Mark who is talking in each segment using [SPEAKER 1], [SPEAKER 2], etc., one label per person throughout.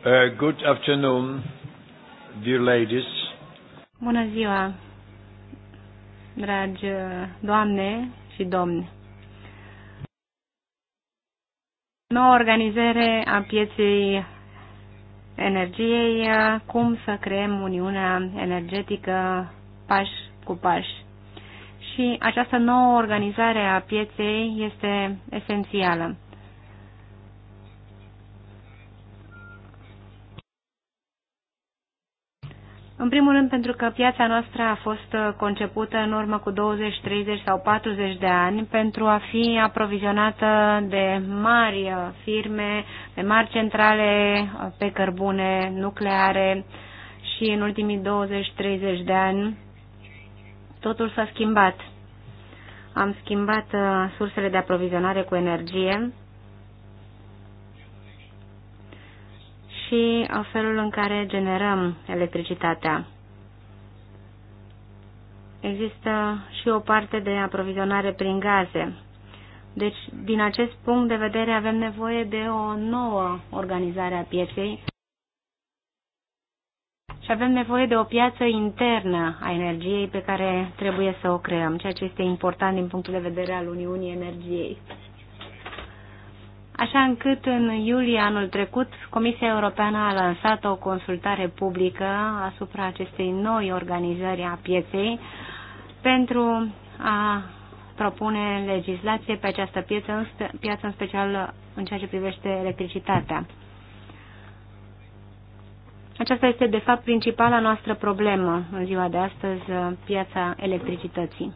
[SPEAKER 1] Uh, good afternoon, dear ladies.
[SPEAKER 2] Bună ziua, dragi uh, doamne și domni. Noua organizare a pieței energiei, uh, cum să creăm Uniunea Energetică pași cu pași. Și această nouă organizare a pieței este esențială. În primul rând pentru că piața noastră a fost uh, concepută în urmă cu 20, 30 sau 40 de ani pentru a fi aprovizionată de mari uh, firme, de mari centrale uh, pe cărbune, nucleare și în ultimii 20-30 de ani totul s-a schimbat. Am schimbat sursele de aprovizionare cu energie și felul în care generăm electricitatea. Există și o parte de aprovizionare prin gaze. Deci, din acest punct de vedere, avem nevoie de o nouă organizare a pieței și avem nevoie de o piață internă a energiei pe care trebuie să o creăm, ceea ce este important din punctul de vedere al Uniunii Energiei așa încât în iulie anul trecut Comisia Europeană a lansat o consultare publică asupra acestei noi organizări a pieței pentru a propune legislație pe această piață, piață în special în ceea ce privește electricitatea. Aceasta este, de fapt, principala noastră problemă în ziua de astăzi, piața electricității.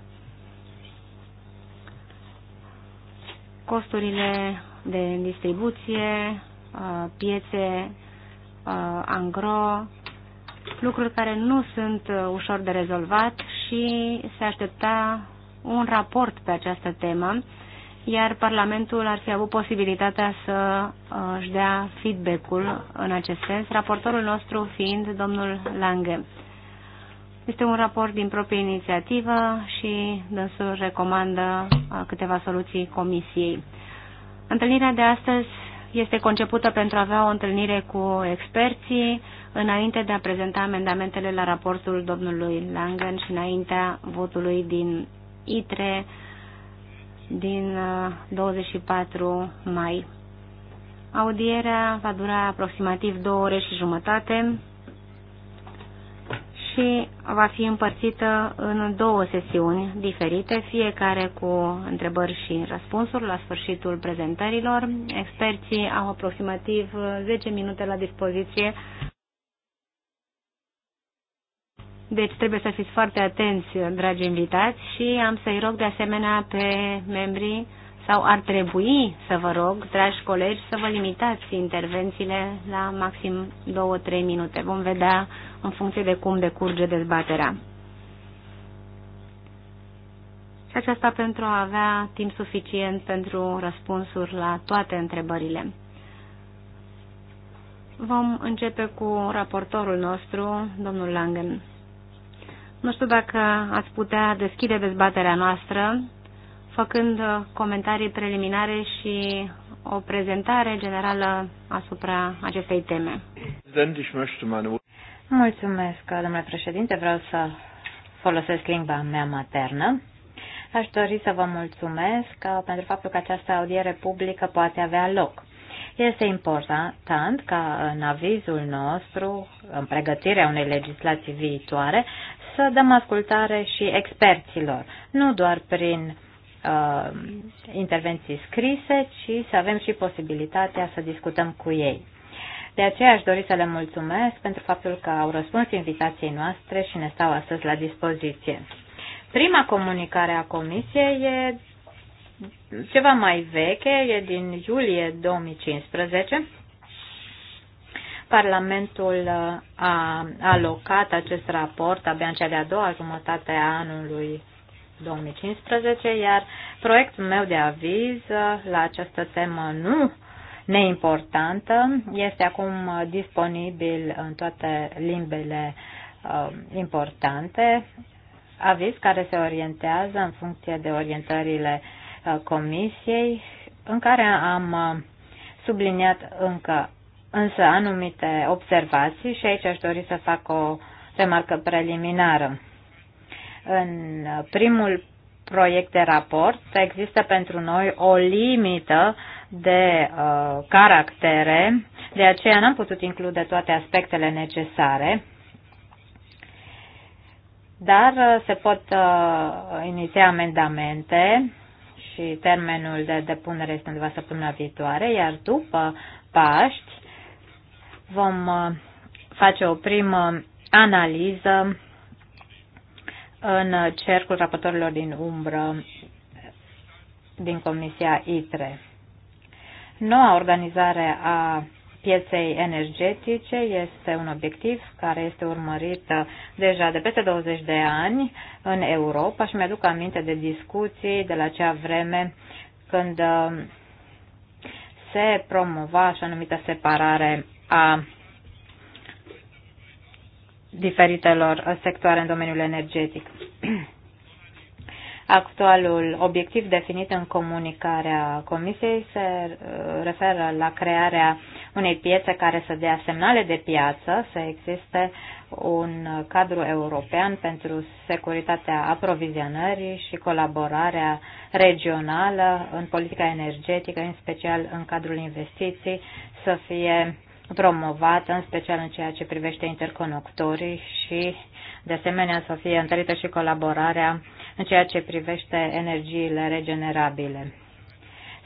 [SPEAKER 2] Costurile de distribuție, uh, piețe, uh, angro, lucruri care nu sunt uh, ușor de rezolvat și se aștepta un raport pe această temă, iar Parlamentul ar fi avut posibilitatea să își dea feedback-ul în acest sens, raportorul nostru fiind domnul Lange. Este un raport din proprie inițiativă și dânsul recomandă câteva soluții comisiei. Întâlnirea de astăzi este concepută pentru a avea o întâlnire cu experții înainte de a prezenta amendamentele la raportul domnului Langen și înaintea votului din ITRE din 24 uh, mai. Audierea va dura aproximativ două ore și jumătate și va fi împărțită în două sesiuni diferite, fiecare cu întrebări și răspunsuri la sfârșitul prezentărilor. Experții au aproximativ 10 minute la dispoziție, deci trebuie să fiți foarte atenți, dragi invitați, și am să-i rog de asemenea pe membrii sau ar trebui să vă rog, dragi colegi, să vă limitați intervențiile la maxim 2-3 minute. Vom vedea în funcție de cum decurge dezbaterea. Și aceasta pentru a avea timp suficient pentru răspunsuri la toate întrebările. Vom începe cu raportorul nostru, domnul Langen. Nu știu dacă ați putea deschide dezbaterea noastră făcând uh, comentarii preliminare
[SPEAKER 1] și o prezentare generală asupra acestei teme. Mulțumesc, domnule președinte. Vreau să folosesc limba mea maternă. Aș dori să vă mulțumesc uh, pentru faptul că această audiere publică poate avea loc. Este important ca în avizul nostru, în pregătirea unei legislații viitoare, să dăm ascultare și experților, nu doar prin uh, intervenții scrise, ci să avem și posibilitatea să discutăm cu ei. De aceea aș dori să le mulțumesc pentru faptul că au răspuns invitației noastre și ne stau astăzi la dispoziție. Prima comunicare a comisiei e ceva mai veche, e din iulie 2015. Parlamentul a alocat acest raport abia în cea de-a doua jumătate a anului 2015, iar proiectul meu de aviz uh, la această temă nu neimportantă este acum uh, disponibil în toate limbele uh, importante, aviz care se orientează în funcție de orientările uh, comisiei, în care am uh, subliniat încă însă anumite observații și aici aș dori să fac o remarcă preliminară. În primul proiect de raport există pentru noi o limită de uh, caractere, de aceea n-am putut include toate aspectele necesare, dar uh, se pot uh, iniția amendamente și termenul de depunere este undeva săptămâna viitoare, iar după Paști vom uh, face o primă analiză în cercul raportorilor din umbră din Comisia ITRE. Noua organizare a pieței energetice este un obiectiv care este urmărit deja de peste 20 de ani în Europa și mi-aduc aminte de discuții de la acea vreme când se promova așa numită separare a diferitelor sectoare în domeniul energetic. Actualul obiectiv definit în comunicarea Comisiei se uh, referă la crearea unei piețe care să dea semnale de piață, să existe un cadru european pentru securitatea aprovizionării și colaborarea regională în politica energetică, în special în cadrul investiții, să fie promovat, în special în ceea ce privește interconectorii și, de asemenea, să fie întărită și colaborarea în ceea ce privește energiile regenerabile.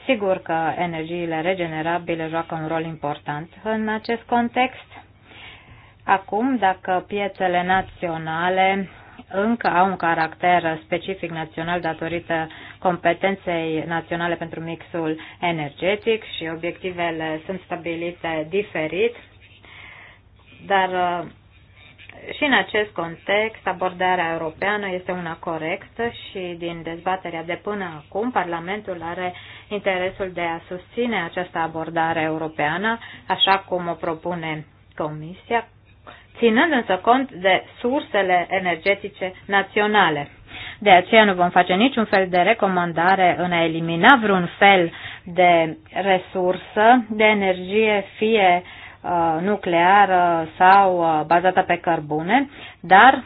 [SPEAKER 1] Sigur că energiile regenerabile joacă un rol important în acest context. Acum, dacă piețele naționale încă au un caracter specific național datorită competenței naționale pentru mixul energetic și obiectivele sunt stabilite diferit, dar uh, și în acest context, abordarea europeană este una corectă și din dezbaterea de până acum, Parlamentul are interesul de a susține această abordare europeană, așa cum o propune Comisia, ținând însă cont de sursele energetice naționale. De aceea nu vom face niciun fel de recomandare în a elimina vreun fel de resursă de energie, fie uh, nucleară sau uh, bazată pe cărbune, dar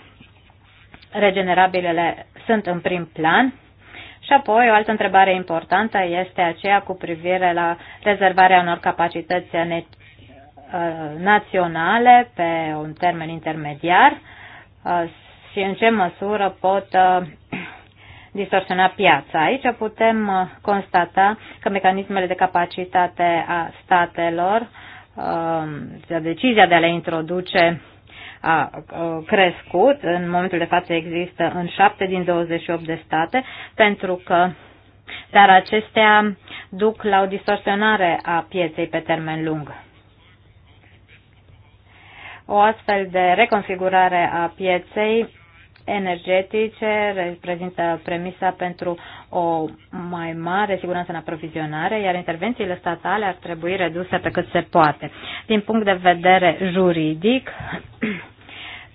[SPEAKER 1] regenerabilele sunt în prim plan. Și apoi, o altă întrebare importantă este aceea cu privire la rezervarea unor capacități Uh, naționale pe un termen intermediar uh, și în ce măsură pot uh, distorsiona piața. Aici putem constata că mecanismele de capacitate a statelor, decizia de a le introduce a crescut. În momentul de față există în 7 din 28 de state, pentru că dar acestea duc la o distorsionare a pieței pe termen lung. O astfel de reconfigurare a pieței energetice reprezintă premisa pentru o mai mare siguranță în aprovizionare, iar intervențiile statale ar trebui reduse pe cât se poate. Din punct de vedere juridic,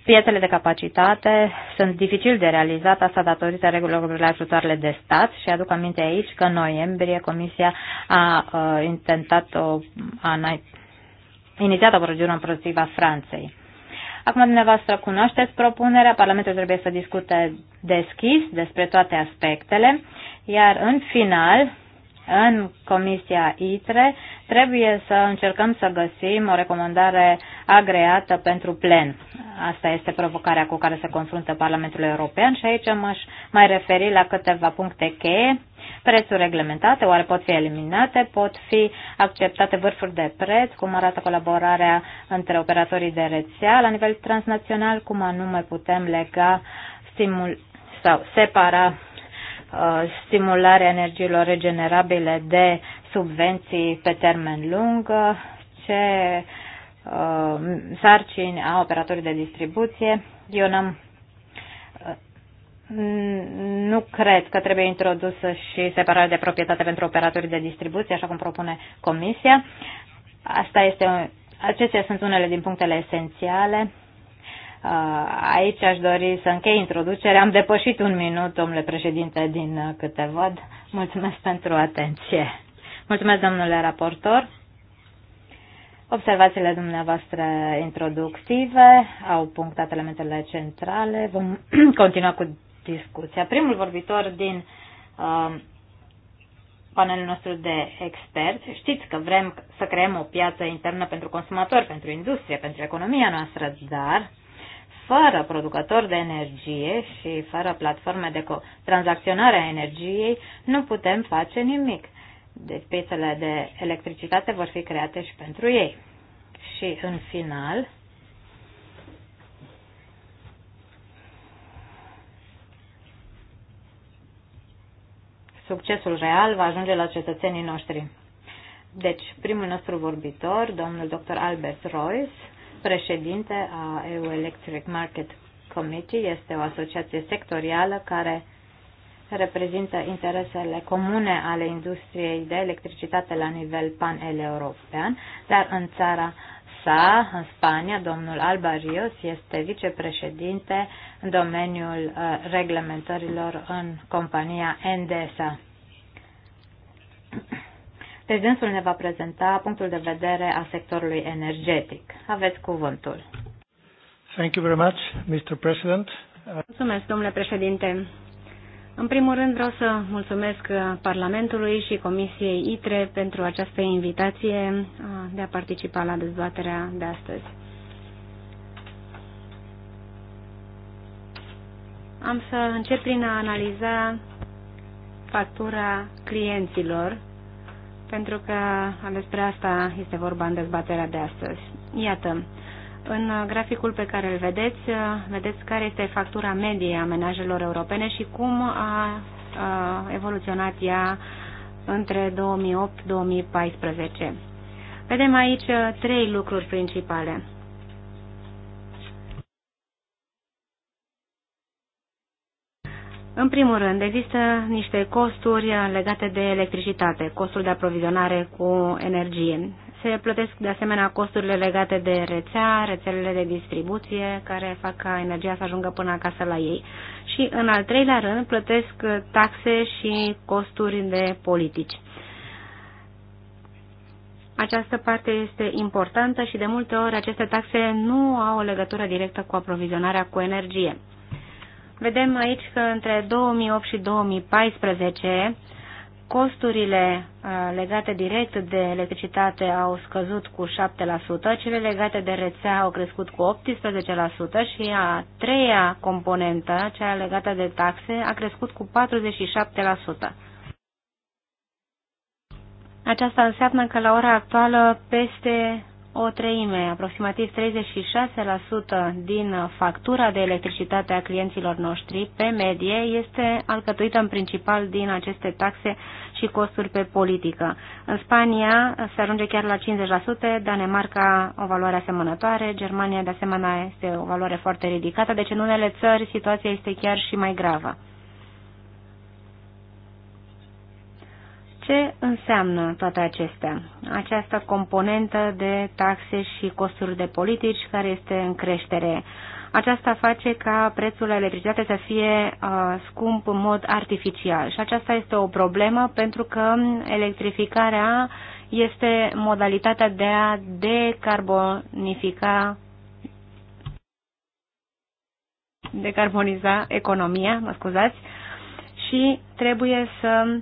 [SPEAKER 1] Piețele de capacitate sunt dificil de realizat, asta datorită regulilor la ajutoarele de stat și aduc aminte aici că în noiembrie Comisia a uh, intentat o, a inițiată o procedură împotriva Franței. Acum dumneavoastră cunoașteți propunerea, Parlamentul trebuie să discute deschis despre toate aspectele, iar în final în Comisia ITRE, trebuie să încercăm să găsim o recomandare agreată pentru plen. Asta este provocarea cu care se confruntă Parlamentul European și aici m-aș mai referi la câteva puncte cheie. Prețuri reglementate, oare pot fi eliminate, pot fi acceptate vârfuri de preț, cum arată colaborarea între operatorii de rețea la nivel transnațional, cum anume putem lega stimul sau separa Uh, stimularea energiilor regenerabile de subvenții pe termen lung, ce uh, sarcini a operatorii de distribuție. Eu n-am uh, nu cred că trebuie introdusă și separarea de proprietate pentru operatorii de distribuție, așa cum propune Comisia. Asta este, acestea sunt unele din punctele esențiale Uh, aici aș dori să închei introducerea. Am depășit un minut, domnule președinte, din uh, câte văd. Mulțumesc pentru atenție. Mulțumesc, domnule raportor. Observațiile dumneavoastră introductive au punctat elementele centrale. Vom continua cu discuția. Primul vorbitor din uh, panelul nostru de experți, știți că vrem să creăm o piață internă pentru consumatori, pentru industrie, pentru economia noastră, dar uh, fără producător de energie și fără platforme de tranzacționare a energiei, nu putem face nimic. Deci piețele de electricitate vor fi create și pentru ei. Și în final, succesul real va ajunge la cetățenii noștri. Deci, primul nostru vorbitor, domnul dr. Albert Royce, președinte a EU Electric Market Committee. Este o asociație sectorială care reprezintă interesele comune ale industriei de electricitate la nivel pan-european, dar în țara sa, în Spania, domnul Alba Rios este vicepreședinte în domeniul uh, reglementărilor în compania Endesa. Deci ne va prezenta punctul de vedere a sectorului energetic. Aveți cuvântul. Thank you very much, Mr. President. Mulțumesc, domnule președinte.
[SPEAKER 2] În primul rând vreau să mulțumesc Parlamentului și Comisiei ITRE pentru această invitație de a participa la dezbaterea de astăzi. Am să încep prin a analiza factura clienților pentru că despre asta este vorba în dezbaterea de astăzi. Iată, în graficul pe care îl vedeți, vedeți care este factura medie a menajelor europene și cum a, evoluționat ea între 2008-2014. Vedem aici trei lucruri principale. În primul rând, există niște costuri legate de electricitate, costul de aprovizionare cu energie. Se plătesc de asemenea costurile legate de rețea, rețelele de distribuție care fac ca energia să ajungă până acasă la ei. Și în al treilea rând plătesc taxe și costuri de politici. Această parte este importantă și de multe ori aceste taxe nu au o legătură directă cu aprovizionarea cu energie. Vedem aici că între 2008 și 2014 costurile uh, legate direct de electricitate au scăzut cu 7%, cele legate de rețea au crescut cu 18% și a treia componentă, cea legată de taxe, a crescut cu 47%. Aceasta înseamnă că la ora actuală peste o treime, aproximativ 36% din factura de electricitate a clienților noștri pe medie este alcătuită în principal din aceste taxe și costuri pe politică. În Spania se ajunge chiar la 50%, Danemarca o valoare asemănătoare, Germania de asemenea este o valoare foarte ridicată, deci în unele țări situația este chiar și mai gravă. Ce înseamnă toate acestea? Această componentă de taxe și costuri de politici care este în creștere. Aceasta face ca prețul la electricitate să fie uh, scump în mod artificial și aceasta este o problemă pentru că electrificarea este modalitatea de a decarbonifica decarboniza economia, mă scuzați, și trebuie să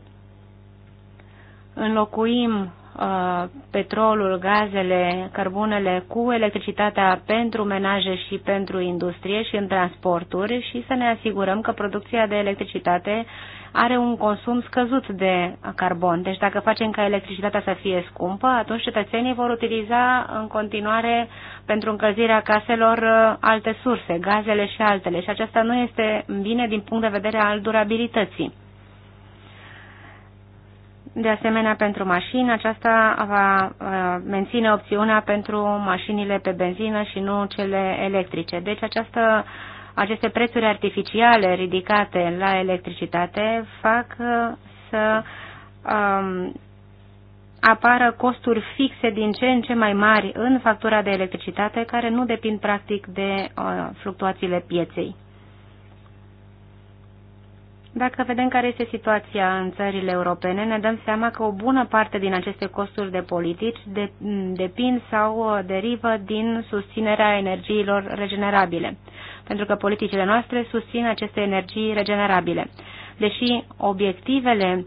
[SPEAKER 2] înlocuim uh, petrolul, gazele, cărbunele cu electricitatea pentru menaje și pentru industrie și în transporturi și să ne asigurăm că producția de electricitate are un consum scăzut de carbon. Deci dacă facem ca electricitatea să fie scumpă, atunci cetățenii vor utiliza în continuare pentru încălzirea caselor uh, alte surse, gazele și altele. Și aceasta nu este bine din punct de vedere al durabilității. De asemenea, pentru mașini, aceasta va uh, menține opțiunea pentru mașinile pe benzină și nu cele electrice. Deci această, aceste prețuri artificiale ridicate la electricitate fac uh, să um, apară costuri fixe din ce în ce mai mari în factura de electricitate, care nu depind practic de uh, fluctuațiile pieței. Dacă vedem care este situația în țările europene, ne dăm seama că o bună parte din aceste costuri de politici depind sau uh, derivă din susținerea energiilor regenerabile, pentru că politicile noastre susțin aceste energii regenerabile. Deși obiectivele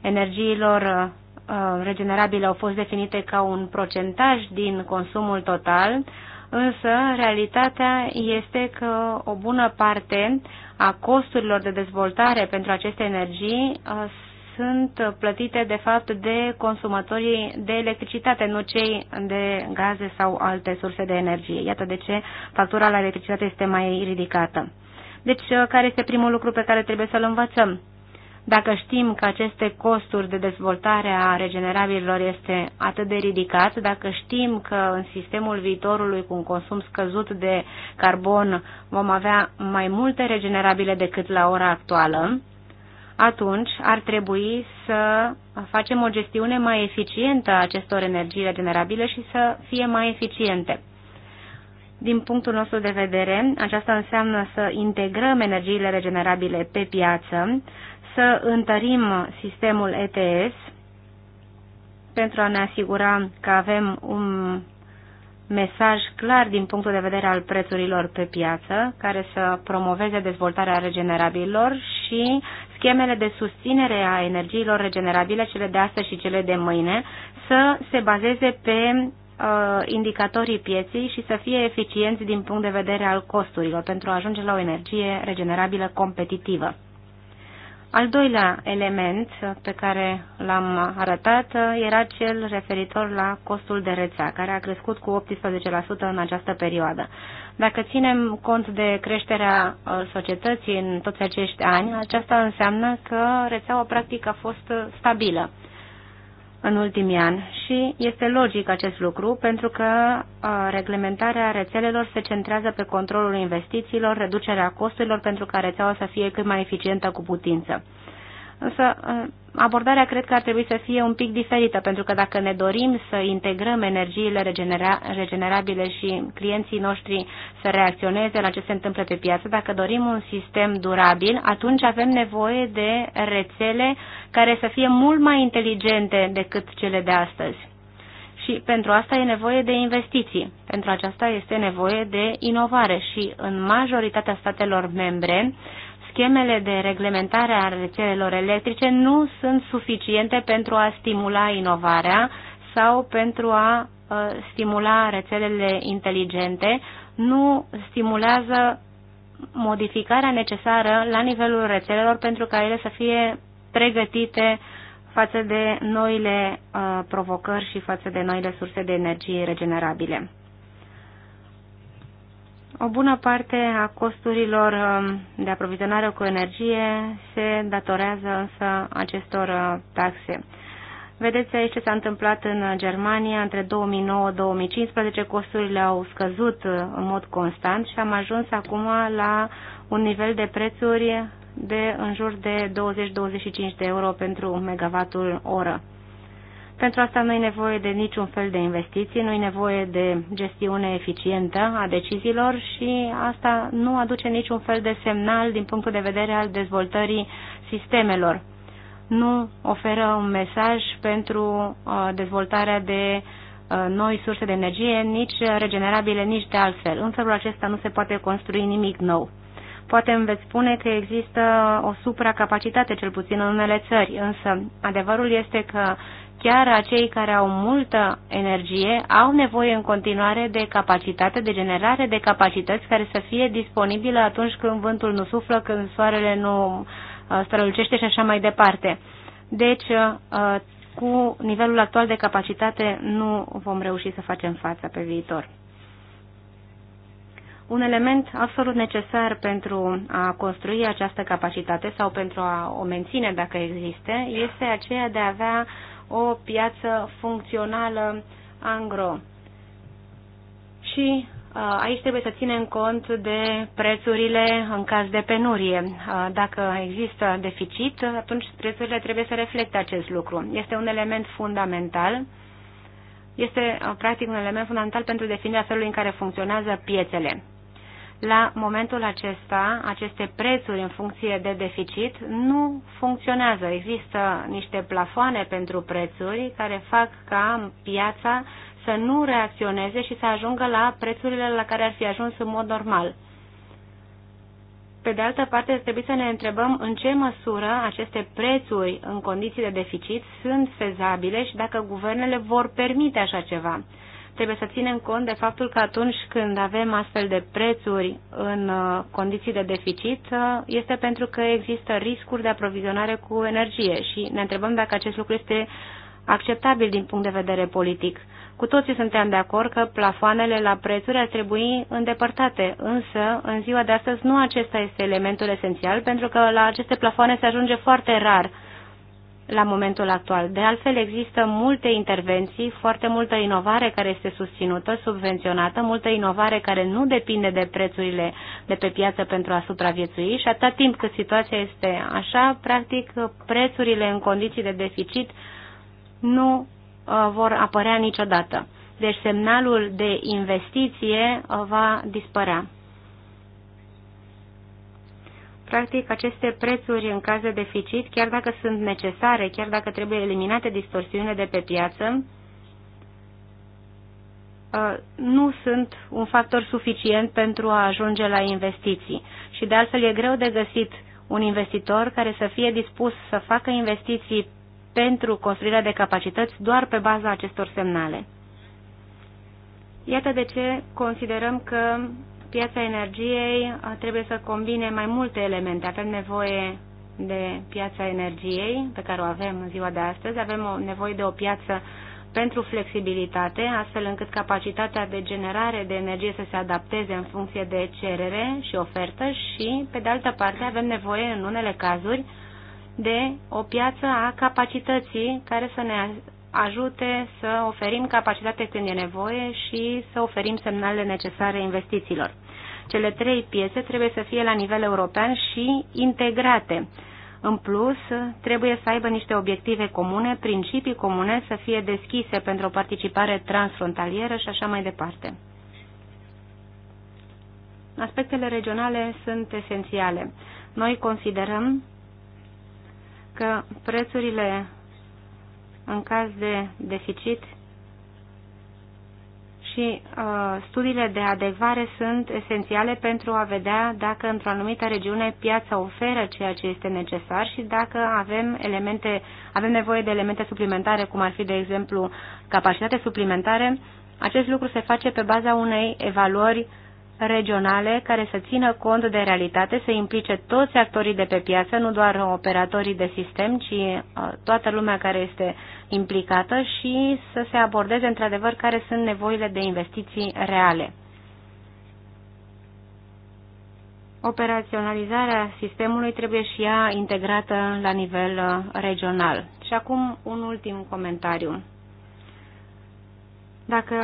[SPEAKER 2] energiilor uh, uh, regenerabile au fost definite ca un procentaj din consumul total, Însă, realitatea este că o bună parte a costurilor de dezvoltare pentru aceste energii uh, sunt plătite, de fapt, de consumatorii de electricitate, nu cei de gaze sau alte surse de energie. Iată de ce factura la electricitate este mai ridicată. Deci, uh, care este primul lucru pe care trebuie să-l învățăm? Dacă știm că aceste costuri de dezvoltare a regenerabililor este atât de ridicat, dacă știm că în sistemul viitorului cu un consum scăzut de carbon vom avea mai multe regenerabile decât la ora actuală, atunci ar trebui să facem o gestiune mai eficientă a acestor energii regenerabile și să fie mai eficiente. Din punctul nostru de vedere, aceasta înseamnă să integrăm energiile regenerabile pe piață, să întărim sistemul ETS pentru a ne asigura că avem un mesaj clar din punctul de vedere al prețurilor pe piață, care să promoveze dezvoltarea regenerabililor și schemele de susținere a energiilor regenerabile, cele de astăzi și cele de mâine, să se bazeze pe uh, indicatorii pieții și să fie eficienți din punct de vedere al costurilor pentru a ajunge la o energie regenerabilă competitivă. Al doilea element pe care l-am arătat era cel referitor la costul de rețea, care a crescut cu 18% în această perioadă. Dacă ținem cont de creșterea uh, societății în toți acești ani, aceasta înseamnă că rețeaua practic a fost stabilă în ultimii ani și este logic acest lucru pentru că uh, reglementarea rețelelor se centrează pe controlul investițiilor, reducerea costurilor pentru ca rețeaua să fie cât mai eficientă cu putință. Însă uh, abordarea cred că ar trebui să fie un pic diferită, pentru că dacă ne dorim să integrăm energiile regenera regenerabile și clienții noștri să reacționeze la ce se întâmplă pe piață, dacă dorim un sistem durabil, atunci avem nevoie de rețele care să fie mult mai inteligente decât cele de astăzi. Și pentru asta e nevoie de investiții, pentru aceasta este nevoie de inovare și în majoritatea statelor membre schemele de reglementare a rețelelor electrice nu sunt suficiente pentru a stimula inovarea sau pentru a uh, stimula rețelele inteligente, nu stimulează modificarea necesară la nivelul rețelelor pentru ca ele să fie pregătite față de noile uh, provocări și față de noile surse de energie regenerabile. O bună parte a costurilor um, de aprovizionare cu energie se datorează însă acestor uh, taxe. Vedeți aici ce s-a întâmplat în Germania între 2009-2015, costurile au scăzut uh, în mod constant și am ajuns acum la un nivel de prețuri de în jur de 20-25 de euro pentru megavatul oră. Pentru asta nu e nevoie de niciun fel de investiții, nu e nevoie de gestiune eficientă a deciziilor și asta nu aduce niciun fel de semnal din punctul de vedere al dezvoltării sistemelor. Nu oferă un mesaj pentru uh, dezvoltarea de uh, noi surse de energie, nici regenerabile, nici de altfel. În felul acesta nu se poate construi nimic nou. Poate îmi veți spune că există o supracapacitate, cel puțin în unele țări, însă adevărul este că chiar acei care au multă energie au nevoie în continuare de capacitate, de generare de capacități care să fie disponibilă atunci când vântul nu suflă, când soarele nu uh, strălucește și așa mai departe. Deci, uh, cu nivelul actual de capacitate nu vom reuși să facem față pe viitor. Un element absolut necesar pentru a construi această capacitate sau pentru a o menține dacă există este aceea de a avea o piață funcțională angro. Și aici trebuie să ținem cont de prețurile în caz de penurie. Dacă există deficit, atunci prețurile trebuie să reflecte acest lucru. Este un element fundamental. Este practic un element fundamental pentru definirea felului în care funcționează piețele. La momentul acesta, aceste prețuri în funcție de deficit nu funcționează. Există niște plafoane pentru prețuri care fac ca piața să nu reacționeze și să ajungă la prețurile la care ar fi ajuns în mod normal. Pe de altă parte, trebuie să ne întrebăm în ce măsură aceste prețuri în condiții de deficit sunt fezabile și dacă guvernele vor permite așa ceva trebuie să ținem cont de faptul că atunci când avem astfel de prețuri în uh, condiții de deficit, uh, este pentru că există riscuri de aprovizionare cu energie și ne întrebăm dacă acest lucru este acceptabil din punct de vedere politic. Cu toții suntem de acord că plafoanele la prețuri ar trebui îndepărtate, însă în ziua de astăzi nu acesta este elementul esențial, pentru că la aceste plafoane se ajunge foarte rar la momentul actual. De altfel, există multe intervenții, foarte multă inovare care este susținută, subvenționată, multă inovare care nu depinde de prețurile de pe piață pentru a supraviețui și atât timp cât situația este așa, practic, prețurile în condiții de deficit nu uh, vor apărea niciodată. Deci semnalul de investiție uh, va dispărea. Practic, aceste prețuri în caz de deficit, chiar dacă sunt necesare, chiar dacă trebuie eliminate distorsiunile de pe piață, uh, nu sunt un factor suficient pentru a ajunge la investiții. Și de altfel e greu de găsit un investitor care să fie dispus să facă investiții pentru construirea de capacități doar pe baza acestor semnale. Iată de ce considerăm că piața energiei trebuie să combine mai multe elemente. Avem nevoie de piața energiei pe care o avem în ziua de astăzi, avem o nevoie de o piață pentru flexibilitate, astfel încât capacitatea de generare de energie să se adapteze în funcție de cerere și ofertă și, pe de altă parte, avem nevoie, în unele cazuri, de o piață a capacității care să ne ajute să oferim capacitate când e nevoie și să oferim semnalele necesare investițiilor. Cele trei piețe trebuie să fie la nivel european și integrate. În plus, trebuie să aibă niște obiective comune, principii comune, să fie deschise pentru o participare transfrontalieră și așa mai departe. Aspectele regionale sunt esențiale. Noi considerăm că prețurile în caz de deficit și uh, studiile de adecvare sunt esențiale pentru a vedea dacă într-o anumită regiune piața oferă ceea ce este necesar și dacă avem, elemente, avem nevoie de elemente suplimentare, cum ar fi, de exemplu, capacitate suplimentare. Acest lucru se face pe baza unei evaluări uh, regionale care să țină cont de realitate, să implice toți actorii de pe piață, nu doar operatorii de sistem, ci uh, toată lumea care este implicată și să se abordeze într-adevăr care sunt nevoile de investiții reale. Operaționalizarea sistemului trebuie și ea integrată la nivel uh, regional. Și acum un ultim comentariu. Dacă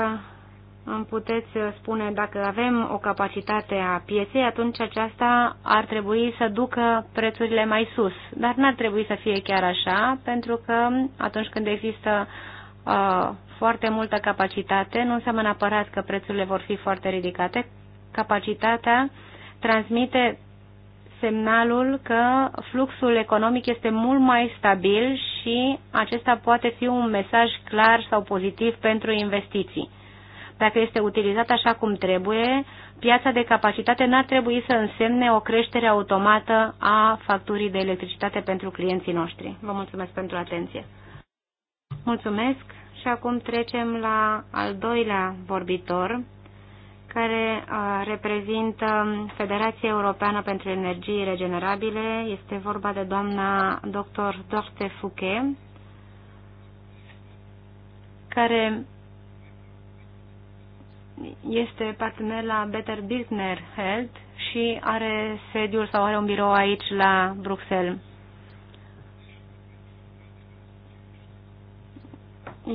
[SPEAKER 2] îmi puteți uh, spune dacă avem o capacitate a pieței, atunci aceasta ar trebui să ducă prețurile mai sus. Dar n-ar trebui să fie chiar așa, pentru că atunci când există uh, foarte multă capacitate, nu înseamnă neapărat că prețurile vor fi foarte ridicate. Capacitatea transmite semnalul că fluxul economic este mult mai stabil și acesta poate fi un mesaj clar sau pozitiv pentru investiții. Dacă este utilizat așa cum trebuie, piața de capacitate n-ar trebui să însemne o creștere automată a facturii de electricitate pentru clienții noștri. Vă mulțumesc pentru atenție. Mulțumesc și acum trecem la al doilea vorbitor, care reprezintă Federația Europeană pentru Energii Regenerabile. Este vorba de doamna dr. Dorte Fouquet, care este partener la Better Business Health și are sediul sau are un birou aici la Bruxelles.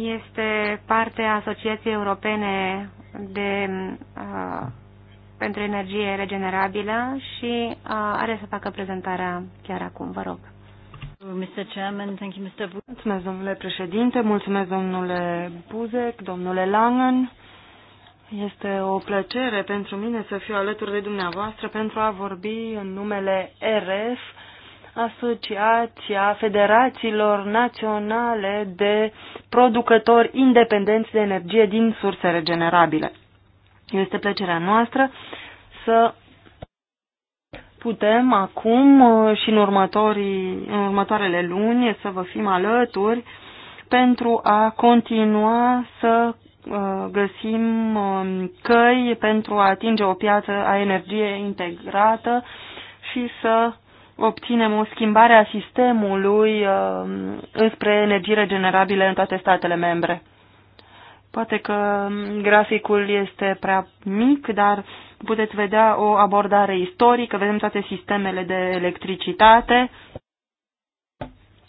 [SPEAKER 2] Este parte a Asociației Europene de, uh, pentru Energie Regenerabilă și uh, are să facă prezentarea chiar acum. Vă
[SPEAKER 3] rog. Mr. Chairman, thank you, Mr. Mulțumesc, domnule președinte, mulțumesc, domnule Buzek, domnule Langen este o plăcere pentru mine să fiu alături de dumneavoastră pentru a vorbi în numele RF, Asociația Federațiilor Naționale de Producători Independenți de Energie din Surse Regenerabile. Este plăcerea noastră să putem acum și în, în următoarele luni să vă fim alături pentru a continua să Uh, găsim um, căi pentru a atinge o piață a energiei integrată și să obținem o schimbare a sistemului um, înspre energii regenerabile în toate statele membre. Poate că graficul este prea mic, dar puteți vedea o abordare istorică, vedem toate sistemele de electricitate,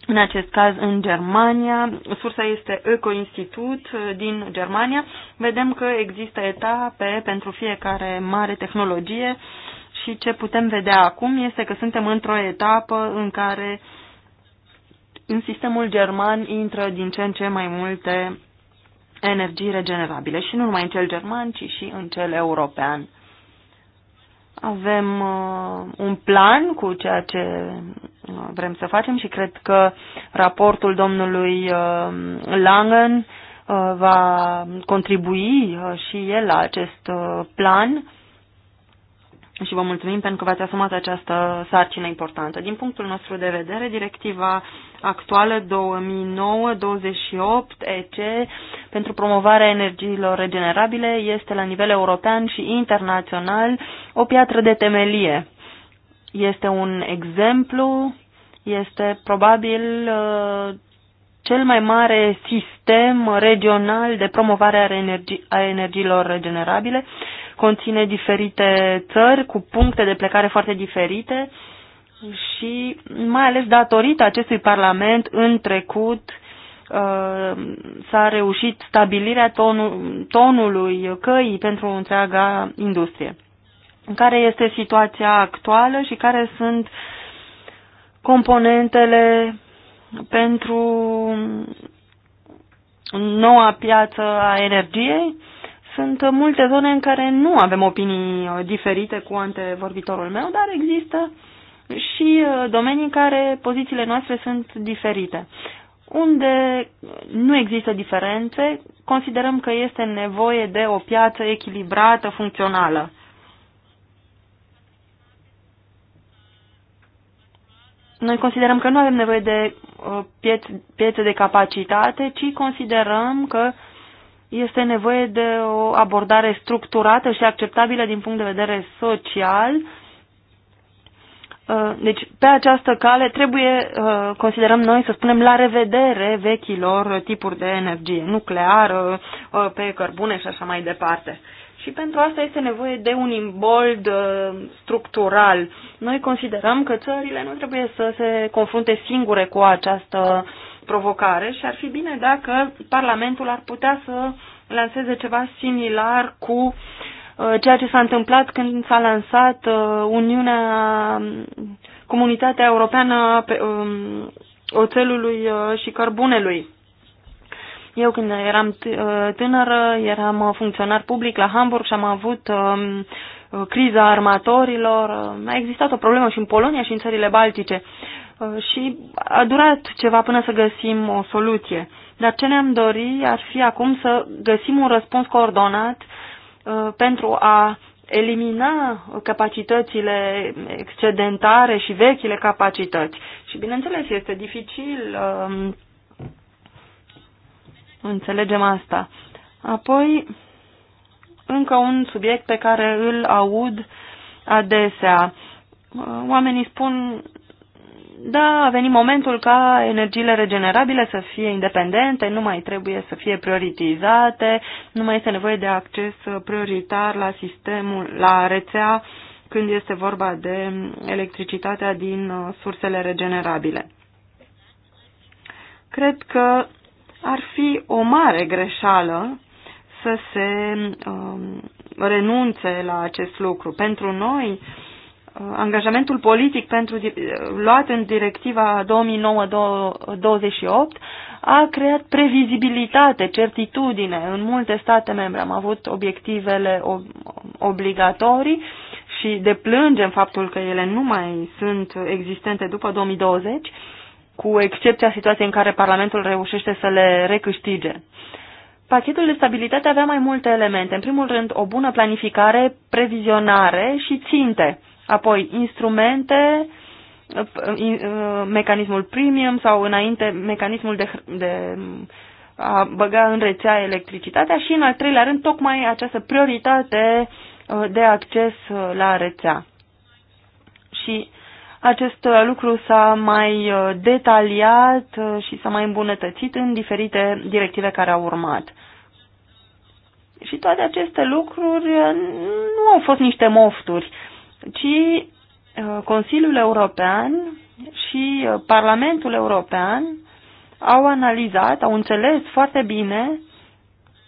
[SPEAKER 3] în acest caz în Germania, sursa este Ecoinstitut institut uh, din Germania. Vedem că există etape pentru fiecare mare tehnologie și ce putem vedea acum este că suntem într-o etapă în care în sistemul german intră din ce în ce mai multe energii regenerabile și nu numai în cel german, ci și în cel european. Avem uh, un plan cu ceea ce uh, vrem să facem și cred că raportul domnului uh, Langen uh, va contribui uh, și el la acest uh, plan și vă mulțumim pentru că v-ați asumat această sarcină importantă. Din punctul nostru de vedere, directiva actuală 2009-28 EC pentru promovarea energiilor regenerabile este la nivel european și internațional o piatră de temelie. Este un exemplu, este probabil uh, cel mai mare sistem regional de promovare a, energi a energiilor regenerabile. Conține diferite țări cu puncte de plecare foarte diferite și mai ales datorită acestui Parlament în trecut uh, s-a reușit stabilirea tonului căii pentru întreaga industrie. Care este situația actuală și care sunt componentele pentru noua piață a energiei? Sunt multe zone în care nu avem opinii diferite cu antevorbitorul meu, dar există uh, și uh, domenii în care pozițiile noastre sunt diferite. Unde nu există diferențe, considerăm că este nevoie de o piață echilibrată, funcțională. Noi considerăm că nu avem nevoie de uh, piețe, de capacitate, ci considerăm că este nevoie de o abordare structurată și acceptabilă din punct de vedere social Uh, deci, pe această cale trebuie, uh, considerăm noi, să spunem, la revedere vechilor tipuri de energie nucleară, uh, pe cărbune și așa mai departe. Și pentru asta este nevoie de un imbold structural. Noi considerăm că țările nu trebuie să se confrunte singure cu această provocare și ar fi bine dacă Parlamentul ar putea să lanseze ceva similar cu uh, Uh, ceea ce s-a întâmplat când s-a lansat uh, Uniunea, um, Comunitatea Europeană pe, um, Oțelului uh, și Cărbunelui. Eu când eram tânără, eram funcționar public la Hamburg și am avut um, criza armatorilor. A existat o problemă și în Polonia și în țările baltice și a durat ceva până să găsim o soluție. Dar ce ne-am dori ar fi acum să găsim un răspuns coordonat Uh, pentru a elimina capacitățile excedentare și vechile capacități. Și bineînțeles, este dificil, um, înțelegem asta. Apoi, încă un subiect pe care îl aud adesea. Uh, oamenii spun, da, a venit momentul ca energiile regenerabile să fie independente, nu mai trebuie să fie prioritizate, nu mai este nevoie de acces prioritar la sistemul, la rețea când este vorba de electricitatea din uh, sursele regenerabile. Cred că ar fi o mare greșeală să se um, renunțe la acest lucru. Pentru noi, uh, Uh, angajamentul politic pentru, uh, luat în directiva 2009-28 a creat previzibilitate, certitudine în multe state membre. Am avut obiectivele obligatorii și deplângem faptul că ele nu mai sunt existente după 2020, cu excepția situației în care Parlamentul reușește să le recâștige. Pachetul de stabilitate avea mai multe elemente. În primul rând, o bună planificare, previzionare și ținte Apoi, instrumente, uh, mecanismul premium sau înainte mecanismul de, de mm, a băga în rețea electricitatea și, în al treilea rând, tocmai această prioritate uh, de acces uh, la rețea. Și acest lucru s-a mai detaliat și s-a mai îmbunătățit în diferite directive care au urmat. Și toate aceste lucruri nu au fost niște mofturi ci uh, Consiliul European și uh, Parlamentul European au analizat, au înțeles foarte bine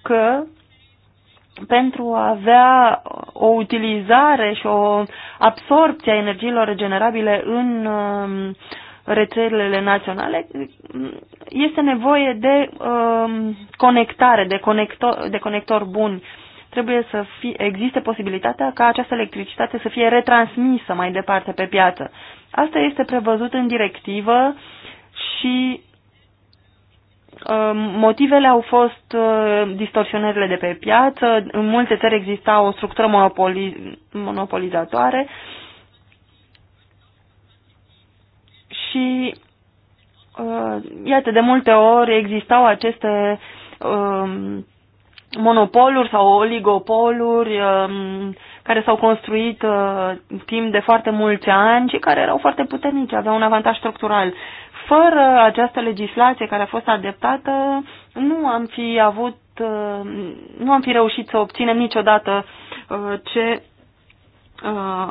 [SPEAKER 3] că pentru a avea o utilizare și o absorpție a energiilor regenerabile în um, rețelele naționale, este nevoie de um, conectare, de, conector, de conector bun trebuie să fie, existe posibilitatea ca această electricitate să fie retransmisă mai departe pe piață. Asta este prevăzut în directivă și uh, motivele au fost uh, distorsionările de pe piață, în multe țări exista o structură monopoli, monopolizatoare și uh, iată, de multe ori existau aceste um, monopoluri sau oligopoluri um, care s-au construit uh, timp de foarte mulți ani și care erau foarte puternici, aveau un avantaj structural. Fără această legislație care a fost adeptată, nu am fi avut, uh, nu am fi reușit să obținem niciodată uh, ce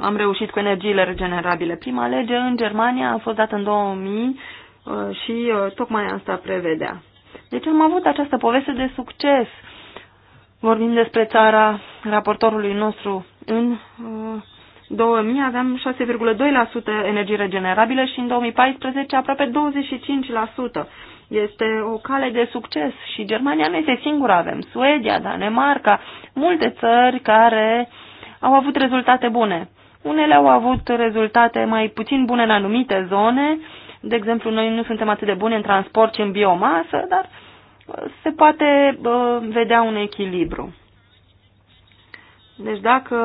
[SPEAKER 3] am reușit cu energiile regenerabile. Prima lege în Germania a fost dată în 2000 și tocmai asta prevedea. Deci am avut această poveste de succes vorbim despre țara raportorului nostru în 2000 uh, aveam 6,2% energie regenerabile și în 2014 aproape 25%. Este o cale de succes și Germania nu este singură, avem Suedia, Danemarca, multe țări care au avut rezultate bune. Unele au avut rezultate mai puțin bune în anumite zone, de exemplu, noi nu suntem atât de buni în transport și în biomasă, dar uh, se poate vedea un echilibru. Deci dacă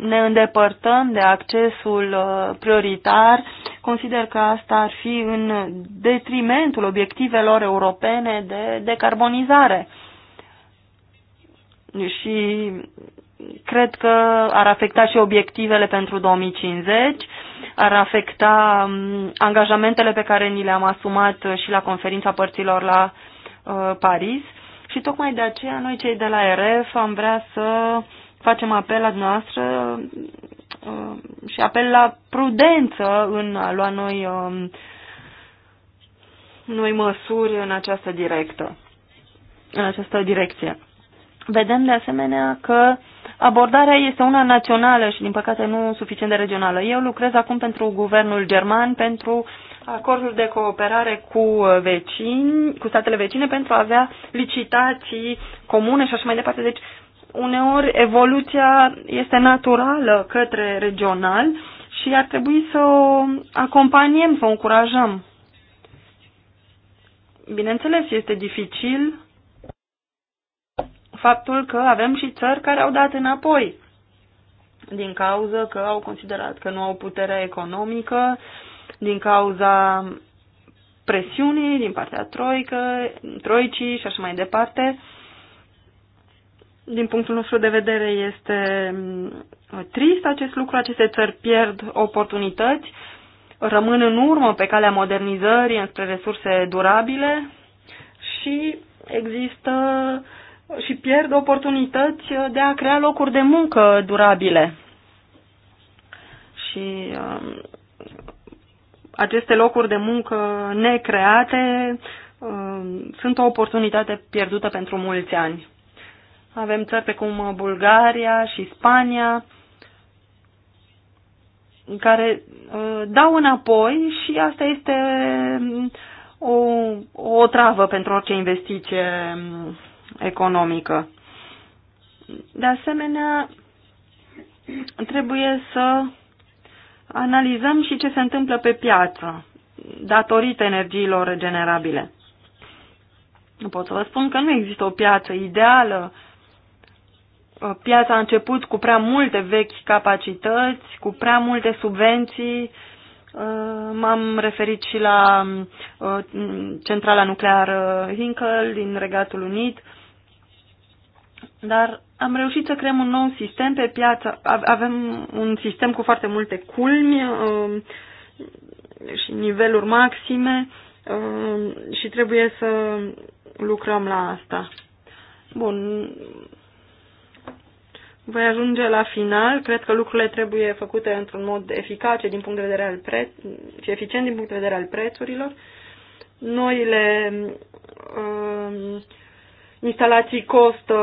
[SPEAKER 3] ne îndepărtăm de accesul prioritar, consider că asta ar fi în detrimentul obiectivelor europene de decarbonizare. Și cred că ar afecta și obiectivele pentru 2050, ar afecta angajamentele pe care ni le-am asumat și la conferința părților la Uh, Paris și tocmai de aceea noi cei de la RF am vrea să facem apel la noastră uh, și apel la prudență în a lua noi, um, noi măsuri în această directă, în această direcție. Vedem de asemenea că abordarea este una națională și din păcate nu suficient de regională. Eu lucrez acum pentru guvernul german pentru acordul de cooperare cu, uh, vecini, cu statele vecine pentru a avea licitații comune și așa mai departe. Deci, uneori evoluția este naturală către regional și ar trebui să o acompaniem, să o încurajăm. Bineînțeles, este dificil faptul că avem și țări care au dat înapoi din cauză că au considerat că nu au puterea economică din cauza presiunii din partea troică, troicii și așa mai departe. Din punctul nostru de vedere este mm, trist acest lucru, aceste țări pierd oportunități, rămân în urmă pe calea modernizării înspre resurse durabile și există și pierd oportunități de a crea locuri de muncă durabile. Și mm, aceste locuri de muncă necreate uh, sunt o oportunitate pierdută pentru mulți ani. Avem țări precum uh, Bulgaria și Spania care uh, dau înapoi și asta este um, o, o travă pentru orice investiție um, economică. De asemenea, trebuie să analizăm și ce se întâmplă pe piață datorită energiilor regenerabile. Nu Pot să vă spun că nu există o piață ideală. Uh, piața a început cu prea multe vechi capacități, cu prea multe subvenții. Uh, m-am referit și la uh, centrala nucleară Hinkle din Regatul Unit dar am reușit să creăm un nou sistem pe piață. Avem un sistem cu foarte multe culmi um, și niveluri maxime um, și trebuie să lucrăm la asta. Bun. Voi ajunge la final. Cred că lucrurile trebuie făcute într-un mod eficace din punct de vedere al preț și eficient din punct de vedere al prețurilor. Noile uh, Instalații costă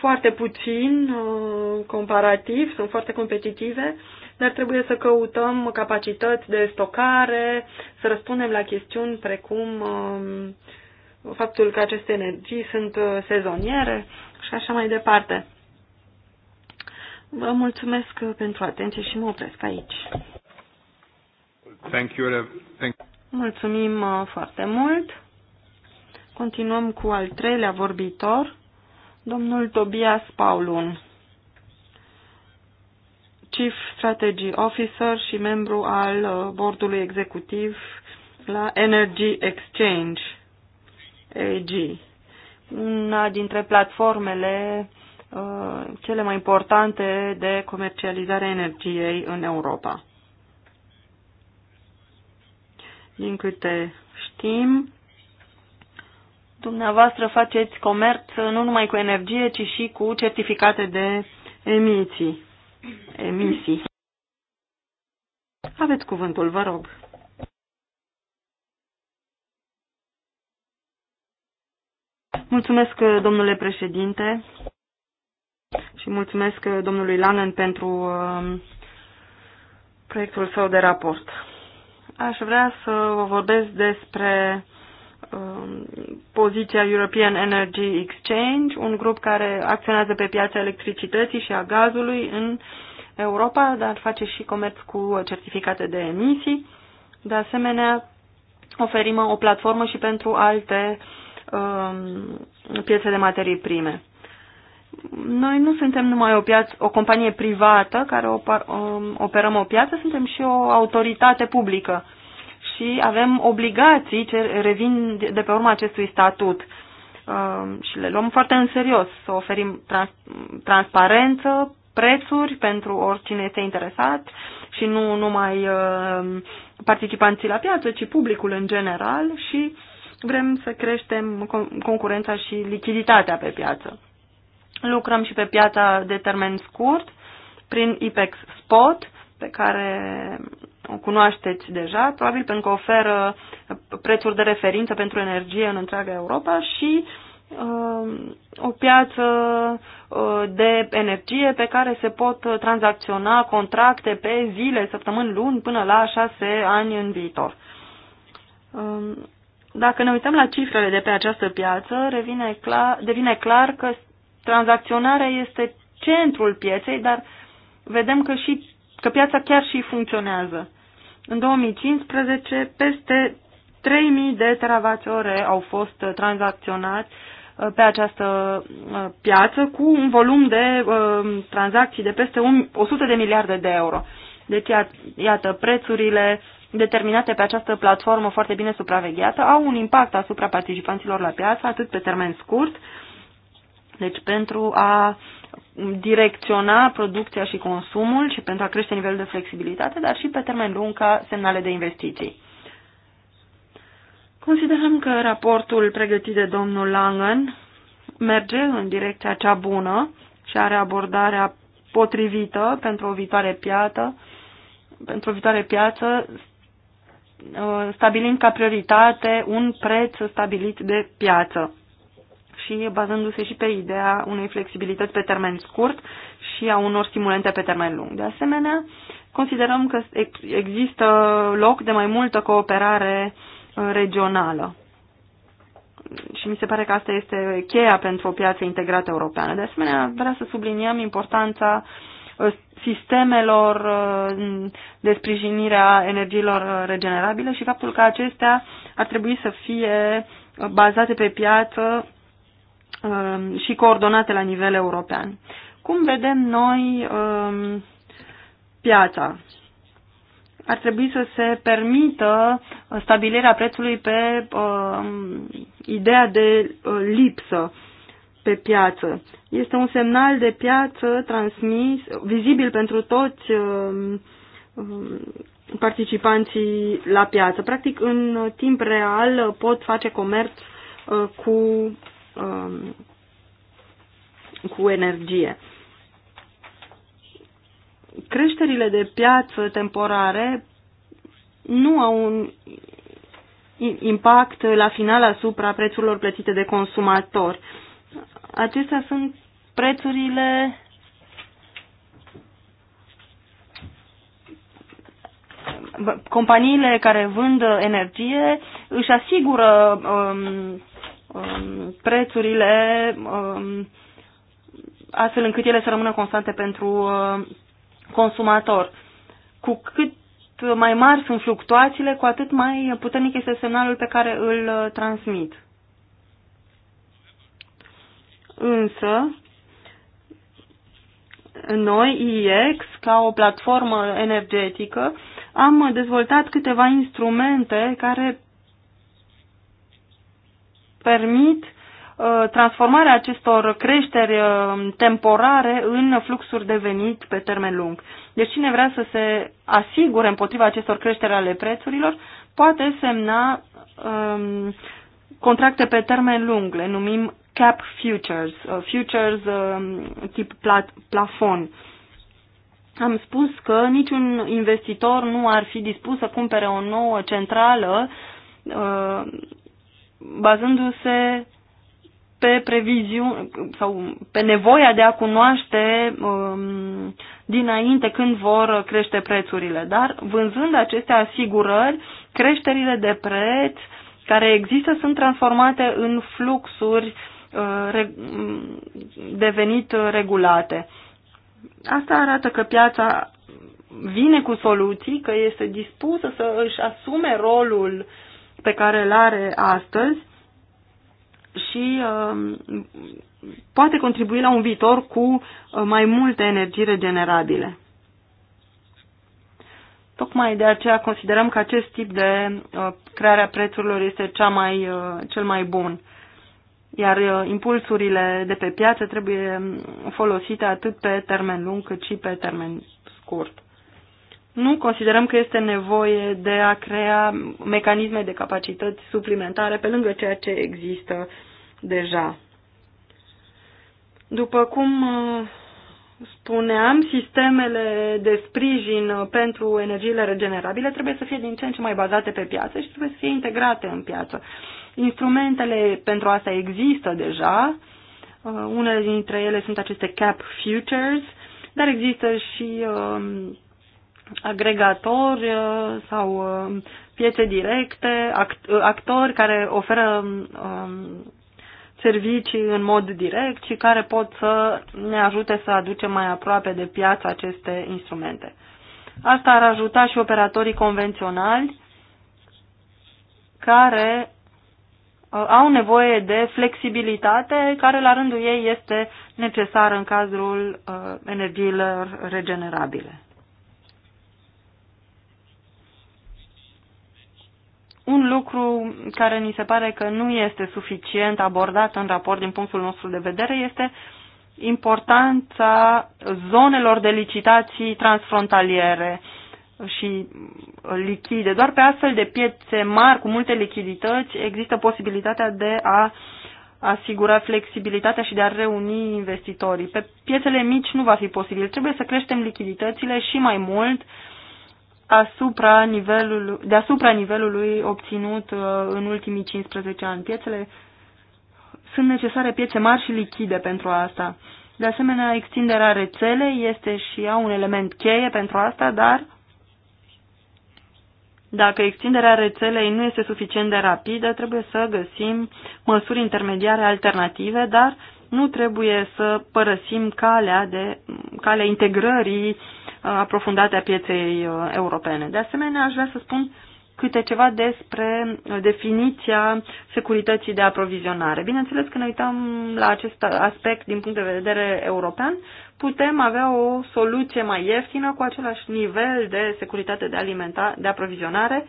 [SPEAKER 3] foarte puțin uh, comparativ, sunt foarte competitive, dar trebuie să căutăm capacități de stocare, să răspundem la chestiuni precum uh, faptul că aceste energii sunt uh, sezoniere și așa mai departe. Vă mulțumesc pentru atenție și mă opresc aici.
[SPEAKER 1] Thank you. Thank you.
[SPEAKER 3] Mulțumim foarte mult. Continuăm cu al treilea vorbitor, domnul Tobias Paulun, Chief Strategy Officer și membru al uh, bordului executiv la Energy Exchange AG, una dintre platformele uh, cele mai importante de comercializare a energiei în Europa. Din câte știm, Dumneavoastră faceți comerț nu numai cu energie, ci și cu certificate de emisii. emisii. Aveți cuvântul, vă rog. Mulțumesc, domnule președinte, și mulțumesc domnului Lanen pentru um, proiectul său de raport. Aș vrea să vă vorbesc despre Um, poziția European Energy Exchange, un grup care acționează pe piața electricității și a gazului în Europa, dar face și comerț cu certificate de emisii. De asemenea, oferim o platformă și pentru alte um, piețe de materii prime. Noi nu suntem numai o, piață, o companie privată care um, operăm o piață, suntem și o autoritate publică și avem obligații ce revin de pe urma acestui statut uh, și le luăm foarte în serios să oferim trans transparență, prețuri pentru oricine este interesat și nu numai uh, participanții la piață, ci publicul în general și vrem să creștem concurența și lichiditatea pe piață. Lucrăm și pe piața de termen scurt prin IPEX Spot, pe care o cunoașteți deja, probabil pentru că oferă prețuri de referință pentru energie în întreaga Europa și uh, o piață uh, de energie pe care se pot tranzacționa contracte pe zile, săptămâni, luni, până la șase ani în viitor. Um, dacă ne uităm la cifrele de pe această piață, revine clar, devine clar că tranzacționarea este centrul pieței, dar vedem că, și, că piața chiar și funcționează. În 2015, peste 3.000 de teravați au fost uh, tranzacționați uh, pe această uh, piață cu un volum de tranzacții de peste 100 de miliarde de euro. Deci, iată, prețurile determinate pe această platformă foarte bine supravegheată au un impact asupra participanților la piață, atât pe termen scurt, deci pentru a direcționa producția și consumul și pentru a crește nivelul de flexibilitate, dar și pe termen lung ca semnale de investiții. Considerăm că raportul pregătit de domnul Langen merge în direcția cea bună și are abordarea potrivită pentru o viitoare piață, pentru o viitoare piață uh, stabilind ca prioritate un preț stabilit de piață și bazându-se și pe ideea unei flexibilități pe termen scurt și a unor stimulente pe termen lung. De asemenea, considerăm că există loc de mai multă cooperare uh, regională. Și mi se pare că asta este cheia pentru o piață integrată europeană. De asemenea, vreau să subliniem importanța uh, sistemelor uh, de sprijinire a energiilor regenerabile și faptul că acestea ar trebui să fie bazate pe piață Um, și coordonate la nivel european. Cum vedem noi um, piața? Ar trebui să se permită stabilirea prețului pe um, ideea de uh, lipsă pe piață. Este un semnal de piață transmis, vizibil pentru toți participanții la piață. Practic, în timp real pot face comerț uh, cu um, cu energie. Creșterile de piață temporare nu au un impact la final asupra prețurilor plătite de consumatori. Acestea sunt prețurile companiile care vând energie își asigură um, Um, prețurile um, astfel încât ele să rămână constante pentru uh, consumator. Cu cât mai mari sunt fluctuațiile, cu atât mai puternic este semnalul pe care îl uh, transmit. Însă, noi, IEX, ca o platformă energetică, am dezvoltat câteva instrumente care permit uh, transformarea acestor creșteri uh, temporare în fluxuri de venit pe termen lung. Deci cine vrea să se asigure împotriva acestor creșteri ale prețurilor, poate semna um, contracte pe termen lung, le numim cap futures, uh, futures um, tip plat- plafon. Am spus că niciun investitor nu ar fi dispus să cumpere o nouă centrală uh, bazându-se pe previziune sau pe nevoia de a cunoaște um, dinainte când vor crește prețurile. Dar vânzând aceste asigurări, creșterile de preț care există sunt transformate în fluxuri uh, devenit regulate. Asta arată că piața vine cu soluții, că este dispusă să își asume rolul uh, pe care îl are astăzi și um, poate contribui la un viitor cu uh, mai multe energii regenerabile. Tocmai de aceea considerăm că acest tip de uh, creare a prețurilor este cea mai, uh, cel mai bun. Iar impulsurile de pe piață trebuie folosite atât pe termen lung cât și pe termen scurt. Nu considerăm că este nevoie de a crea mecanisme de capacități suplimentare pe lângă ceea ce există deja. După cum uh, spuneam, sistemele de sprijin uh, pentru energiile regenerabile trebuie să fie din ce în ce mai bazate pe piață și trebuie să fie integrate în piață. Instrumentele pentru asta există deja. Uh, unele dintre ele sunt aceste cap futures, dar există și uh, agregatori uh, sau uh, piețe directe, uh, actori care oferă um, servicii în mod direct și care pot să ne ajute să aducem mai aproape de piață aceste instrumente. Asta ar ajuta și operatorii convenționali care au nevoie de flexibilitate care la rândul ei este necesară în cazul energiilor regenerabile. Un lucru care ni se pare că nu este suficient abordat în raport din punctul nostru de vedere este importanța zonelor de licitații transfrontaliere și lichide. Doar pe astfel de piețe mari, cu multe lichidități, există posibilitatea de a asigura flexibilitatea și de a reuni investitorii. Pe piețele mici nu va fi posibil. Trebuie să creștem lichiditățile și mai mult uh, asupra nivelului, deasupra nivelului obținut uh, în ultimii 15 ani. Piețele sunt necesare piețe mari și lichide pentru asta. De asemenea, extinderea rețelei este și ea un element cheie pentru asta, dar dacă extinderea rețelei nu este suficient de rapidă, trebuie să găsim măsuri intermediare alternative, dar nu trebuie să părăsim calea, de, calea integrării aprofundate a pieței uh, europene. De asemenea, aș vrea să spun câte ceva despre uh, definiția securității de aprovizionare. Bineînțeles, că ne uităm la acest aspect din punct de vedere european, putem avea o soluție mai ieftină cu același nivel de securitate de, alimenta- de aprovizionare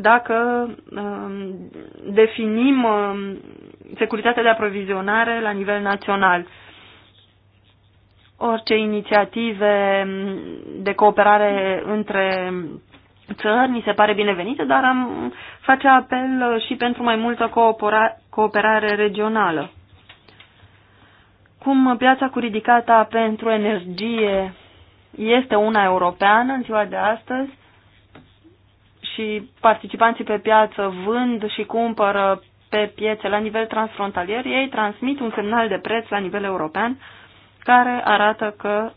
[SPEAKER 3] dacă um, definim um, securitatea de aprovizionare la nivel național orice inițiative de cooperare între țări mi se pare binevenită, dar am face apel și pentru mai multă cooperare regională. Cum piața cu ridicata pentru energie este una europeană în ziua de astăzi și participanții pe piață vând și cumpără pe piețe la nivel transfrontalier, ei transmit un semnal de preț la nivel european care arată că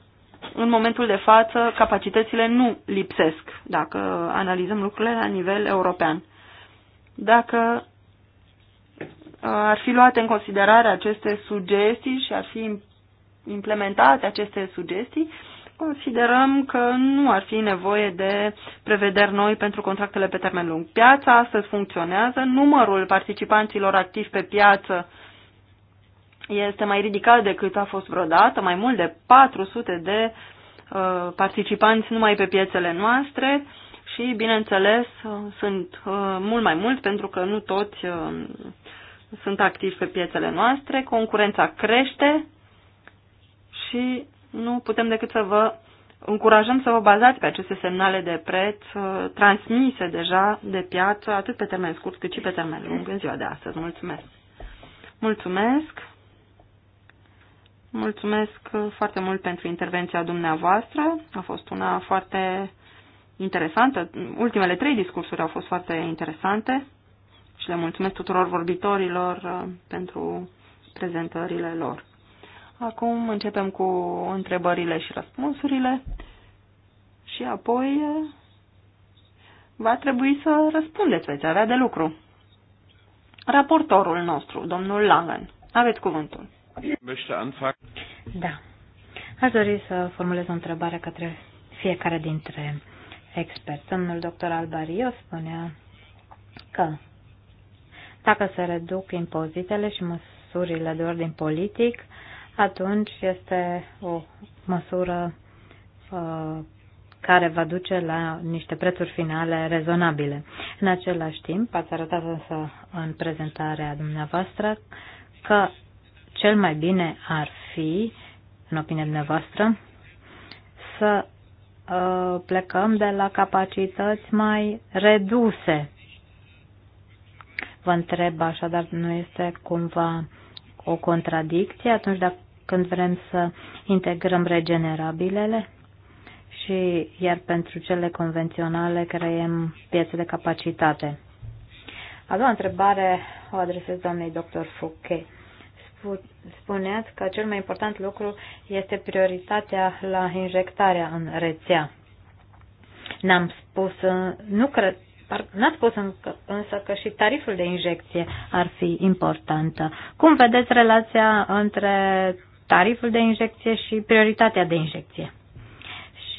[SPEAKER 3] în momentul de față capacitățile nu lipsesc, dacă analizăm lucrurile la nivel european. Dacă uh, ar fi luate în considerare aceste sugestii și ar fi implementate aceste sugestii, considerăm că nu ar fi nevoie de prevederi noi pentru contractele pe termen lung. Piața astăzi funcționează, numărul participanților activi pe piață este mai ridicat decât a fost vreodată, mai mult de 400 de uh, participanți numai pe piețele noastre și, bineînțeles, uh, sunt uh, mult mai mulți pentru că nu toți uh, sunt activi pe piețele noastre, concurența crește și nu putem decât să vă încurajăm să vă bazați pe aceste semnale de preț uh, transmise deja de piață, atât pe termen scurt cât și pe termen lung în ziua de astăzi. Mulțumesc! Mulțumesc! Mulțumesc foarte mult pentru intervenția dumneavoastră. A fost una foarte interesantă. Ultimele trei discursuri au fost foarte interesante și le mulțumesc tuturor vorbitorilor uh, pentru prezentările lor. Acum începem cu întrebările și răspunsurile și apoi uh, va trebui să răspundeți, veți avea de lucru. Raportorul nostru, domnul Langen, aveți cuvântul. Da.
[SPEAKER 1] Aș dori să formulez o întrebare către fiecare dintre experți. Domnul doctor Albario spunea că dacă se reduc impozitele și măsurile de ordin politic, atunci este o măsură uh, care va duce la niște prețuri finale rezonabile. În același timp, ați arătat însă în prezentarea dumneavoastră că cel mai bine ar fi în opinia dumneavoastră, să uh, plecăm de la capacități mai reduse. Vă întreb așadar, nu este cumva o contradicție atunci dacă când vrem să integrăm regenerabilele și iar pentru cele convenționale creăm piețe de capacitate. A doua întrebare o adresez doamnei dr. Fouquet spuneați că cel mai important lucru este prioritatea la injectarea în rețea. N-am spus, uh, nu cred, n-ați spus încă, însă că și tariful de injecție ar fi important. Cum vedeți relația între tariful de injecție și prioritatea de injecție?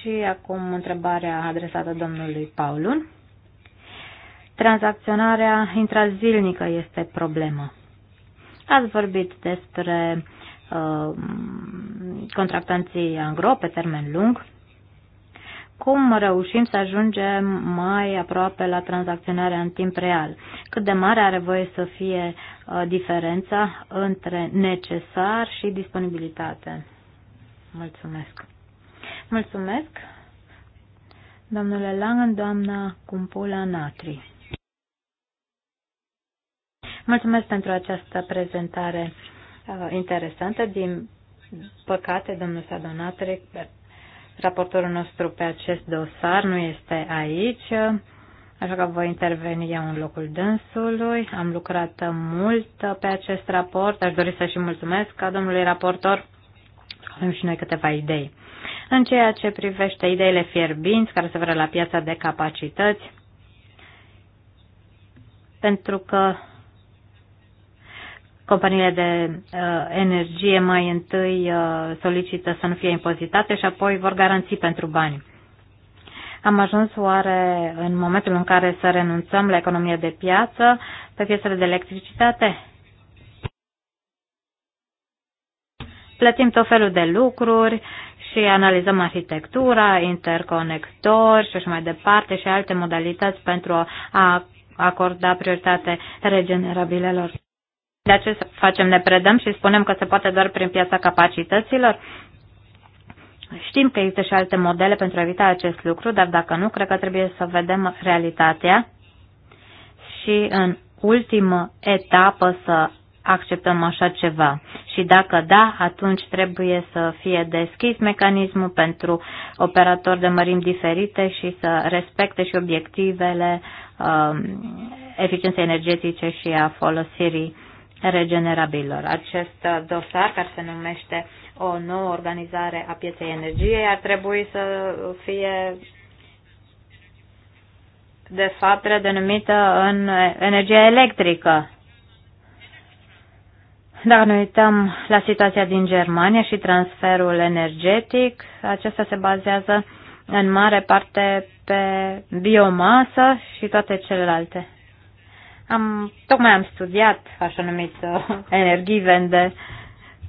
[SPEAKER 1] Și acum întrebarea adresată domnului Paulun. Tranzacționarea intrazilnică este problema. Ați vorbit despre uh, contractanții angro pe termen lung. Cum reușim să ajungem mai aproape la tranzacționarea în timp real? Cât de mare are voie să fie uh, diferența între necesar și disponibilitate? Mulțumesc. Mulțumesc. Domnule Langen, doamna Cumpula Natri. Mulțumesc pentru această prezentare uh, interesantă. Din păcate, domnul Sadonatre, raportorul nostru pe acest dosar nu este aici, așa că voi interveni eu în locul dânsului. Am lucrat mult pe acest raport. Aș dori să și mulțumesc ca domnului raportor. Avem și noi câteva idei. În ceea ce privește ideile fierbinți care se vor la piața de capacități, pentru că companiile de uh, energie mai întâi uh, solicită să nu fie impozitate și apoi vor garanții pentru bani. Am ajuns oare în momentul în care să renunțăm la economia de piață pe piesele de electricitate? Plătim tot felul de lucruri și analizăm arhitectura, interconectori și așa mai departe și alte modalități pentru a acorda prioritate regenerabilelor. De ce facem? Ne predăm și spunem că se poate doar prin piața capacităților? Știm că există și alte modele pentru a evita acest lucru, dar dacă nu, cred că trebuie să vedem realitatea și în ultimă etapă să acceptăm așa ceva. Și dacă da, atunci trebuie să fie deschis mecanismul pentru operatori de mărimi diferite și să respecte și obiectivele uh, eficienței energetice și a folosirii regenerabilor. Acest dosar, care se numește o nouă organizare a pieței energiei, ar trebui să fie de fapt redenumită în energia electrică. Dacă ne uităm la situația din Germania și transferul energetic, acesta se bazează în mare parte pe biomasă și toate celelalte. Am, tocmai am studiat așa numită energie vende,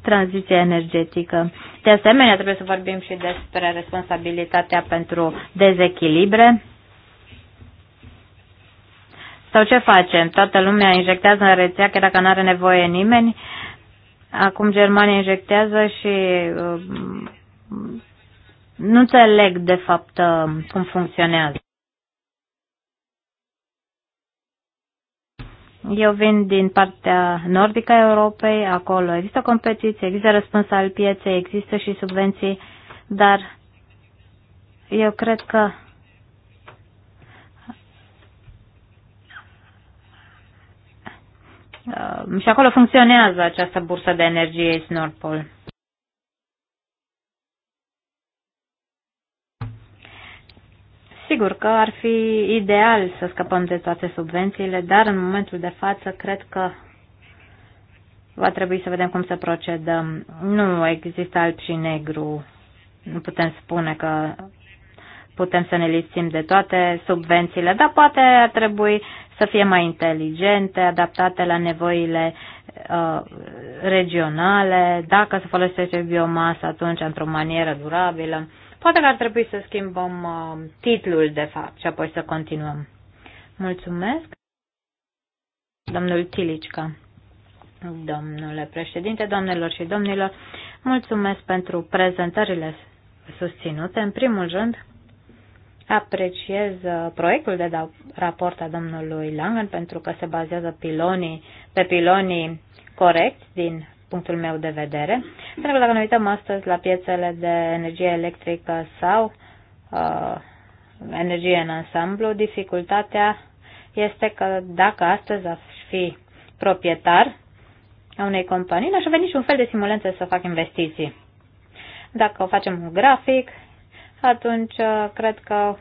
[SPEAKER 1] tranziție energetică. De asemenea, trebuie să vorbim și despre responsabilitatea pentru dezechilibre. Sau ce facem? Toată lumea injectează în rețea chiar dacă nu are nevoie nimeni. Acum Germania injectează și uh, nu înțeleg de fapt uh, cum funcționează. Eu vin din partea nordică a Europei, acolo există competiție, există răspuns al pieței, există și subvenții, dar eu cred că uh, și acolo funcționează această bursă de energie Snorpol. Pool. Sigur că ar fi ideal să scăpăm de toate subvențiile, dar în momentul de față cred că va trebui să vedem cum să procedăm. Nu există alb și negru. Nu putem spune că putem să ne lipsim de toate subvențiile, dar poate ar trebui să fie mai inteligente, adaptate la nevoile uh, regionale, dacă se folosește biomasă, atunci într-o manieră durabilă. Poate că ar trebui să schimbăm uh, titlul, de fapt, și apoi să continuăm. Mulțumesc. Domnul Tilicica. Domnule președinte, domnilor și domnilor, mulțumesc pentru prezentările susținute. În primul rând, apreciez uh, proiectul de raport a domnului Langen pentru că se bazează pilonii, pe pilonii corecți din punctul meu de vedere. Pentru că dacă ne uităm astăzi la piețele de energie electrică sau uh, energie în ansamblu, dificultatea este că dacă astăzi aș fi proprietar a unei companii, n-aș avea niciun fel de simulență să fac investiții. Dacă o facem un grafic, atunci uh, cred că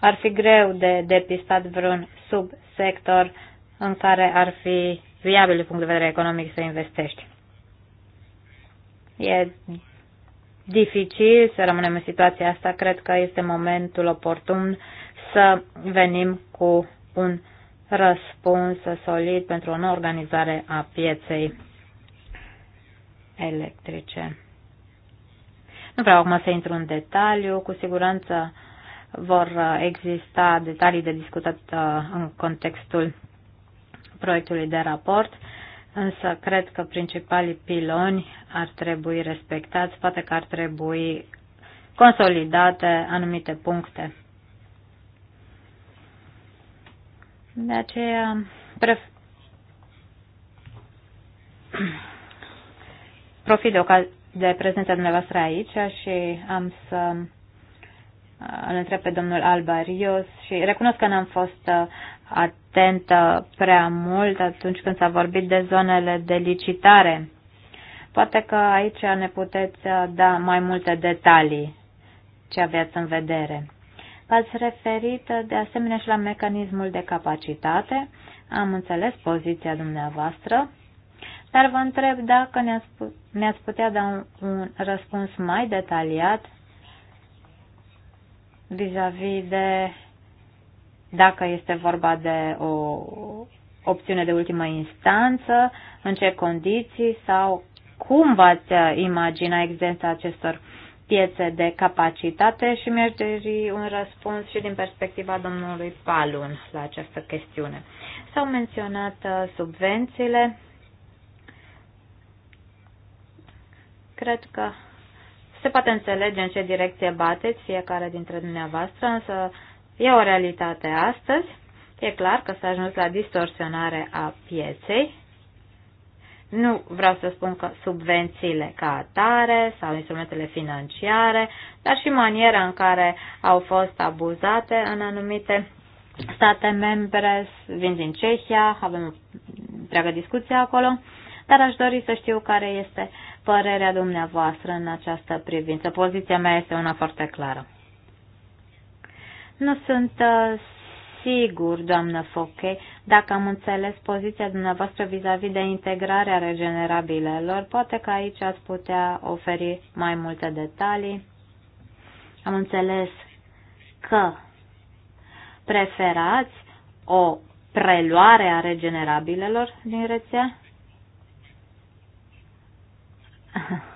[SPEAKER 1] ar fi greu de depistat vreun subsector în care ar fi viabil din punct de vedere economic să investești. E dificil să rămânem în situația asta. Cred că este momentul oportun să venim cu un răspuns solid pentru o nouă organizare a pieței electrice. Nu vreau acum să intru în detaliu, cu siguranță vor exista detalii de discutat uh, în contextul proiectului de raport, însă cred că principalii piloni ar trebui respectați, poate că ar trebui consolidate anumite puncte. De aceea, pref- profit de, oca- de prezența dumneavoastră aici și am să îl întreb pe domnul Alba Rios și recunosc că n-am fost uh, atentă prea mult atunci când s-a vorbit de zonele de licitare. Poate că aici ne puteți uh, da mai multe detalii ce aveați în vedere. V-ați referit uh, de asemenea și la mecanismul de capacitate. Am înțeles poziția dumneavoastră, dar vă întreb dacă ne-ați putea da un, un răspuns mai detaliat vis-a-vis -vis de dacă este vorba de o opțiune de ultimă instanță, în ce condiții sau cum v-ați imagina existența acestor piețe de capacitate și mi-aș dori un răspuns și din perspectiva domnului Palun la această chestiune. S-au menționat uh, subvențiile. Cred că se poate înțelege în ce direcție bateți fiecare dintre dumneavoastră, însă e o realitate astăzi. E clar că s-a ajuns la distorsionare a pieței. Nu vreau să spun că subvențiile ca atare sau instrumentele financiare, dar și maniera în care au fost abuzate în anumite state membre. Vin din Cehia, avem o întreagă discuție acolo, dar aș dori să știu care este uh, părerea dumneavoastră în această privință. Poziția mea este una foarte clară. Nu sunt uh, sigur, doamnă Foche, dacă am înțeles poziția dumneavoastră vis-a-vis -vis de integrarea regenerabilelor. Poate că aici ați putea oferi mai multe detalii. Am înțeles că preferați o preluare a regenerabilelor din rețea?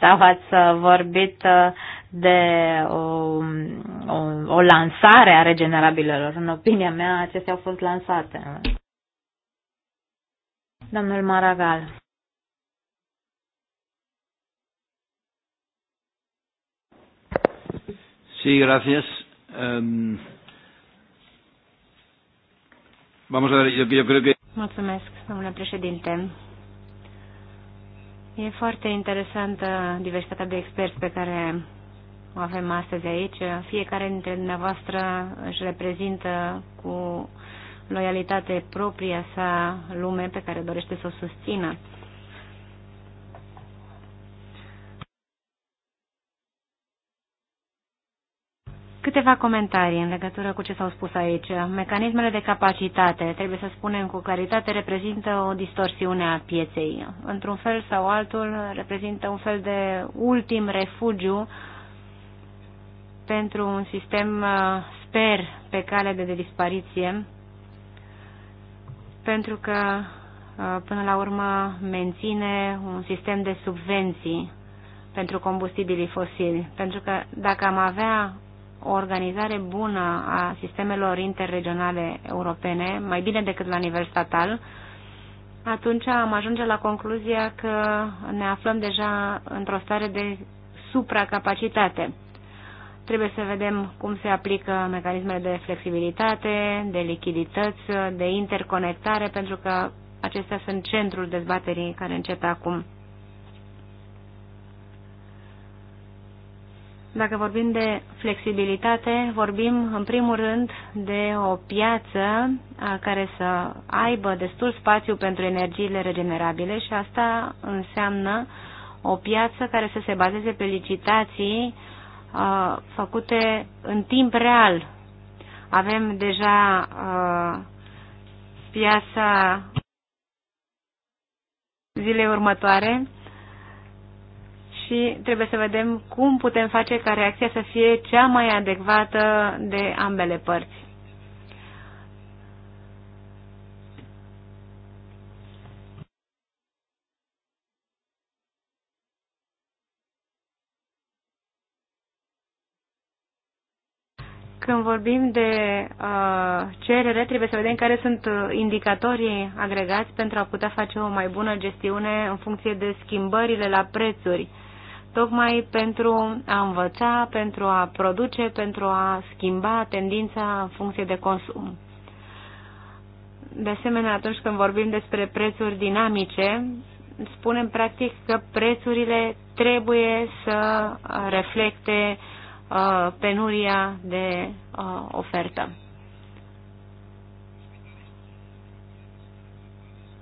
[SPEAKER 1] sau ați uh, vorbit uh, de o, um, o, um, o lansare a regenerabilelor. În opinia mea, acestea au fost lansate. Domnul Maragal.
[SPEAKER 3] Sí, gracias. Um, vamos a ver, yo, yo creo que.
[SPEAKER 2] Mulțumesc, domnule președinte. E foarte interesantă diversitatea de experți pe care o avem astăzi aici. Fiecare dintre dumneavoastră își reprezintă cu loialitate propria sa lume pe care dorește să o susțină. Câteva comentarii în legătură cu ce s-au spus aici. Mecanismele de capacitate, trebuie să spunem cu claritate, reprezintă o distorsiune a pieței. Într-un fel sau altul, reprezintă un fel de ultim refugiu pentru un sistem, uh, sper, pe cale de dispariție, pentru că, uh, până la urmă, menține un sistem de subvenții pentru combustibilii fosili. Pentru că dacă am avea o organizare bună a sistemelor interregionale europene, mai bine decât la nivel statal, atunci am ajunge la concluzia că ne aflăm deja într-o stare de supracapacitate. Trebuie să vedem cum se aplică mecanismele de flexibilitate, de lichidități, de interconectare, pentru că acestea sunt centrul dezbaterii care începe acum. Dacă vorbim de flexibilitate, vorbim în primul rând de o piață care să aibă destul spațiu pentru energiile regenerabile și asta înseamnă o piață care să se bazeze pe licitații făcute în timp real. Avem deja piața zilei următoare și trebuie să vedem cum putem face ca reacția să fie cea mai adecvată de ambele părți. când vorbim de uh, cerere, trebuie să vedem care sunt uh, indicatorii agregați pentru a putea face o mai bună gestiune în funcție de schimbările la prețuri. Uh, tocmai pentru a învăța, pentru a produce, pentru a schimba tendința în funcție de consum. De asemenea, atunci când vorbim despre prețuri dinamice, spunem practic că prețurile trebuie să reflecte uh, penuria de uh, ofertă.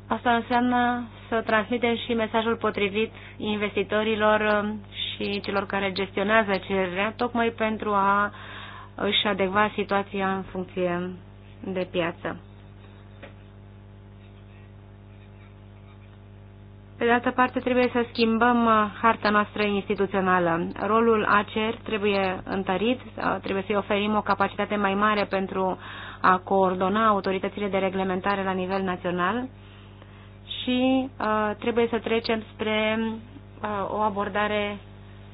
[SPEAKER 2] Asta înseamnă să transmitem și mesajul potrivit investitorilor um, și celor care gestionează cererea, tocmai pentru a își adecva situația în funcție de piață. Pe de altă parte, trebuie să schimbăm uh, harta noastră instituțională. Rolul ACER trebuie întărit, uh, trebuie să-i oferim o capacitate mai mare pentru a coordona autoritățile de reglementare la nivel național și uh, trebuie să trecem spre uh, o abordare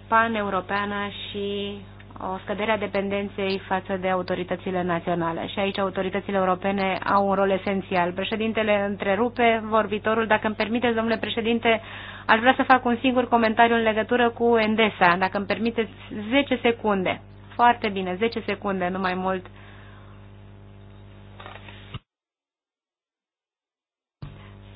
[SPEAKER 2] paneuropeană și o scădere a dependenței față de autoritățile naționale. Și aici autoritățile europene au un rol esențial. Președintele întrerupe vorbitorul. Dacă îmi permiteți, domnule președinte, aș vrea să fac un singur comentariu în legătură cu Endesa. Dacă îmi permiteți 10 secunde. Foarte bine, 10 secunde, nu mai mult. Uh,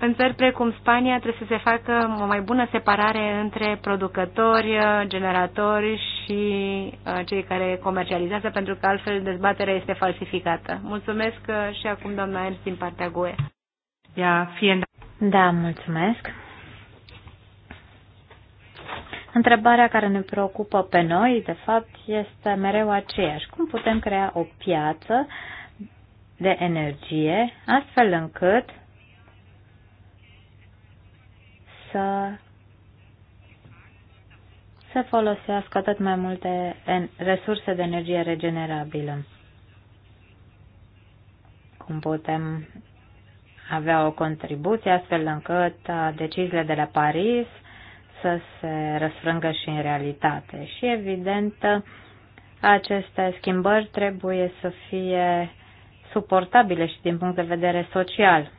[SPEAKER 2] În țări precum Spania trebuie să se facă o mai bună separare între producători, generatori și uh, cei care comercializează, pentru că altfel dezbaterea este falsificată. Mulțumesc uh, și acum doamna Ernst din partea GUE.
[SPEAKER 1] Ia, fie... Da, mulțumesc. Întrebarea care ne preocupă pe noi, de fapt, este mereu aceeași. Cum putem crea o piață de energie astfel încât să se folosească tot mai multe resurse de energie regenerabilă. Cum putem avea o contribuție astfel încât uh, deciziile de la Paris să se răsfrângă și în realitate. Și evident, aceste schimbări trebuie să fie suportabile și din punct de vedere social.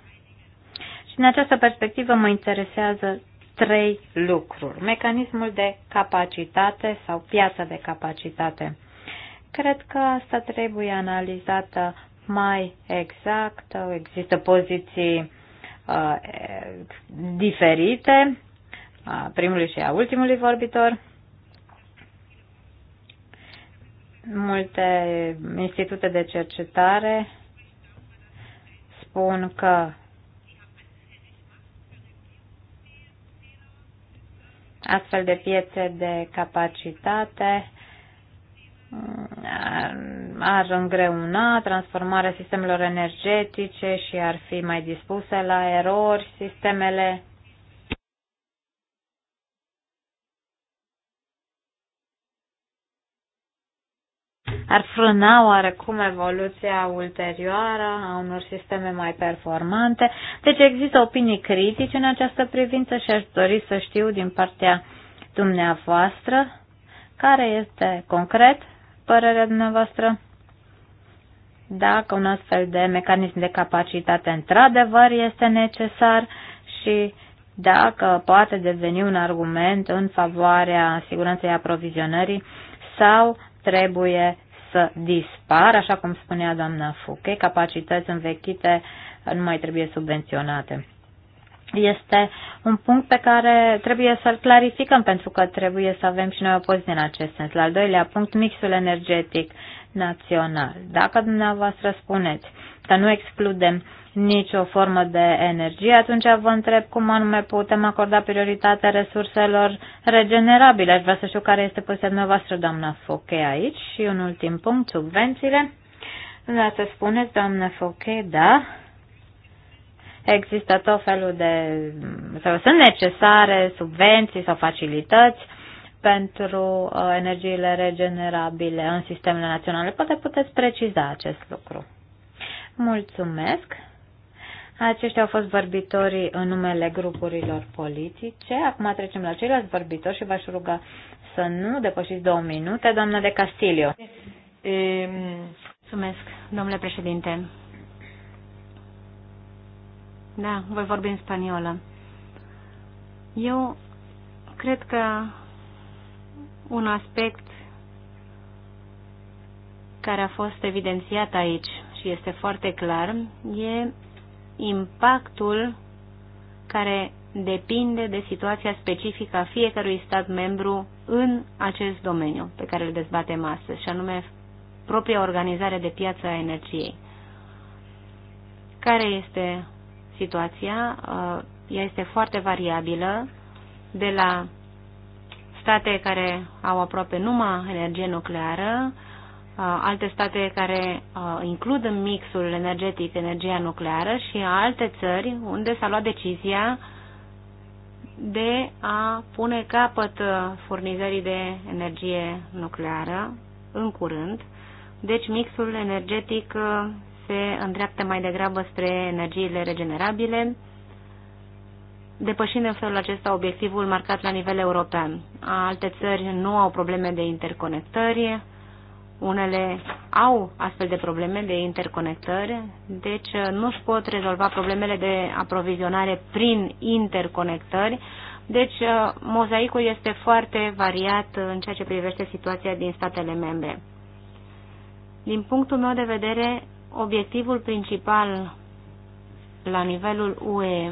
[SPEAKER 1] Și în această perspectivă mă interesează trei lucruri. Mecanismul de capacitate sau piața de capacitate. Cred că asta trebuie analizată mai exact. Există poziții uh, diferite a primului și a ultimului vorbitor. Multe institute de cercetare spun că astfel de piețe de capacitate mm, ar îngreuna transformarea sistemelor energetice și ar fi mai dispuse la erori sistemele ar frâna oarecum evoluția ulterioară a unor sisteme mai performante. Deci există opinii critice în această privință și aș dori să știu din partea dumneavoastră care este concret părerea dumneavoastră dacă un astfel de mecanism de capacitate într-adevăr este necesar și dacă poate deveni un argument în favoarea siguranței aprovizionării sau trebuie să dispară, așa cum spunea doamna Fuche, capacități învechite nu mai trebuie subvenționate. Este un punct pe care trebuie să-l clarificăm, pentru că trebuie să avem și noi o poziție în acest sens. La al doilea punct, mixul energetic național. Dacă dumneavoastră spuneți că nu excludem nicio formă de energie, atunci vă întreb cum anume putem acorda prioritate resurselor regenerabile. Aș vrea să știu care este poziția dumneavoastră, doamna Foche, aici. Și un ultim punct, subvențiile. Da, să spuneți, doamna Foche, da, există tot felul de, sau sunt necesare subvenții sau facilități pentru uh, energiile regenerabile în sistemele naționale. Poate puteți preciza acest lucru. Mulțumesc! Aceștia au fost vorbitorii în numele grupurilor politice. Acum trecem la ceilalți vorbitori și v-aș ruga să nu depășiți două minute. Doamna de Castilio. Ehm, mulțumesc, domnule președinte.
[SPEAKER 2] Da, voi vorbi în spaniolă. Eu cred că un aspect care a fost evidențiat aici și este foarte clar e impactul care depinde de situația specifică a fiecărui stat membru în acest domeniu pe care îl dezbatem astăzi, și anume propria organizare de piață a energiei. Care este situația? Ea este foarte variabilă de la state care au aproape numai energie nucleară, uh, alte state care uh, includ în mixul energetic energia nucleară și alte țări unde s-a luat decizia de a pune capăt uh, furnizării de energie nucleară în curând. Deci mixul energetic se îndreaptă mai degrabă spre energiile regenerabile depășind în felul acesta obiectivul marcat la nivel european. Alte țări nu au probleme de interconectări, unele au astfel de probleme de interconectări, deci uh, nu își pot rezolva problemele de aprovizionare prin interconectări, deci uh, mozaicul este foarte variat în ceea ce privește situația din statele membre. Din punctul meu de vedere, obiectivul principal la nivelul UE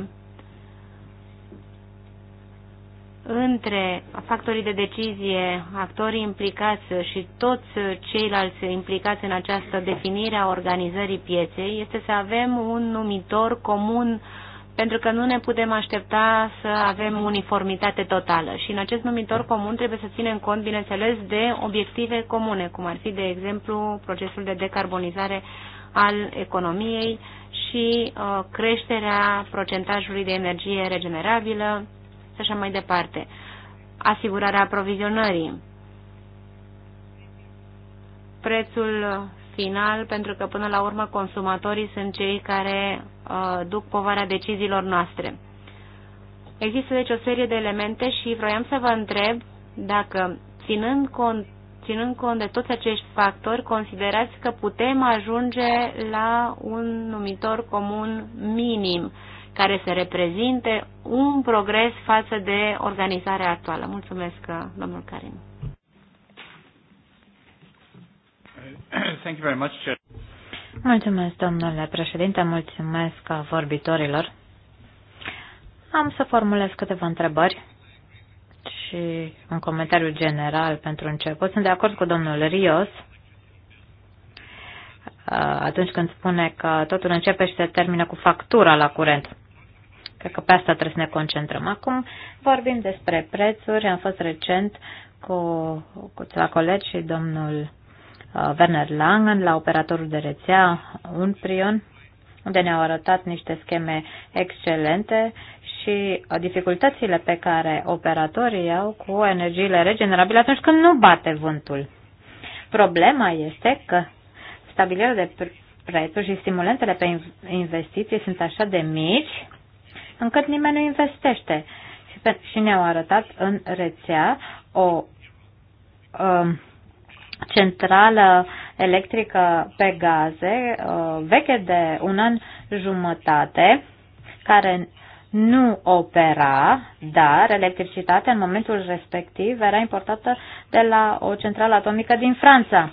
[SPEAKER 2] între factorii de decizie, actorii implicați și toți ceilalți implicați în această definire a organizării pieței este să avem un numitor comun pentru că nu ne putem aștepta să avem uniformitate totală și în acest numitor comun trebuie să ținem cont, bineînțeles, de obiective comune, cum ar fi, de exemplu, procesul de decarbonizare al economiei și uh, creșterea procentajului de energie regenerabilă, și așa mai departe. Asigurarea aprovizionării. Prețul final, pentru că până la urmă consumatorii sunt cei care uh, duc povara deciziilor noastre. Există deci o serie de elemente și vroiam să vă întreb dacă, ținând cont, ținând cont de toți acești factori, considerați că putem ajunge la un numitor comun minim care să reprezinte un progres față
[SPEAKER 1] de organizarea actuală. Mulțumesc, domnul Karim. Thank you very much, Chair. Mulțumesc, domnule președinte, mulțumesc vorbitorilor. Am să formulez câteva întrebări și un comentariu general pentru început. Sunt de acord cu domnul Rios uh, atunci când spune că totul începe și se termină cu factura la curent. Cred că pe asta trebuie să ne concentrăm. Acum vorbim despre prețuri. Am fost recent cu, cu ceva colegi și domnul uh, Werner Langen la operatorul de rețea Unprion, unde ne-au arătat niște scheme excelente și uh, dificultățile pe care operatorii au cu energiile regenerabile atunci când nu bate vântul. Problema este că stabilirea de prețuri și stimulentele pe investiții sunt așa de mici încât nimeni nu investește. Și, pe, și ne-au arătat în rețea o um, centrală electrică pe gaze, uh, veche de un an jumătate, care nu opera, dar electricitatea în momentul respectiv era importată de la o centrală atomică din Franța.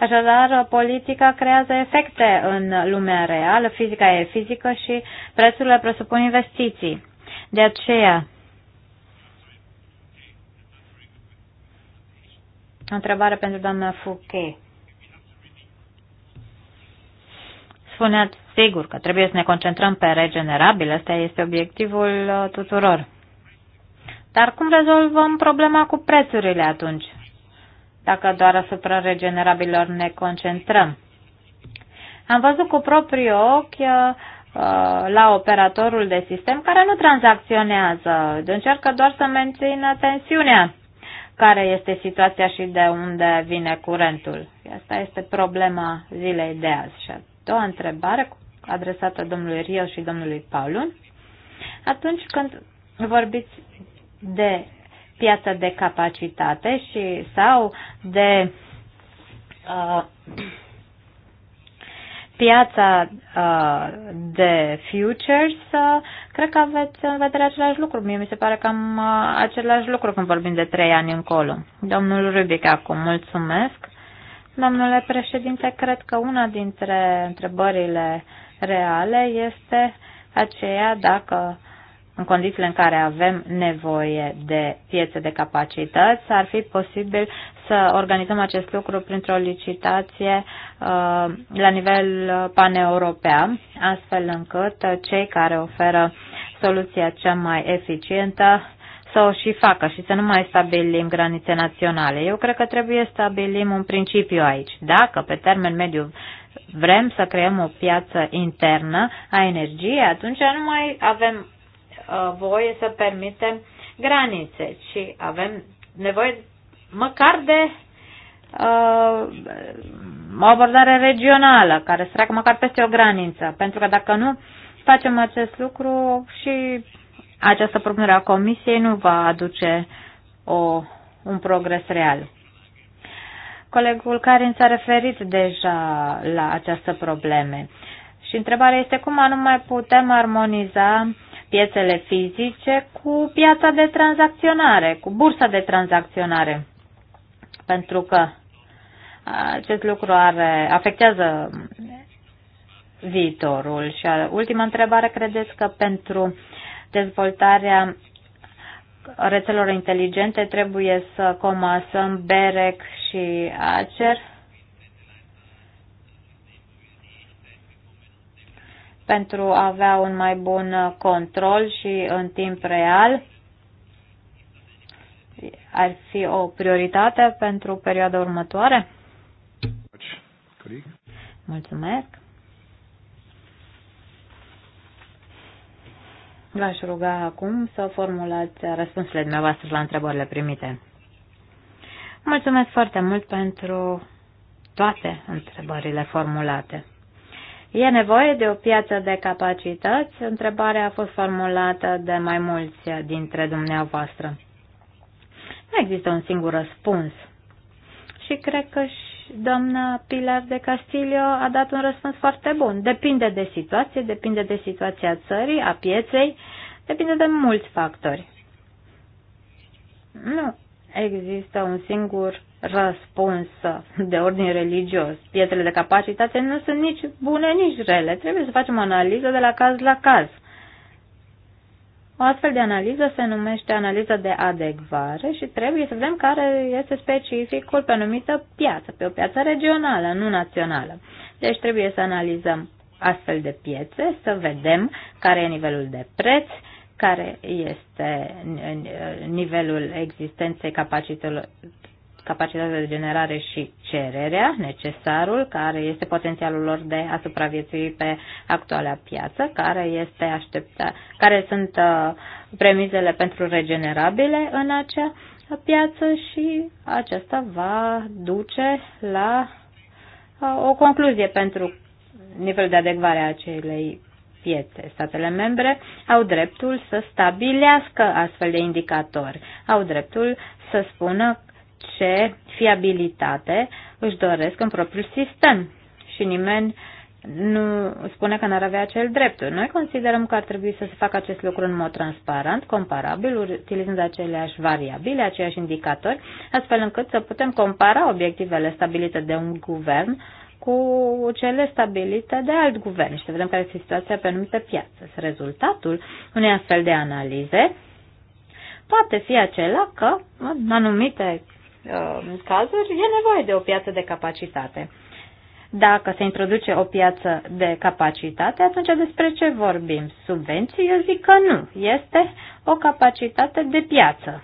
[SPEAKER 1] Așadar, politica creează efecte în lumea reală, fizica e fizică și prețurile presupun investiții. De aceea, o întrebare pentru doamna Fouquet. Spuneați, sigur, că trebuie să ne concentrăm pe regenerabil, ăsta este obiectivul tuturor. Dar cum rezolvăm problema cu prețurile atunci? dacă doar asupra regenerabilor ne concentrăm. Am văzut cu propriul ochi uh, uh, la operatorul de sistem care nu tranzacționează, încearcă doar să mențină tensiunea care este situația și de unde vine curentul. Asta este problema zilei de azi. Și a doua întrebare adresată domnului Rio și domnului Paulu. Atunci când vorbiți de piață de capacitate și sau de uh, piața uh, de futures, uh, cred că aveți în vedere același lucru. Mie mi se pare cam uh, același lucru când vorbim de trei ani încolo. Domnul Rubic, acum mulțumesc. Domnule președinte, cred că una dintre întrebările reale este aceea dacă uh, în condițiile în care avem nevoie de piețe de capacități, ar fi posibil să organizăm acest lucru printr-o licitație uh, la nivel paneuropean, astfel încât cei care oferă soluția cea mai eficientă să o și facă și să nu mai stabilim granițe naționale. Eu cred că trebuie să stabilim un principiu aici. Dacă pe termen mediu vrem să creăm o piață internă a energiei, atunci nu mai avem Uh, voie să permitem granițe, ci avem nevoie măcar de uh, o abordare regională care să treacă măcar peste o graniță, pentru că dacă nu facem acest lucru și această propunere a Comisiei nu va aduce o, un progres real. Colegul Carin s-a referit deja la această probleme și întrebarea este cum anume putem armoniza piețele fizice cu piața de tranzacționare, cu bursa de tranzacționare. Pentru că acest lucru are, afectează viitorul. Și ultima întrebare, credeți că pentru dezvoltarea rețelor inteligente trebuie să comasăm BEREC și ACER? pentru a avea un mai bun uh, control și în timp real ar fi o prioritate pentru perioada următoare? Mulțumesc. V-aș ruga acum să formulați răspunsurile dumneavoastră la întrebările primite. Mulțumesc foarte mult pentru toate întrebările formulate. E nevoie de o piață de capacități? Întrebarea a fost formulată de mai mulți dintre dumneavoastră. Nu există un singur răspuns. Și cred că și doamna Pilar de Castilio a dat un răspuns foarte bun. Depinde de situație, depinde de situația țării, a pieței, depinde de mulți factori. Nu există un singur răspuns de ordin religios. Pietrele de capacitate nu sunt nici bune, nici rele. Trebuie să facem o analiză de la caz la caz. O astfel de analiză se numește analiză de adecvare și trebuie să vedem care este specificul pe anumită piață, pe o piață regională, nu națională. Deci trebuie să analizăm astfel de piețe, să vedem care e nivelul de preț, care este nivelul existenței capacitatea de generare și cererea, necesarul, care este potențialul lor de a supraviețui pe actuala piață, care, este aștepta, care sunt uh, premizele pentru regenerabile în acea piață și aceasta va duce la uh, o concluzie pentru nivelul de adecvare a acelei piețe. Statele membre au dreptul să stabilească astfel de indicatori, au dreptul să spună ce fiabilitate își doresc în propriul sistem și nimeni nu spune că n-ar avea acel drept. Noi considerăm că ar trebui să se facă acest lucru în mod transparent, comparabil, utilizând aceleași variabile, aceiași indicatori, astfel încât să putem compara obiectivele stabilite de un guvern cu cele stabilite de alt guvern și să vedem care este situația pe anumite piață. Rezultatul unei astfel de analize poate fi acela că anumite Uh, cazuri e nevoie de o piață de capacitate. Dacă se introduce o piață de capacitate, atunci despre ce vorbim? Subvenții? Eu zic că nu. Este o capacitate de piață.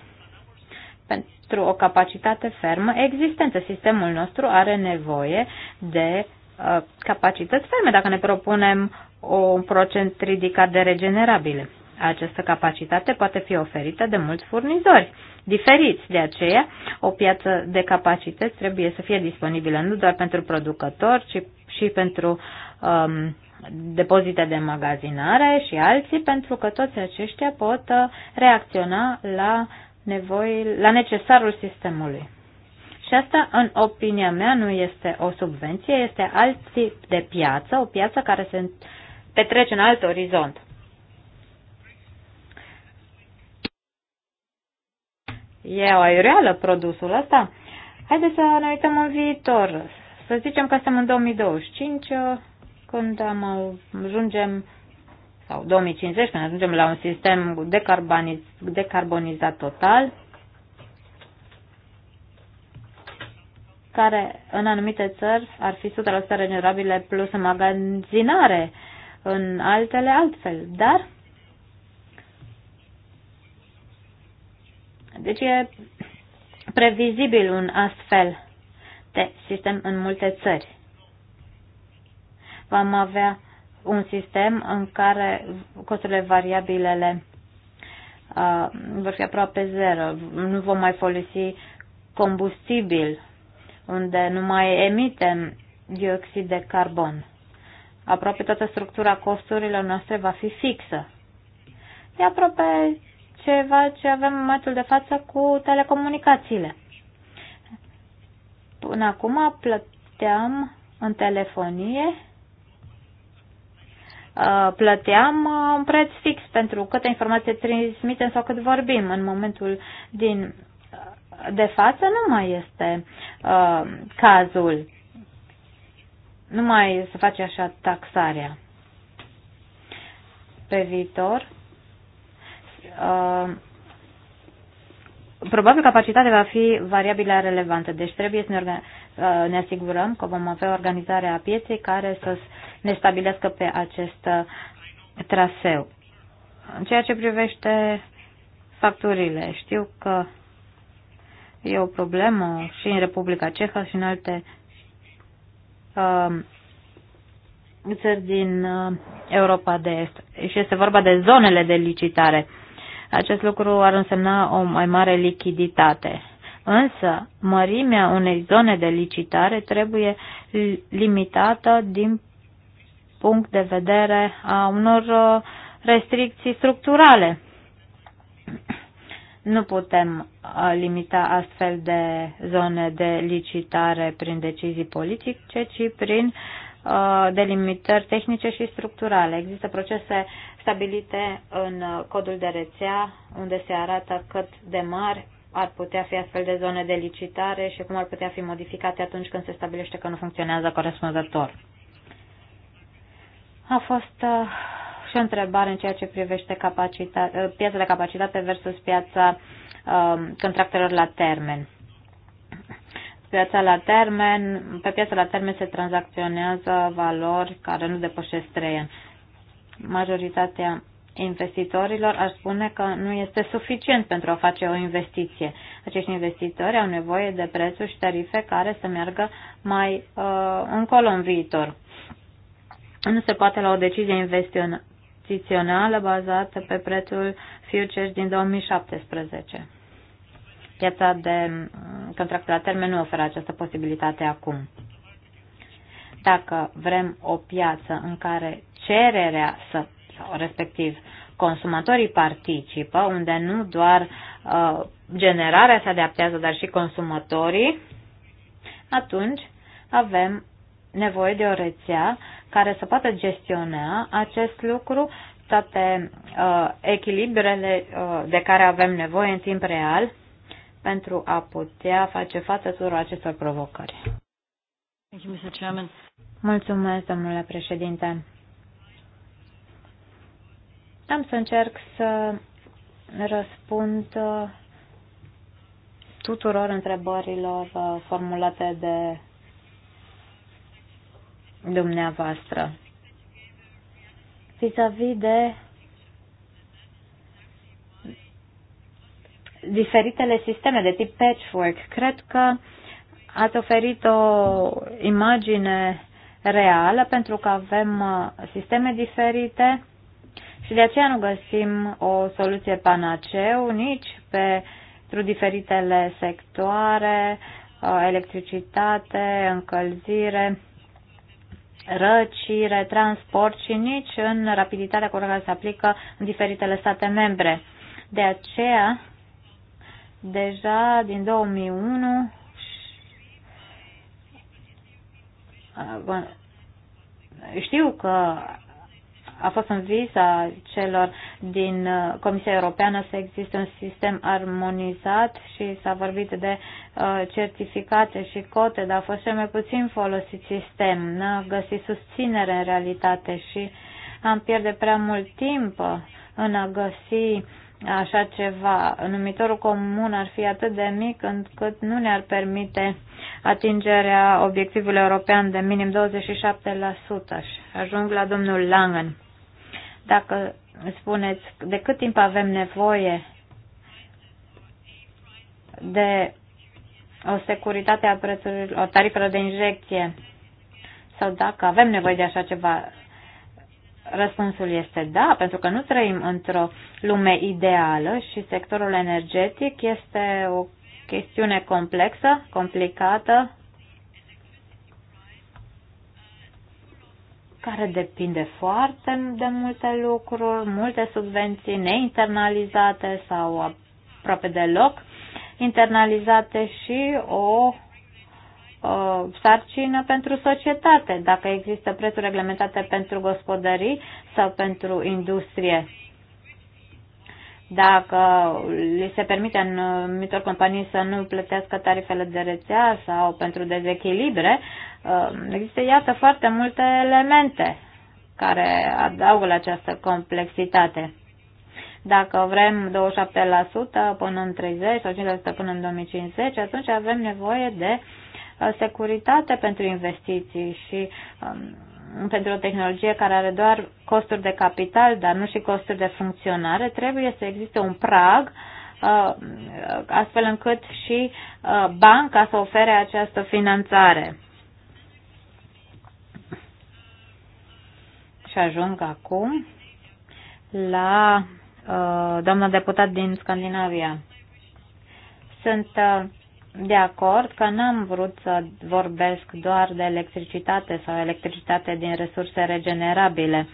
[SPEAKER 1] Pentru o capacitate fermă existentă, sistemul nostru are nevoie de uh, capacități ferme dacă ne propunem un procent ridicat de regenerabile. Această capacitate poate fi oferită de mulți furnizori diferiți. De aceea, o piață de capacități trebuie să fie disponibilă nu doar pentru producători, ci și pentru um, depozite de magazinare și alții, pentru că toți aceștia pot uh, reacționa la, nevoi, la necesarul sistemului. Și asta, în opinia mea, nu este o subvenție, este alt tip de piață, o piață care se petrece în alt orizont. e o aiureală produsul ăsta? Haideți să ne uităm în viitor. Să zicem că suntem în 2025, uh, când am, uh, ajungem, sau 2050, când ajungem la un sistem decarbonizat total, care în anumite țări ar fi 100% regenerabile plus magazinare în altele altfel. Dar Deci e previzibil un astfel de sistem în multe țări. Vom avea un sistem în care costurile variabilele uh, vor fi aproape zero. Nu vom mai folosi combustibil unde nu mai emitem dioxid de carbon. Aproape toată structura costurilor noastre va fi fixă. E aproape ceva ce avem în momentul de față cu telecomunicațiile. Până acum plăteam în telefonie, uh, plăteam uh, un preț fix pentru câte informații transmitem sau cât vorbim. În momentul din uh, de față nu mai este uh, cazul. Nu mai se face așa taxarea. Pe viitor Uh, probabil capacitatea va fi variabilă relevantă. Deci trebuie să ne, organ- uh, ne asigurăm că vom avea organizarea pieței care să ne stabilească pe acest uh, traseu. În ceea ce privește facturile, știu că e o problemă și în Republica Cehă și în alte uh, țări din uh, Europa de Est. Și este vorba de zonele de licitare. Uh, acest lucru ar însemna o mai mare lichiditate. Însă, mărimea unei zone de licitare trebuie limitată din punct de vedere a unor uh, restricții structurale. Nu putem uh, limita astfel de zone de licitare prin decizii politice, ci prin uh, delimitări tehnice și structurale. Există procese stabilite în uh, codul de rețea, unde se arată cât de mari ar putea fi astfel de zone de licitare și cum ar putea fi modificate atunci când se stabilește că nu funcționează corespunzător. A fost uh, și o întrebare în ceea ce privește capacita- uh, piața de capacitate versus piața uh, contractelor la termen. Piața la termen, pe piața la termen se tranzacționează valori care nu depășesc 3 ani majoritatea investitorilor ar spune că nu este suficient pentru a face o investiție. Acești investitori au nevoie de prețuri și tarife care să meargă mai uh, încolo în viitor. Nu se poate la o decizie investițională bazată pe prețul futures din 2017. Piața de uh, contract la termen nu oferă această posibilitate acum. Dacă vrem o piață în care cererea să, respectiv consumatorii participă, unde nu doar uh, generarea se adaptează, dar și consumatorii, atunci avem nevoie de o rețea care să poată gestiona acest lucru, toate uh, echilibrele uh, de care avem nevoie în timp real pentru a putea face față tuturor acestor provocări. Thank you, Mr. Chairman. Mulțumesc, domnule președinte. Am să încerc să răspund uh, tuturor întrebărilor uh, formulate de dumneavoastră. Vis-a-vis de diferitele sisteme de tip patchwork, cred că ați oferit o imagine reală pentru că avem uh, sisteme diferite și de aceea nu găsim o soluție panaceu nici pentru diferitele sectoare, uh, electricitate, încălzire, răcire, transport și nici în rapiditatea cu care se aplică în diferitele state membre. De aceea, deja din 2001, Știu că a fost în visa celor din uh, Comisia Europeană să existe un sistem armonizat și s-a vorbit de uh, certificate și cote, dar a fost cel mai puțin folosit sistem. N-a găsit susținere în realitate și am pierde prea mult timp în a găsi așa ceva. Numitorul comun ar fi atât de mic încât nu ne-ar permite atingerea obiectivului european de minim 27%. Și ajung la domnul Langen. Dacă spuneți de cât timp avem nevoie de o securitate a prețurilor, o tarifelor de injecție, sau dacă avem nevoie de așa ceva, Răspunsul este da, pentru că nu trăim într-o lume ideală și sectorul energetic este o chestiune complexă, complicată, care depinde foarte de multe lucruri, multe subvenții neinternalizate sau aproape deloc internalizate și o uh, sarcină pentru societate, dacă există prețuri reglementate pentru gospodării sau pentru industrie. Dacă li se permite anumitor companii să nu plătească tarifele de rețea sau pentru dezechilibre, um, există, iată, foarte multe elemente care adaugă la această complexitate. Dacă vrem 27% până în 30 sau 50% până în 2050, atunci avem nevoie de Uh, securitate pentru investiții și um, pentru o tehnologie care are doar costuri de capital, dar nu și costuri de funcționare, trebuie să existe un prag uh, astfel încât și uh, banca să ofere această finanțare. Și ajung acum la uh, doamna deputat din Scandinavia. Sunt uh, de acord că n-am vrut să vorbesc doar de electricitate sau electricitate din resurse regenerabile.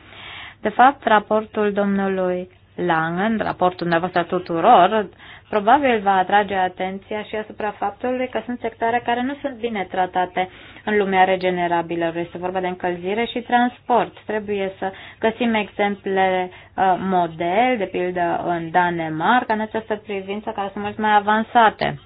[SPEAKER 1] De fapt, raportul domnului Langen, raportul dumneavoastră tuturor, probabil va atrage atenția și asupra faptului că sunt sectoare care nu sunt bine tratate în lumea regenerabilă. Este vorba de încălzire și transport. Trebuie să găsim exemple uh, model, de pildă în Danemarca, în această privință, care sunt mult mai avansate.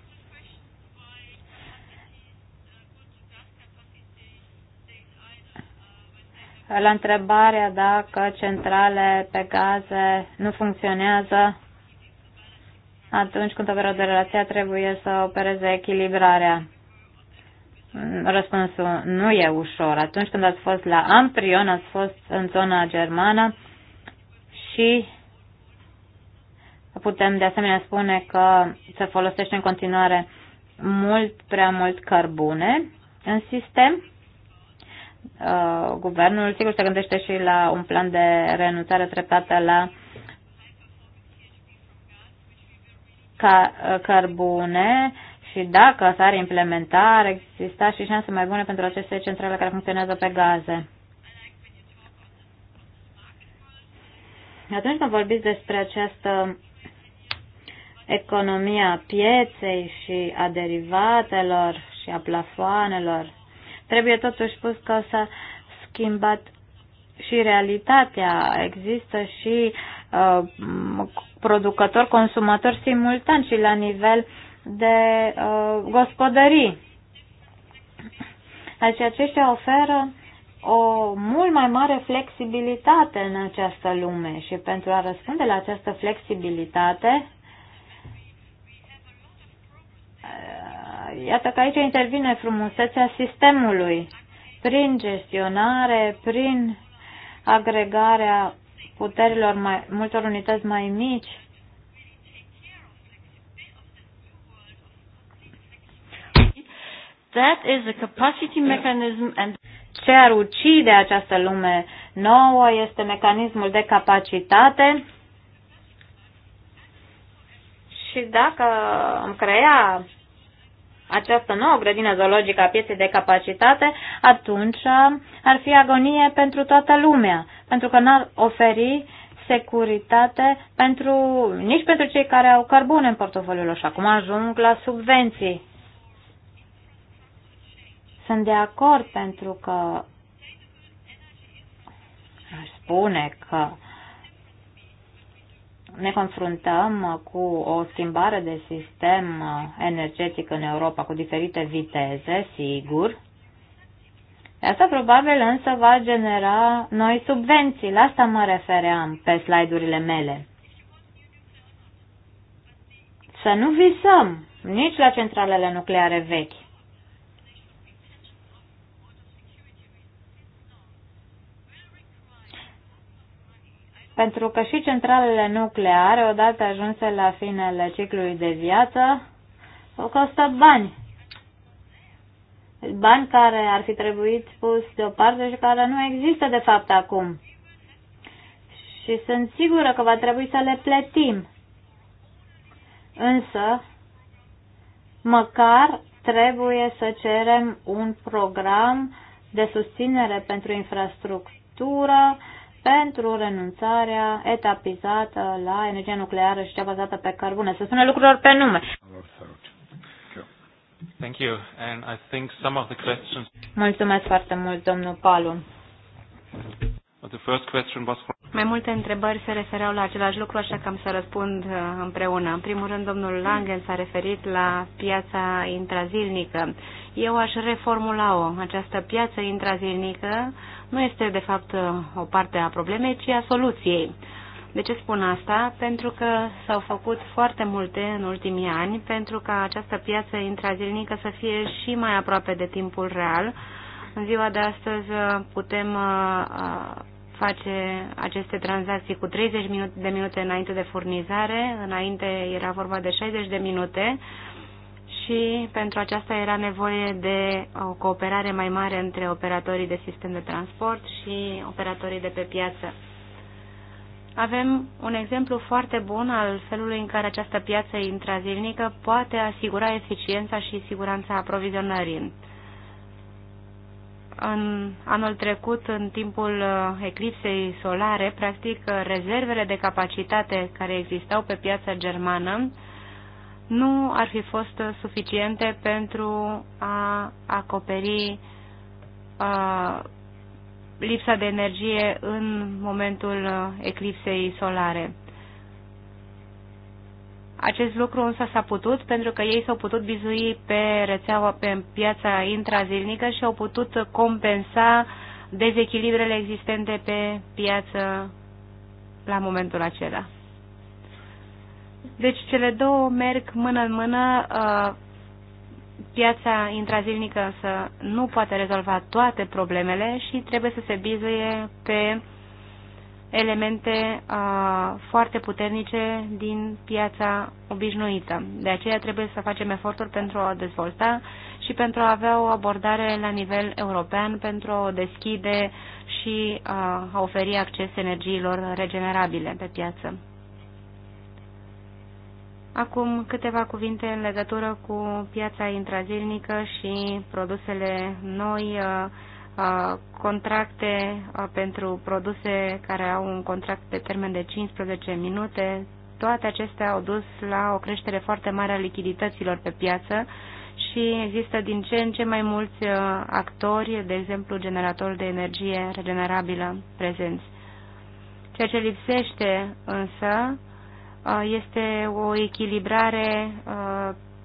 [SPEAKER 1] la întrebarea dacă centrale pe gaze nu funcționează atunci când o de relația trebuie să opereze echilibrarea. Răspunsul nu e ușor. Atunci când ați fost la Amprion, ați fost în zona germană și putem de asemenea spune că se folosește în continuare mult prea mult cărbune în sistem Uh, guvernul, sigur se gândește și la un plan de renunțare treptată la ca, uh, cărbune și dacă s-ar implementa, ar exista și șanse mai bune pentru aceste centrale care funcționează pe gaze. Atunci când vorbiți despre această economia pieței și a derivatelor și a plafoanelor. Trebuie totuși spus că s-a schimbat și realitatea. Există și uh, producători, consumatori simultan și la nivel de uh, gospodării. Deci aceștia oferă o mult mai mare flexibilitate în această lume și pentru a răspunde la această flexibilitate Iată că aici intervine frumusețea sistemului. Prin gestionare, prin agregarea puterilor mai, multor unități mai mici, That is a capacity mechanism and ce ar ucide această lume nouă este mecanismul de capacitate și dacă am crea această nouă grădină zoologică a pieței de capacitate, atunci uh, ar fi agonie pentru toată lumea, pentru că n-ar oferi securitate pentru, nici pentru cei care au cărbune în portofoliul și acum ajung la subvenții. Sunt de acord pentru că aș spune că ne confruntăm cu o schimbare de sistem energetic în Europa cu diferite viteze, sigur. Asta probabil însă va genera noi subvenții. La asta mă refeream pe slide-urile mele. Să nu visăm nici la centralele nucleare vechi. pentru că și centralele nucleare, odată ajunse la finele ciclului de viață, costă bani. Bani care ar fi trebuit pus deoparte și care nu există de fapt acum. Și sunt sigură că va trebui să le plătim. Însă, măcar trebuie să cerem un program de susținere pentru infrastructură, pentru renunțarea etapizată la energia nucleară și cea bazată pe carbone. Să spune lucrurilor pe nume. Thank you.
[SPEAKER 3] And I think some of the questions...
[SPEAKER 1] Mulțumesc foarte mult, domnul Palun.
[SPEAKER 3] The first question was
[SPEAKER 1] Mai multe întrebări se refereau la același lucru, așa că am să răspund
[SPEAKER 2] uh, împreună. În primul rând, domnul Langen s-a referit la piața intrazilnică. Eu aș reformula-o. Această piață intrazilnică nu este, de fapt, uh, o parte a problemei, ci a soluției. De ce spun asta? Pentru că s-au făcut foarte multe în ultimii ani pentru ca această piață intrazilnică să fie și mai aproape de timpul real. În ziua de astăzi uh, putem face aceste tranzacții cu 30 de minute înainte de furnizare, înainte era vorba de 60 de minute și pentru aceasta era nevoie de o cooperare mai mare între operatorii de sistem de transport și operatorii de pe piață. Avem un exemplu foarte bun al felului în care această piață intrazilnică poate asigura eficiența și siguranța aprovizionării în anul trecut, în timpul uh, eclipsei solare, practic uh, rezervele de capacitate care existau pe piața germană nu ar fi fost uh, suficiente pentru a acoperi a, lipsa de energie în momentul eclipsei solare. Acest lucru însă s-a putut pentru că ei s-au putut bizui pe rețeaua, pe piața intrazilnică și au putut compensa dezechilibrele existente pe piață la momentul acela. Deci cele două merg mână în mână. Uh, piața intrazilnică însă nu poate rezolva toate problemele și trebuie să se bizuie pe elemente uh, foarte puternice din piața obișnuită. De aceea trebuie să facem eforturi pentru a dezvolta și pentru a avea o abordare la nivel european pentru a deschide și uh, a oferi acces energiilor regenerabile pe piață. Acum câteva cuvinte în legătură cu piața intrazilnică și produsele noi uh, Uh, contracte uh, pentru produse care au un contract pe termen de 15 minute, toate acestea au dus la o creștere foarte mare a lichidităților pe piață și există din ce în ce mai mulți uh, actori, de exemplu generatori de energie regenerabilă prezenți. Ceea ce lipsește însă este o echilibrare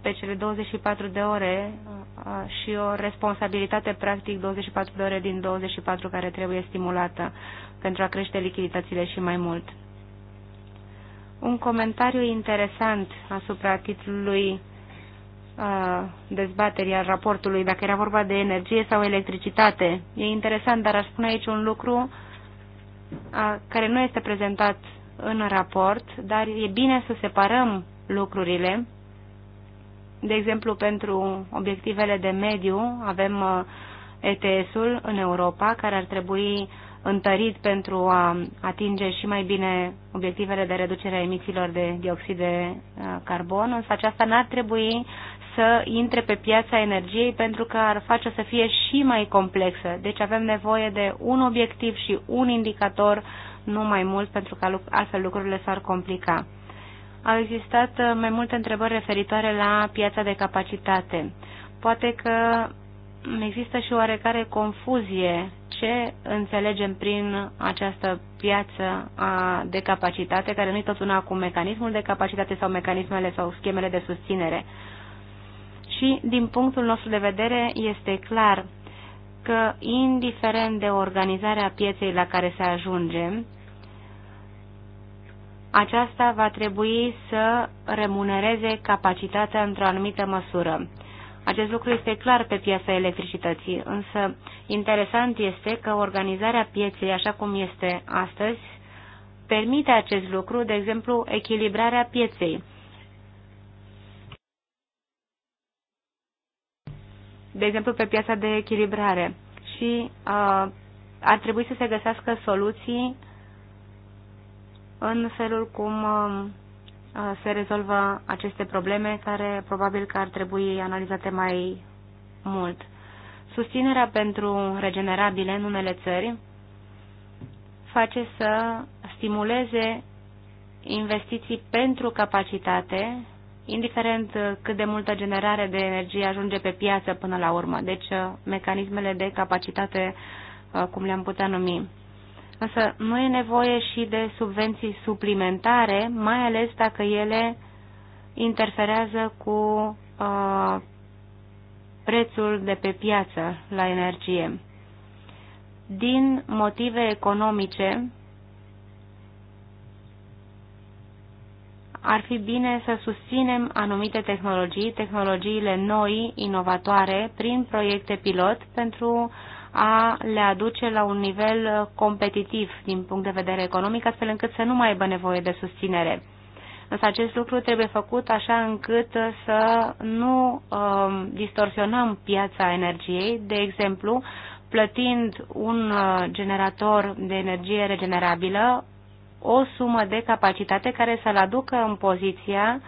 [SPEAKER 2] pe cele 24 de ore uh, uh, și o responsabilitate practic 24 de ore din 24 care trebuie stimulată pentru a crește lichiditățile și mai mult. Un comentariu interesant asupra titlului uh, dezbaterii al raportului, dacă era vorba de energie sau electricitate. E interesant, dar aș spune aici un lucru care nu este prezentat în raport, dar e bine să separăm lucrurile de exemplu, pentru obiectivele de mediu avem uh, ETS-ul în Europa, care ar trebui întărit pentru a atinge și mai bine obiectivele de reducere a emisiilor de dioxid de uh, carbon, însă aceasta n-ar trebui să intre pe piața energiei pentru că ar face să fie și mai complexă. Deci avem nevoie de un obiectiv și un indicator, nu mai mult, pentru că altfel lucrurile s-ar complica. Au existat uh, mai multe întrebări referitoare la piața de capacitate. Poate că există și oarecare confuzie ce înțelegem prin această piață de capacitate, care nu e tot una cu mecanismul de capacitate sau mecanismele sau schemele de susținere. Și din punctul nostru de vedere este clar că indiferent de organizarea pieței la care se ajunge, aceasta va trebui să remunereze capacitatea într-o anumită măsură. Acest lucru este clar pe piața electricității, însă interesant este că organizarea pieței așa cum este astăzi permite acest lucru, de exemplu, echilibrarea pieței. De exemplu, pe piața de echilibrare. Și uh, ar trebui să se găsească soluții uh, în felul cum um, se rezolvă aceste probleme care probabil că ar trebui analizate mai mult. Susținerea pentru regenerabile în unele țări face să stimuleze investiții pentru capacitate, indiferent cât de multă generare de energie ajunge pe piață până la urmă. Deci, uh, mecanismele de capacitate, uh, cum le-am putea numi. Însă nu e nevoie și de subvenții suplimentare, mai ales dacă ele interferează cu uh, prețul de pe piață la energie. Din motive economice, ar fi bine să susținem anumite tehnologii, tehnologiile noi, inovatoare, prin proiecte pilot pentru a le aduce la un nivel uh, competitiv din punct de vedere economic, astfel încât să nu mai aibă nevoie de susținere. Însă acest lucru trebuie făcut așa încât uh, să nu um, distorsionăm piața energiei, de exemplu, plătind un uh, generator de energie regenerabilă o sumă de capacitate care să-l aducă în poziția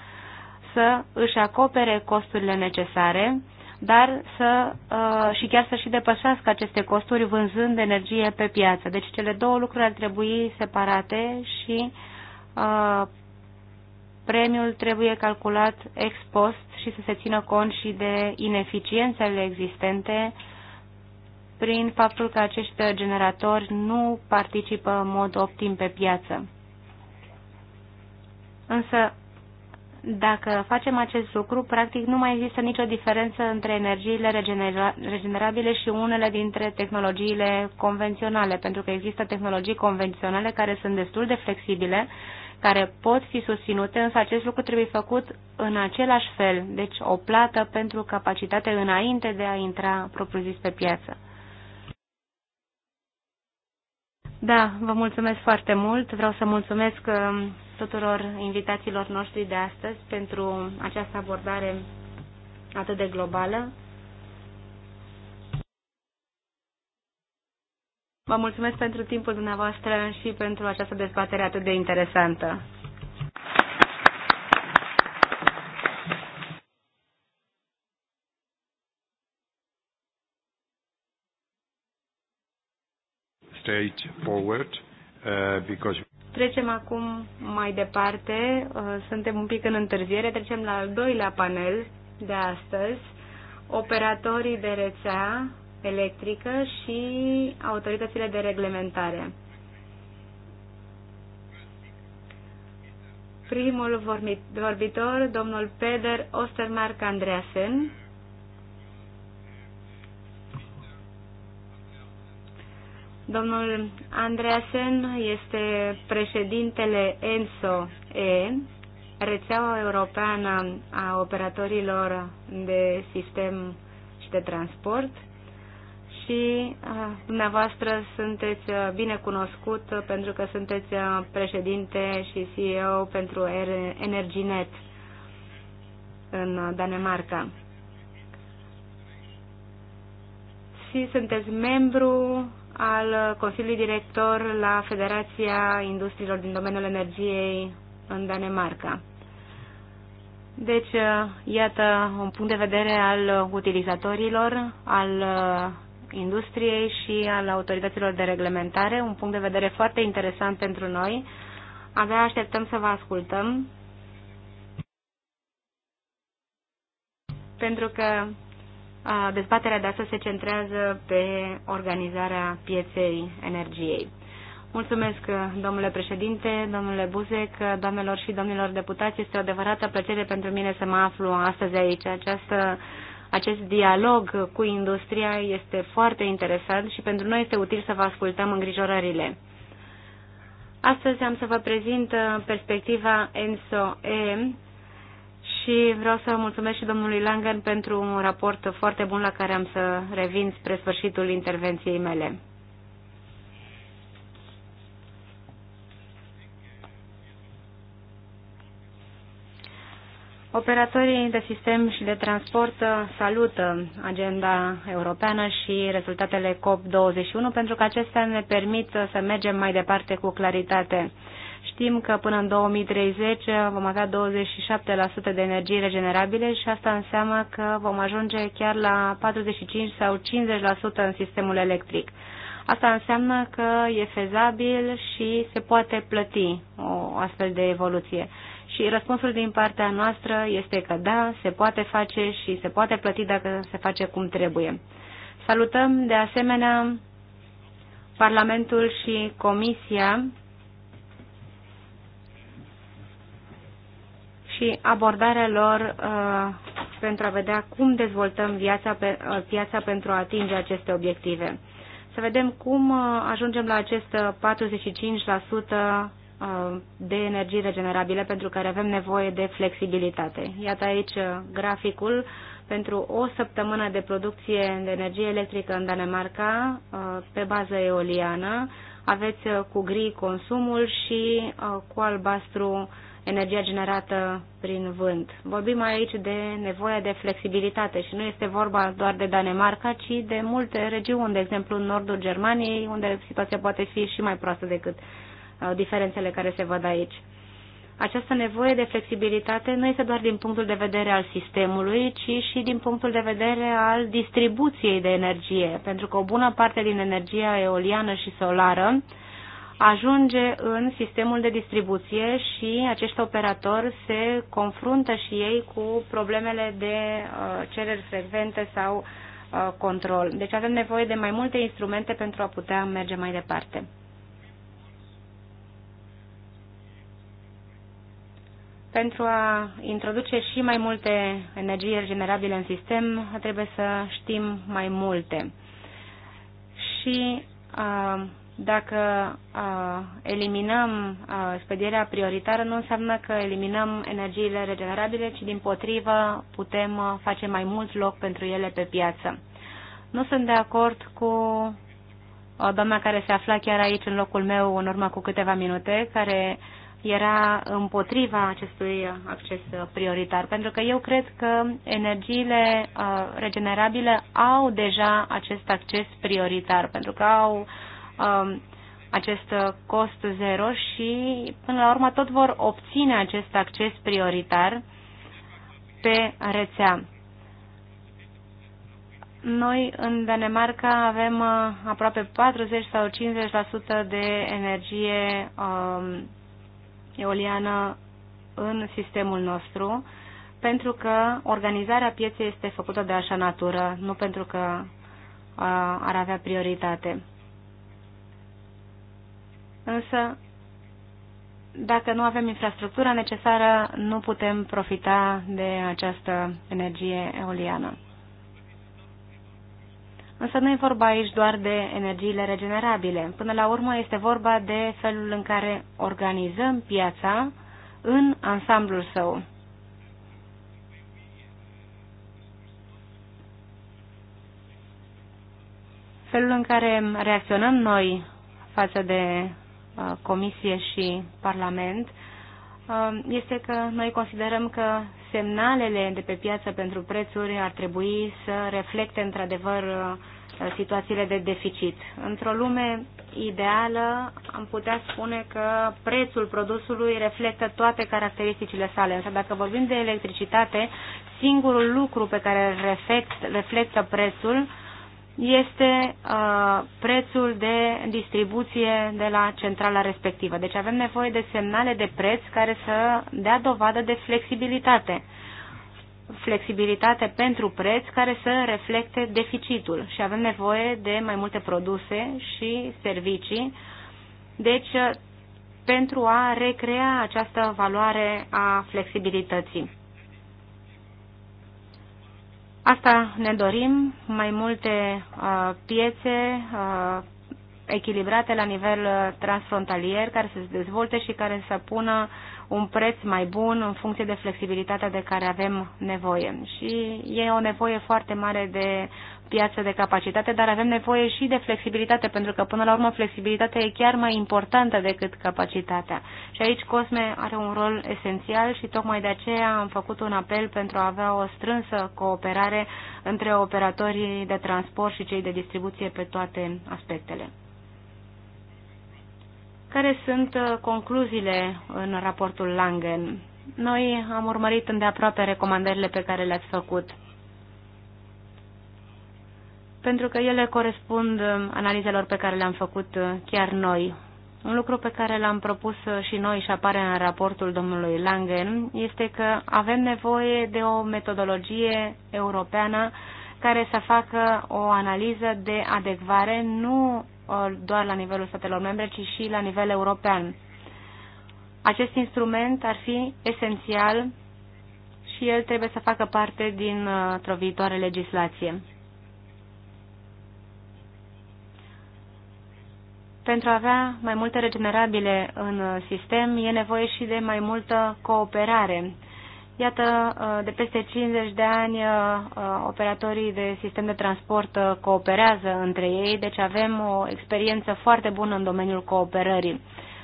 [SPEAKER 2] să își acopere costurile necesare dar să uh, și chiar să și depășească aceste costuri vânzând energie pe piață. Deci cele două lucruri ar trebui separate și uh, premiul trebuie calculat ex post și să se țină cont și de ineficiențele existente prin faptul că acești generatori nu participă în mod optim pe piață. Însă dacă facem acest lucru, practic nu mai există nicio diferență între energiile regenerabile și unele dintre tehnologiile convenționale, pentru că există tehnologii convenționale care sunt destul de flexibile, care pot fi susținute, însă acest lucru trebuie făcut în același fel, deci o plată pentru capacitate înainte de a intra propriu-zis pe piață. Da, vă mulțumesc foarte mult. Vreau să mulțumesc um, tuturor invitațiilor noștri de astăzi pentru această abordare atât de globală. Vă mulțumesc pentru timpul dumneavoastră și pentru această dezbatere atât de interesantă.
[SPEAKER 1] Stage forward, uh, because
[SPEAKER 2] Trecem acum mai departe, uh, suntem un pic în întârziere, trecem la al doilea panel de astăzi, operatorii de rețea electrică și autoritățile de reglementare. Primul vorbitor, domnul Peder Ostermark Andreasen, Domnul Andreasen este președintele ENSO-E, rețeaua europeană a operatorilor de sistem și de transport și dumneavoastră sunteți bine cunoscut pentru că sunteți președinte și CEO pentru Energinet în Danemarca. Și sunteți membru al Consiliului Director la Federația Industriilor din domeniul energiei în Danemarca. Deci, iată un punct de vedere al utilizatorilor, al industriei și al autorităților de reglementare, un punct de vedere foarte interesant pentru noi. Abia așteptăm să vă ascultăm, pentru că dezbaterea de astăzi se centrează pe organizarea pieței energiei. Mulțumesc, domnule președinte, domnule Buzec, doamnelor și domnilor deputați. Este o adevărată plăcere pentru mine să mă aflu astăzi aici. Această, acest dialog cu industria este foarte interesant și pentru noi este util să vă ascultăm îngrijorările. Astăzi am să vă prezint uh, perspectiva ENSO-E și vreau să mulțumesc și domnului Langen pentru un raport foarte bun la care am să revin spre sfârșitul intervenției mele. Operatorii de sistem și de transport salută agenda europeană și rezultatele COP21 pentru că acestea ne permit să mergem mai departe cu claritate. Știm că până în 2030 vom avea 27% de energii regenerabile și asta înseamnă că vom ajunge chiar la 45 sau 50% în sistemul electric. Asta înseamnă că e fezabil și se poate plăti o astfel de evoluție. Și răspunsul din partea noastră este că da, se poate face și se poate plăti dacă se face cum trebuie. Salutăm de asemenea Parlamentul și Comisia și abordarea lor uh, pentru a vedea cum dezvoltăm viața pe, uh, piața pentru a atinge aceste obiective. Să vedem cum uh, ajungem la acest 45% de energii regenerabile pentru care avem nevoie de flexibilitate. Iată aici graficul pentru o săptămână de producție de energie electrică în Danemarca pe bază eoliană. Aveți cu gri consumul și cu albastru uh, energia generată prin vânt. Vorbim aici de nevoia de flexibilitate și nu este vorba doar de Danemarca, ci de multe regiuni, de exemplu în nordul Germaniei, unde situația poate fi și mai proastă decât uh, diferențele care se văd aici. Această nevoie de flexibilitate nu este doar din punctul de vedere al sistemului, ci și din punctul de vedere al distribuției de energie, pentru că o bună parte din energia eoliană și solară ajunge în sistemul de distribuție și acești operatori se confruntă și ei cu problemele de uh, cereri frecvente sau uh, control. Deci avem nevoie de mai multe instrumente pentru a putea merge mai departe. Pentru a introduce și mai multe energie regenerabile în sistem, trebuie să știm mai multe. Și uh, dacă uh, eliminăm uh, scăderea prioritară, nu înseamnă că eliminăm energiile regenerabile, ci din potrivă putem uh, face mai mult loc pentru ele pe piață. Nu sunt de acord cu uh, doamnă care se afla chiar aici în locul meu în urmă cu câteva minute, care era împotriva acestui acces prioritar, pentru că eu cred că energiile uh, regenerabile au deja acest acces prioritar, pentru că au Um, acest cost zero și până la urmă tot vor obține acest acces prioritar pe rețea. Noi în Danemarca avem uh, aproape 40 sau 50% de energie um, eoliană în sistemul nostru pentru că organizarea pieței este făcută de așa natură, nu pentru că uh, ar avea prioritate. Însă, dacă nu avem infrastructura necesară, nu putem profita de această energie eoliană. Însă nu e vorba aici doar de energiile regenerabile. Până la urmă este vorba de felul în care organizăm piața în ansamblul său. Felul în care reacționăm noi față de Uh, Comisie și Parlament uh, este că noi considerăm că semnalele de pe piață pentru prețuri ar trebui să reflecte într-adevăr uh, situațiile de deficit. Într-o lume ideală am putea spune că prețul produsului reflectă toate caracteristicile sale, însă dacă vorbim de electricitate, singurul lucru pe care reflectă prețul este uh, prețul de distribuție de la centrala respectivă. Deci avem nevoie de semnale de preț care să dea dovadă de flexibilitate. Flexibilitate pentru preț care să reflecte deficitul și avem nevoie de mai multe produse și servicii. Deci, uh, pentru a recrea această valoare a flexibilității. Asta ne dorim, mai multe uh, piețe uh, echilibrate la nivel uh, transfrontalier, care să se dezvolte și care să pună un preț mai bun în funcție de flexibilitatea de care avem nevoie. Și e o nevoie foarte mare de piață de capacitate, dar avem nevoie și de flexibilitate, pentru că până la urmă flexibilitatea e chiar mai importantă decât capacitatea. Și aici COSME are un rol esențial și tocmai de aceea am făcut un apel pentru a avea o strânsă cooperare între operatorii de transport și cei de distribuție pe toate aspectele. Care sunt uh, concluziile în raportul Langen? Noi am urmărit îndeaproape recomandările pe care le-ați făcut pentru că ele corespund um, analizelor pe care le-am făcut uh, chiar noi. Un lucru pe care l-am propus uh, și noi și apare în raportul domnului Langen este că avem nevoie de o metodologie europeană care să facă o analiză de adecvare nu uh, doar la nivelul statelor membre, ci și la nivel european. Acest instrument ar fi esențial și el trebuie să facă parte din o viitoare legislație. pentru a avea mai multe regenerabile în sistem, e nevoie și de mai multă cooperare. Iată, uh, de peste 50 de ani, uh, uh, operatorii de sistem de transport cooperează între ei, deci avem o experiență foarte bună în domeniul cooperării.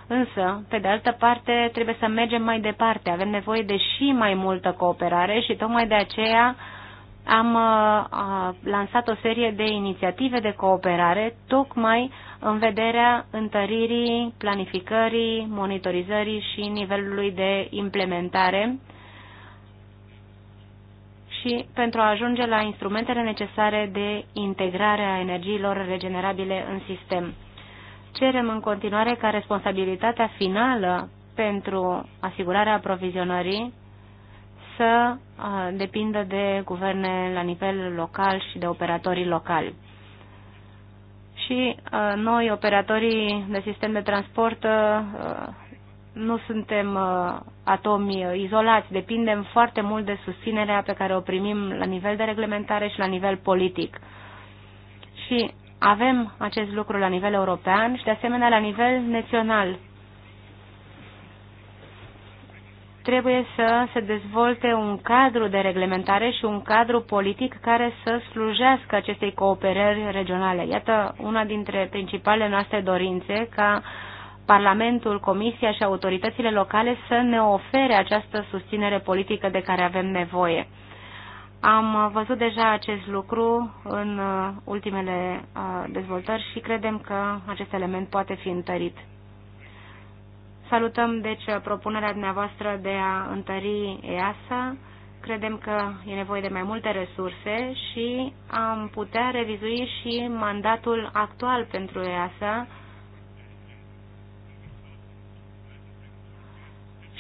[SPEAKER 2] Însă, pe de altă parte, trebuie să mergem mai departe. Avem nevoie de și mai multă cooperare și tocmai de aceea am lansat o serie de inițiative de cooperare, tocmai uh, în vederea întăririi, planificării, monitorizării și nivelului de implementare și pentru a ajunge la instrumentele necesare de integrare a energiilor regenerabile în sistem. Cerem în continuare ca responsabilitatea finală pentru asigurarea aprovizionării să depindă de guverne la nivel local și de operatorii locali și uh, noi, operatorii de sistem de transport, uh, nu suntem uh, atomi izolați, depindem foarte mult de susținerea pe care o primim la nivel de reglementare și la nivel politic. Și avem acest lucru la nivel european și de asemenea la nivel național. trebuie să se dezvolte un cadru de reglementare și un cadru politic care să slujească acestei cooperări regionale. Iată una dintre principalele noastre dorințe ca Parlamentul, Comisia și autoritățile locale să ne ofere această susținere politică de care avem nevoie. Am văzut deja acest lucru în ultimele uh, dezvoltări și credem că acest element poate fi întărit. Salutăm, deci, propunerea dumneavoastră de a întări EASA. Credem că e nevoie de mai multe resurse și am putea revizui și mandatul actual pentru EASA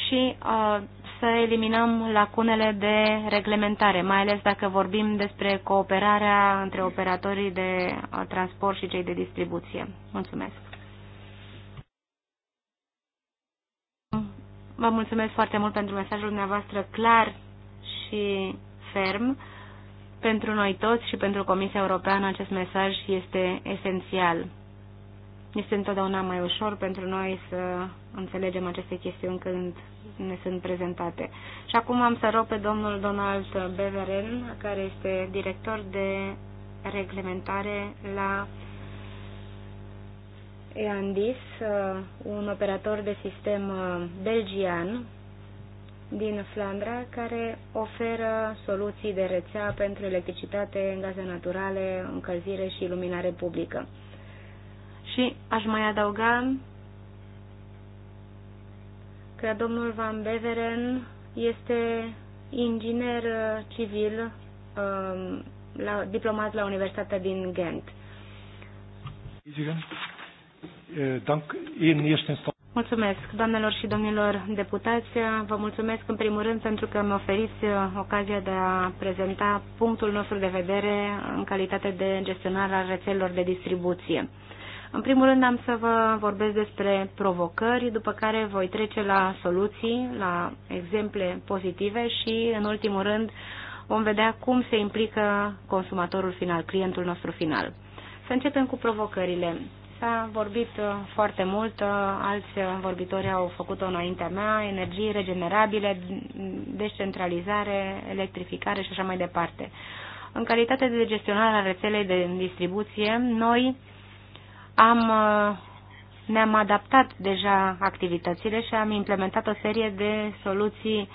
[SPEAKER 2] și uh, să eliminăm lacunele de reglementare, mai ales dacă vorbim despre cooperarea între operatorii de uh, transport și cei de distribuție. Mulțumesc! Vă mulțumesc foarte mult pentru mesajul dumneavoastră clar și ferm. Pentru noi toți și pentru Comisia Europeană acest mesaj este esențial. Este întotdeauna mai ușor pentru noi să înțelegem aceste chestiuni când ne sunt prezentate. Și acum am să rog pe domnul Donald Beveren, care este director de reglementare la EANDIS, uh, un operator de sistem uh, belgian din Flandra, care oferă soluții de rețea pentru electricitate, gaze naturale, încălzire și iluminare publică. Și aș mai adăuga că domnul Van Beveren este inginer uh, civil um, la, diplomat la Universitatea din Ghent.
[SPEAKER 1] Eh,
[SPEAKER 2] mulțumesc, doamnelor și domnilor deputați. Vă mulțumesc în primul rând pentru că mi oferiți eh, ocazia de a prezenta punctul nostru de vedere în calitate de gestionar al rețelelor de distribuție. În primul rând am să vă vorbesc despre provocări, după care voi trece la soluții, la exemple pozitive și, în ultimul rând, vom vedea cum se implică consumatorul final, clientul nostru final. Să începem cu provocările. S-a vorbit uh, foarte mult, uh, alți vorbitori au făcut-o înaintea mea, energii regenerabile, descentralizare, electrificare și așa mai departe. În calitate de gestionare a rețelei de distribuție, noi am, uh, ne-am adaptat deja activitățile și am implementat o serie de soluții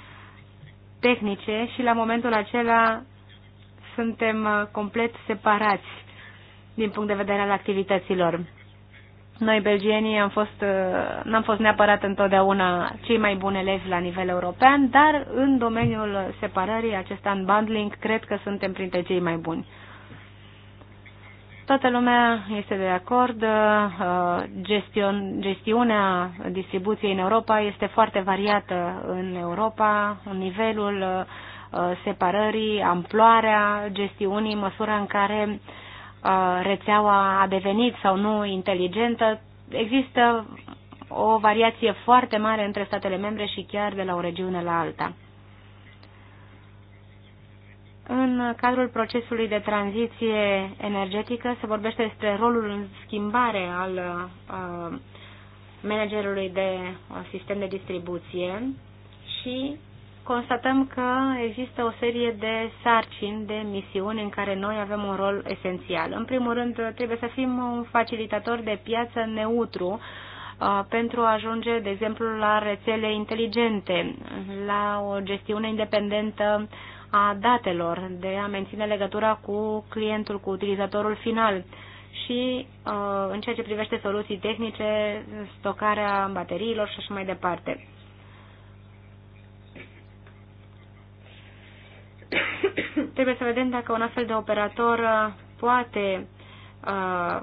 [SPEAKER 2] tehnice și la momentul acela suntem complet separați din punct de vedere al activităților. Noi, belgienii, am fost, uh, n-am fost neapărat întotdeauna cei mai buni elevi la nivel european, dar în domeniul separării, acest unbundling, cred că suntem printre cei mai buni. Toată lumea este de acord, uh, Gestion, gestiunea distribuției în Europa este foarte variată în Europa, nivelul uh, separării, amploarea gestiunii, măsura în care uh, Uh, rețeaua a devenit sau nu inteligentă. Există o variație foarte mare între statele membre și chiar de la o regiune la alta. În cadrul procesului de tranziție energetică se vorbește despre rolul în schimbare al uh, managerului de uh, sistem de distribuție și constatăm că există o serie de sarcini, de misiuni în care noi avem un rol esențial. În primul rând, trebuie să fim un facilitator de piață neutru uh, pentru a ajunge, de exemplu, la rețele inteligente, la o gestiune independentă a datelor, de a menține legătura cu clientul, cu utilizatorul final și uh, în ceea ce privește soluții tehnice, stocarea bateriilor și așa mai departe. Trebuie să vedem dacă un astfel de operator uh, poate uh,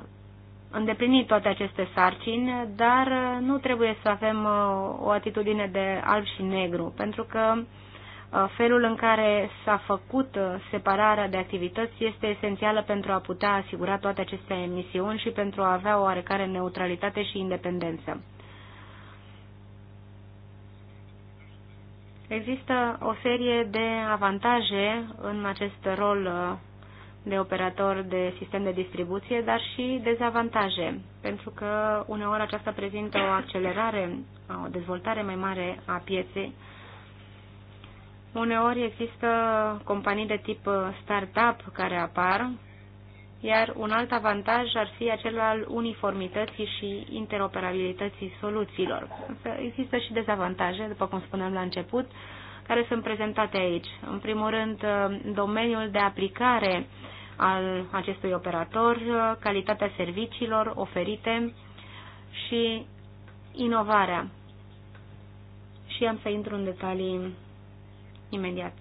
[SPEAKER 2] îndeplini toate aceste sarcini, dar uh, nu trebuie să avem uh, o atitudine de alb și negru, pentru că felul în care s-a făcut separarea de activități este esențială pentru a putea asigura toate aceste emisiuni și pentru a avea o oarecare neutralitate și independență. Există o serie de avantaje în acest rol uh, de operator de sistem de distribuție, dar și dezavantaje, pentru că uneori aceasta prezintă o accelerare, o dezvoltare mai mare a pieței. Uneori există companii de tip startup care apar iar un alt avantaj ar fi acel al uniformității și interoperabilității soluțiilor. există și dezavantaje, după cum spuneam la început, care sunt prezentate aici. În primul rând, domeniul de aplicare al acestui operator, calitatea serviciilor oferite și inovarea. Și am să intru în detalii imediat.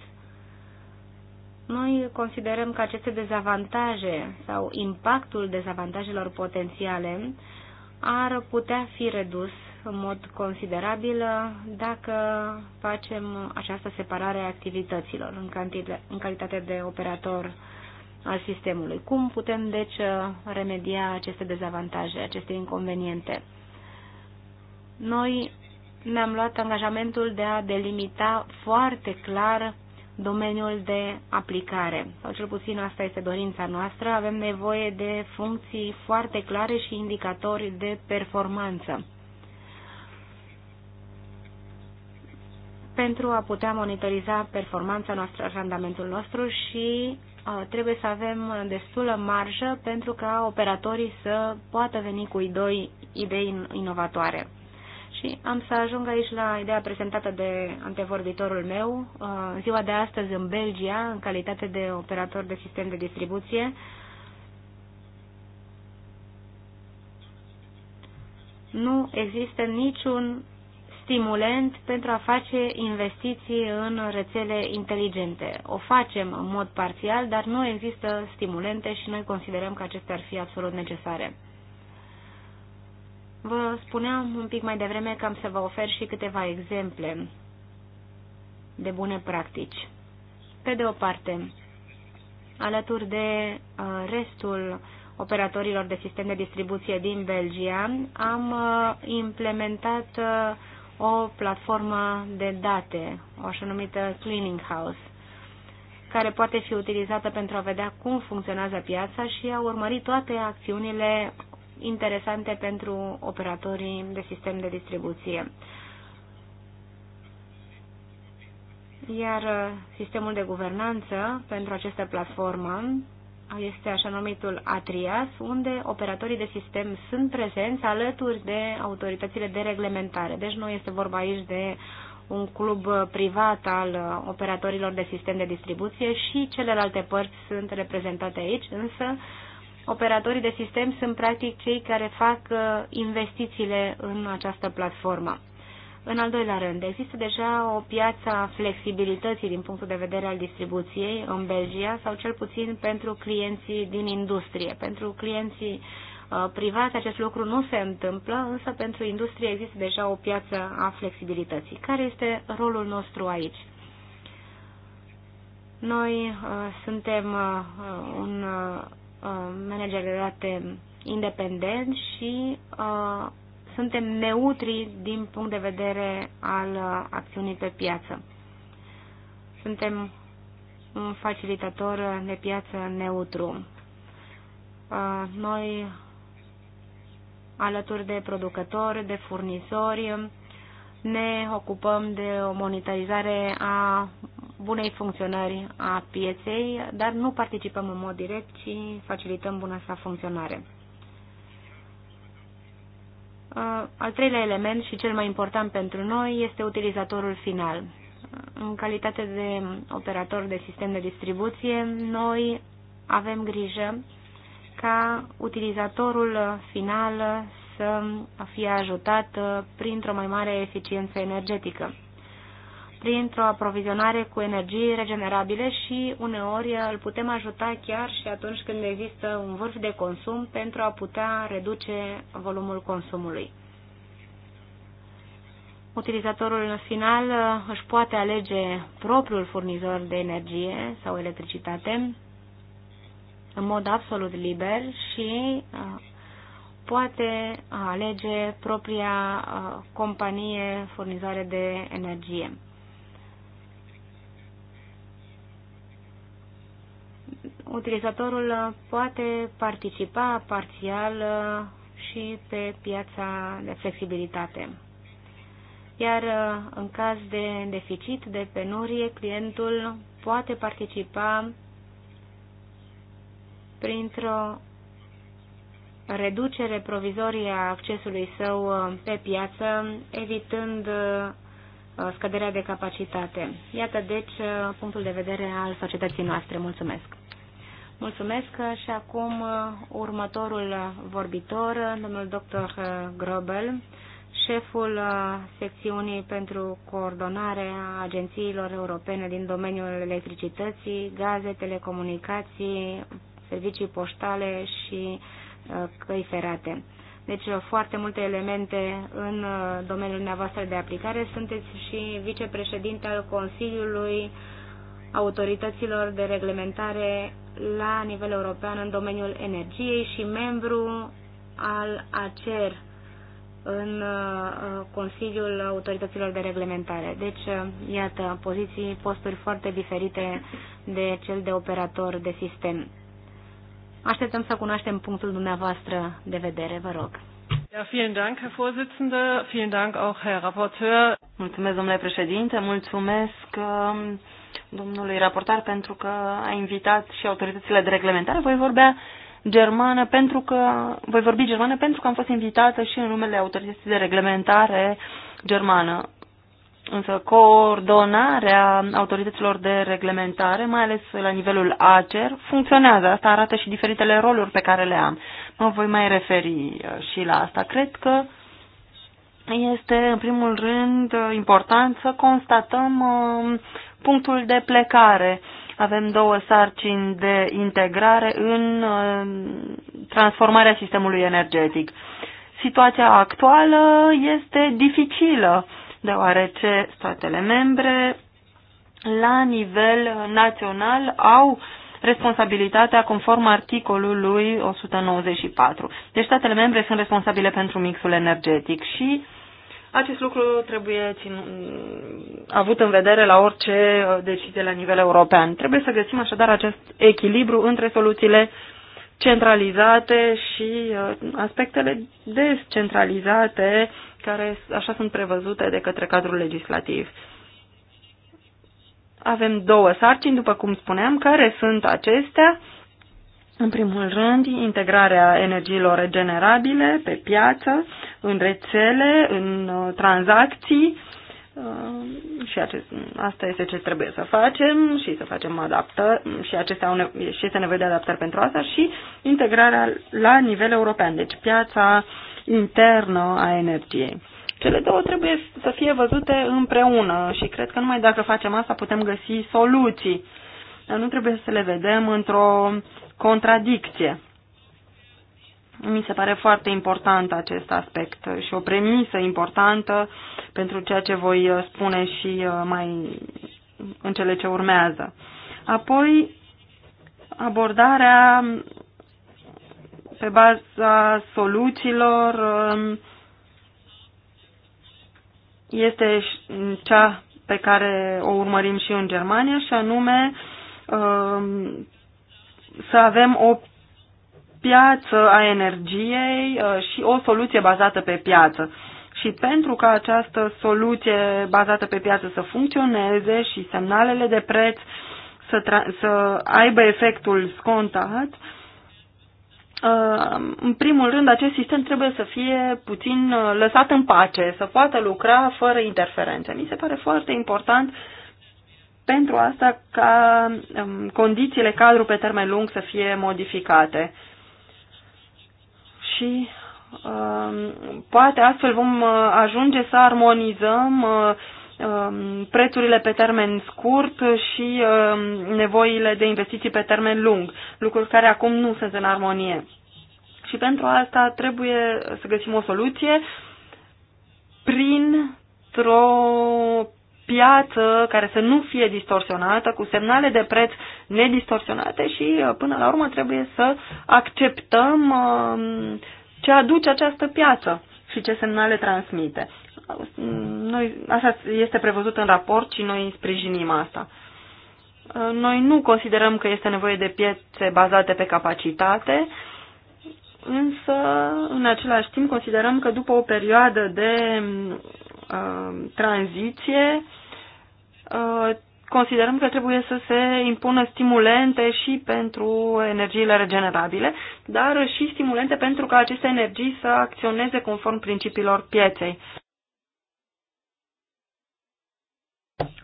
[SPEAKER 2] Noi considerăm că aceste dezavantaje sau impactul dezavantajelor potențiale ar putea fi redus în mod considerabil dacă facem această separare a activităților în, în calitate de operator al sistemului. Cum putem, deci, remedia aceste dezavantaje, aceste inconveniente? Noi ne-am luat angajamentul de a delimita foarte clar domeniul de aplicare, sau cel puțin asta este dorința noastră, avem nevoie de funcții foarte clare și indicatori de performanță. Pentru a putea monitoriza performanța noastră, randamentul nostru și uh, trebuie să avem destulă marjă pentru ca operatorii să poată veni cu idei inovatoare. Și am să ajung aici la ideea prezentată de antevorbitorul meu. Uh, în ziua de astăzi, în Belgia, în calitate de operator de sistem de distribuție, nu există niciun stimulent pentru a face investiții în rețele inteligente. O facem în mod parțial, dar nu există stimulente și noi considerăm că acestea ar fi absolut necesare. Vă spuneam un pic mai devreme că am să vă ofer și câteva exemple de bune practici. Pe de o parte, alături de uh, restul operatorilor de sistem de distribuție din Belgia, am uh, implementat uh, o platformă de date, o așa numită cleaning house, care poate fi utilizată pentru a vedea cum funcționează piața și a urmări toate acțiunile interesante pentru operatorii de sistem de distribuție. Iar uh, sistemul de guvernanță pentru această platformă este așa numitul ATRIAS, unde operatorii de sistem sunt prezenți alături de autoritățile de reglementare. Deci nu este vorba aici de un club privat al uh, operatorilor de sistem de distribuție și celelalte părți sunt reprezentate aici, însă Operatorii de sistem sunt practic cei care fac uh, investițiile în această platformă. În al doilea rând, există deja o piață a flexibilității din punctul de vedere al distribuției în Belgia sau cel puțin pentru clienții din industrie. Pentru clienții uh, privați acest lucru nu se întâmplă, însă pentru industrie există deja o piață a flexibilității. Care este rolul nostru aici? Noi uh, suntem uh, un uh, Uh, manageri de date independent și uh, suntem neutri din punct de vedere al uh, acțiunii pe piață. Suntem un facilitator de piață neutru. Uh, noi, alături de producători, de furnizori, ne ocupăm de o monitorizare a bunei funcționări a pieței, dar nu participăm în mod direct, ci facilităm buna sa funcționare. Al treilea element și cel mai important pentru noi este utilizatorul final. În calitate de operator de sistem de distribuție, noi avem grijă ca utilizatorul final să fie ajutat printr-o mai mare eficiență energetică printr-o aprovizionare cu energii regenerabile și uneori îl putem ajuta chiar și atunci când există un vârf de consum pentru a putea reduce volumul consumului. Utilizatorul final uh, își poate alege propriul furnizor de energie sau electricitate în mod absolut liber și uh, poate alege propria uh, companie furnizoare de energie. utilizatorul uh, poate participa parțial uh, și pe piața de flexibilitate. Iar uh, în caz de deficit, de penurie, clientul poate participa printr-o reducere provizorie a accesului său pe piață, evitând scăderea de capacitate. Iată, deci, punctul de vedere al societății noastre. Mulțumesc! Mulțumesc și acum uh, următorul vorbitor, uh, domnul dr. Uh, Grobel, șeful secțiunii pentru coordonare a agențiilor europene din domeniul electricității, gaze, telecomunicații, servicii poștale și căi ferate. Deci foarte multe elemente în domeniul dumneavoastră de aplicare. Sunteți și vicepreședinte al Consiliului Autorităților de Reglementare la nivel european în domeniul energiei și membru al ACER în uh, Consiliul Autorităților de Reglementare. Deci, uh, iată, poziții, posturi foarte diferite de cel de operator de sistem. Așteptăm
[SPEAKER 3] să cunoaștem punctul dumneavoastră de vedere, vă rog. Ja, vielen Dank, Herr Vorsitzender. Vielen Dank auch, Herr Rapporteur. Mulțumesc, domnule președinte. Mulțumesc um, domnului raportar pentru că a invitat și autoritățile de reglementare. Voi vorbea germană pentru că voi vorbi germană pentru că am fost invitată și în numele autorității de reglementare germană. Însă coordonarea autorităților de reglementare, mai ales la nivelul ACER, funcționează. Asta arată și diferitele roluri pe care le am. Mă voi mai referi uh, și la asta. Cred că este, în primul rând, uh, important să constatăm um, punctul de plecare. Avem două sarcini de integrare în uh, transformarea sistemului energetic. Situația actuală este dificilă, deoarece statele membre la nivel național au responsabilitatea conform articolului 194. Deci statele membre sunt responsabile pentru mixul energetic și uh, acest lucru trebuie țin, avut în vedere la orice uh, decizie la nivel european. Trebuie să găsim așadar acest echilibru între soluțiile centralizate și uh, aspectele descentralizate care așa sunt prevăzute de către cadrul legislativ. Avem două sarcini, după cum spuneam, care sunt acestea în primul rând, integrarea energiilor regenerabile pe piață, în rețele, în uh, tranzacții uh, și acest, asta este ce trebuie să facem și să facem adaptări și, acestea au și este nevoie de adaptări pentru asta și integrarea la nivel european, deci piața internă a energiei. Cele două trebuie să fie văzute împreună și cred că numai dacă facem asta putem găsi soluții. Dar nu trebuie să le vedem într-o contradicție. Mi se pare foarte important acest aspect și o premisă importantă pentru ceea ce voi spune și uh, mai în cele ce urmează. Apoi, abordarea pe baza soluțiilor um, este cea pe care o urmărim și în Germania și anume um, să avem o piață a energiei uh, și o soluție bazată pe piață. Și pentru ca această soluție bazată pe piață să funcționeze și semnalele de preț să, să aibă efectul scontat, uh, în primul rând, acest sistem trebuie să fie puțin uh, lăsat în pace, să poată lucra fără interferențe. Mi se pare foarte important uh, pentru asta ca um, condițiile cadru pe termen lung să fie modificate. Și um, poate astfel vom uh, ajunge să armonizăm uh, um, prețurile pe termen scurt și nevoile de investiții pe termen lung, lucruri care acum nu sunt în armonie. Și pentru asta trebuie să găsim o soluție prin piață care să nu fie distorsionată, cu semnale de preț nedistorsionate și, uh, până la urmă, trebuie să acceptăm um, ce aduce această piață și ce semnale transmite. Uh, noi, așa este prevăzut în raport și noi sprijinim asta. Uh, noi nu considerăm că este nevoie de piețe bazate pe capacitate, însă, în același timp, considerăm că după o perioadă de um, uh, tranziție, Uh, considerăm că trebuie să se impună stimulente și pentru energiile regenerabile, dar și stimulente pentru ca aceste energii să acționeze conform principiilor pieței.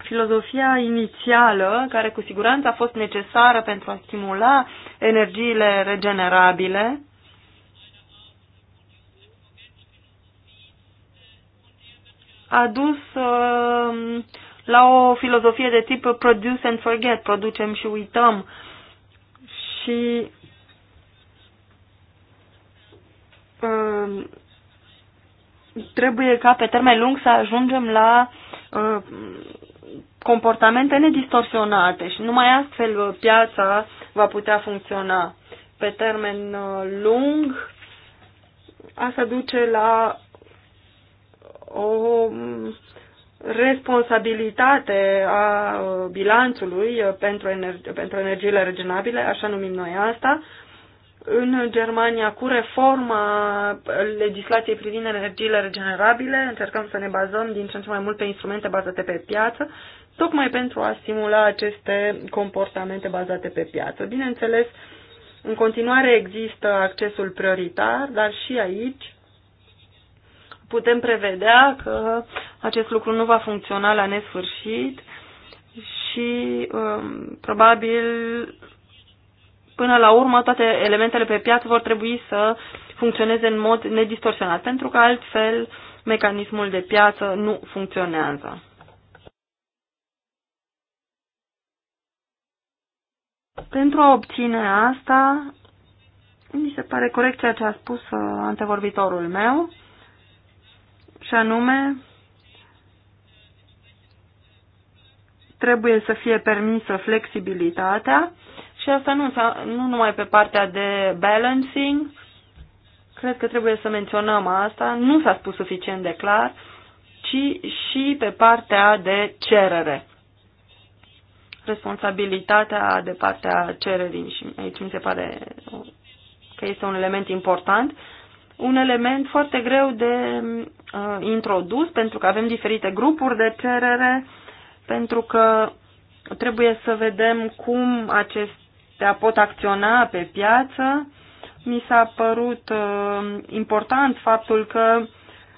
[SPEAKER 3] Filozofia inițială, care cu siguranță a fost necesară pentru a stimula energiile regenerabile, a dus uh, la o filozofie de tip produce and forget, producem și uităm. Și um, trebuie ca pe termen lung să ajungem la uh, comportamente nedistorsionate și numai astfel piața va putea funcționa. Pe termen uh, lung, asta duce la o responsabilitate a uh, bilanțului uh, pentru, energi, pentru energiile regenerabile, așa numim noi asta, în Germania cu reforma legislației privind energiile regenerabile, încercăm să ne bazăm din ce în ce mai mult pe instrumente bazate pe piață, tocmai pentru a stimula aceste comportamente bazate pe piață. Bineînțeles, în continuare există accesul prioritar, dar și aici putem prevedea că acest lucru nu va funcționa la nesfârșit și um, probabil până la urmă toate elementele pe piață vor trebui să funcționeze în mod nedistorsionat, pentru că altfel mecanismul de piață nu funcționează. Pentru a obține asta, mi se pare corect ceea ce a spus uh, antevorbitorul meu și anume trebuie să fie permisă flexibilitatea și asta nu, nu numai pe partea de balancing, cred că trebuie să menționăm asta, nu s-a spus suficient de clar, ci și pe partea de cerere. Responsabilitatea de partea cererii și aici mi se pare că este un element important, un element foarte greu de uh, introdus pentru că avem diferite grupuri de cerere, pentru că trebuie să vedem cum acestea pot acționa pe piață. Mi s-a părut uh, important faptul că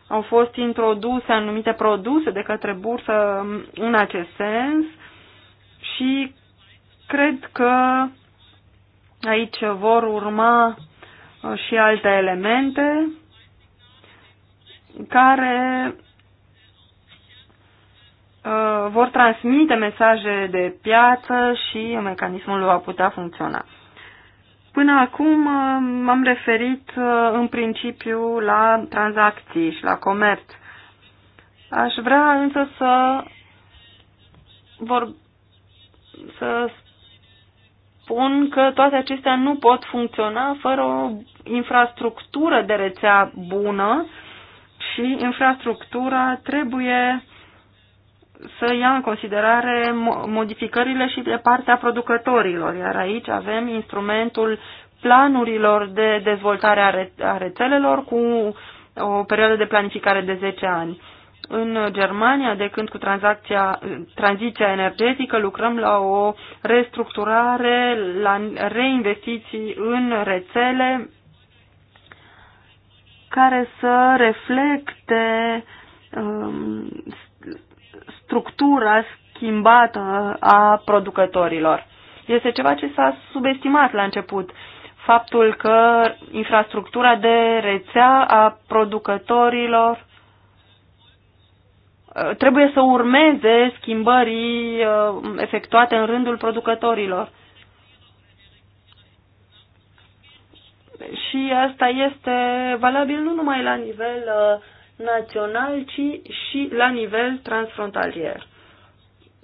[SPEAKER 3] au fost introduse anumite produse de către bursă um, în acest sens și cred că aici vor urma uh, și alte elemente care uh, vor transmite mesaje de piață și mecanismul va putea funcționa. Până acum uh, m-am referit uh, în principiu la tranzacții și la comerț. Aș vrea însă să vor să spun că toate acestea nu pot funcționa fără o infrastructură de rețea bună și infrastructura trebuie să ia în considerare modificările și de partea producătorilor, iar aici avem instrumentul planurilor de dezvoltare a rețelelor cu o perioadă de planificare de 10 ani. În Germania, de când cu tranziția energetică, lucrăm la o restructurare, la reinvestiții în rețele care să reflecte um, structura schimbată a producătorilor. Este ceva ce s-a subestimat la început. Faptul că infrastructura de rețea a producătorilor uh, trebuie să urmeze schimbării uh, efectuate în rândul producătorilor. Și asta este valabil nu numai la nivel uh, național, ci și la nivel transfrontalier.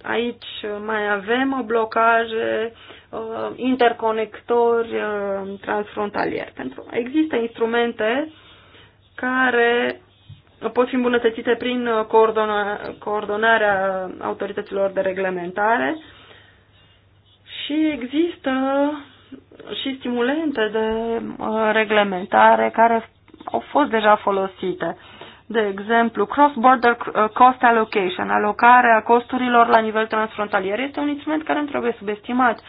[SPEAKER 3] Aici mai avem blocaje, uh, interconectori uh, pentru Pentru, există instrumente care pot fi îmbunătățite prin uh, coordona, coordonarea autorităților de reglementare și există și stimulente de uh, reglementare care au fost deja folosite. De exemplu, cross-border uh, cost allocation, alocarea costurilor la nivel transfrontalier, este un instrument care nu trebuie subestimat,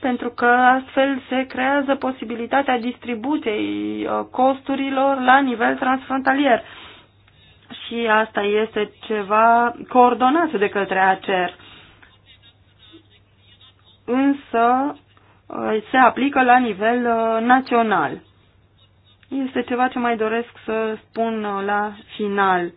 [SPEAKER 3] pentru că astfel se creează posibilitatea distribuției uh, costurilor la nivel transfrontalier. Și asta este ceva coordonat de către ACER. Însă, Uh, se aplică la nivel uh, național. Este ceva ce mai doresc să spun uh, la final.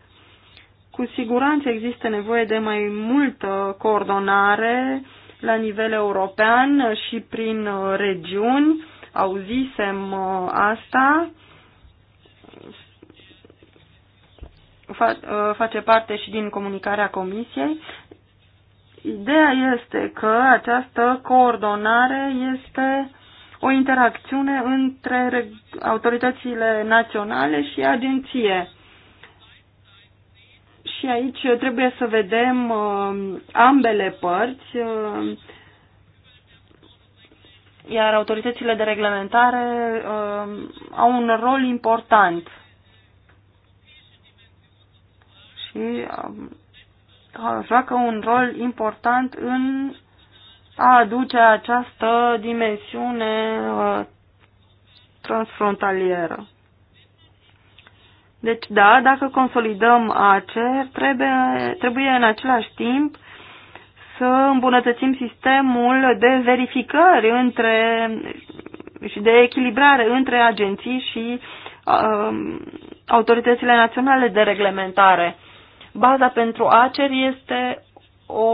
[SPEAKER 3] Cu siguranță există nevoie de mai multă coordonare la nivel european și prin regiuni. Auzisem asta. Face parte și din comunicarea Comisiei. Ideea este că această coordonare este o interacțiune între autoritățile naționale și agenție. Și aici trebuie să vedem uh, ambele părți, uh, iar autoritățile de reglementare uh, au un rol important. Și uh, joacă un rol important în a aduce această dimensiune uh, transfrontalieră. Deci, da, dacă consolidăm ACER, trebuie, trebuie în același timp să îmbunătățim sistemul de verificări între, și de echilibrare între agenții și uh, autoritățile naționale de reglementare. Baza pentru Acer este o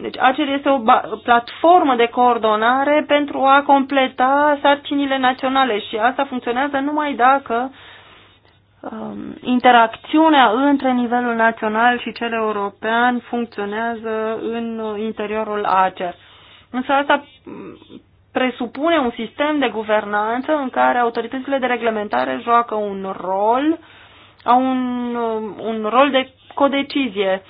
[SPEAKER 3] deci ACER este o platformă de coordonare pentru a completa sarcinile naționale și asta funcționează numai dacă um, interacțiunea între nivelul național și cel european funcționează în interiorul ACER. Însă asta mm, presupune un sistem de guvernanță în care autoritățile de reglementare joacă un rol au un, uh, un rol de codecizie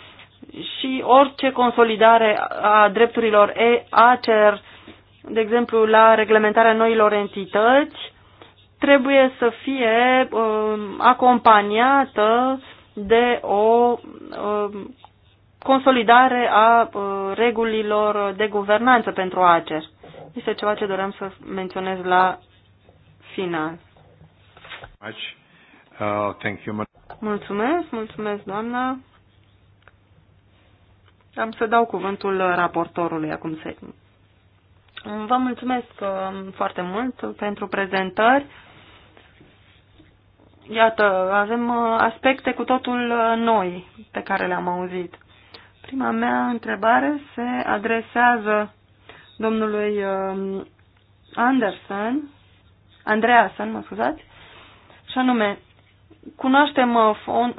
[SPEAKER 3] și orice consolidare a drepturilor ACER, de exemplu la reglementarea noilor entități, trebuie să fie uh, acompaniată de o uh, consolidare a uh, regulilor de guvernanță pentru ACER. Este ceva ce doream să menționez la final.
[SPEAKER 1] Aici.
[SPEAKER 2] Uh, thank you.
[SPEAKER 3] Mulțumesc, mulțumesc, doamnă. Am să dau cuvântul raportorului acum. Să... Vă mulțumesc um, foarte mult pentru prezentări. Iată, avem uh, aspecte cu totul uh, noi pe care le-am auzit. Prima mea întrebare se adresează domnului um, Anderson, Andreasen, mă scuzați, și anume, cunoaștem uh, uh,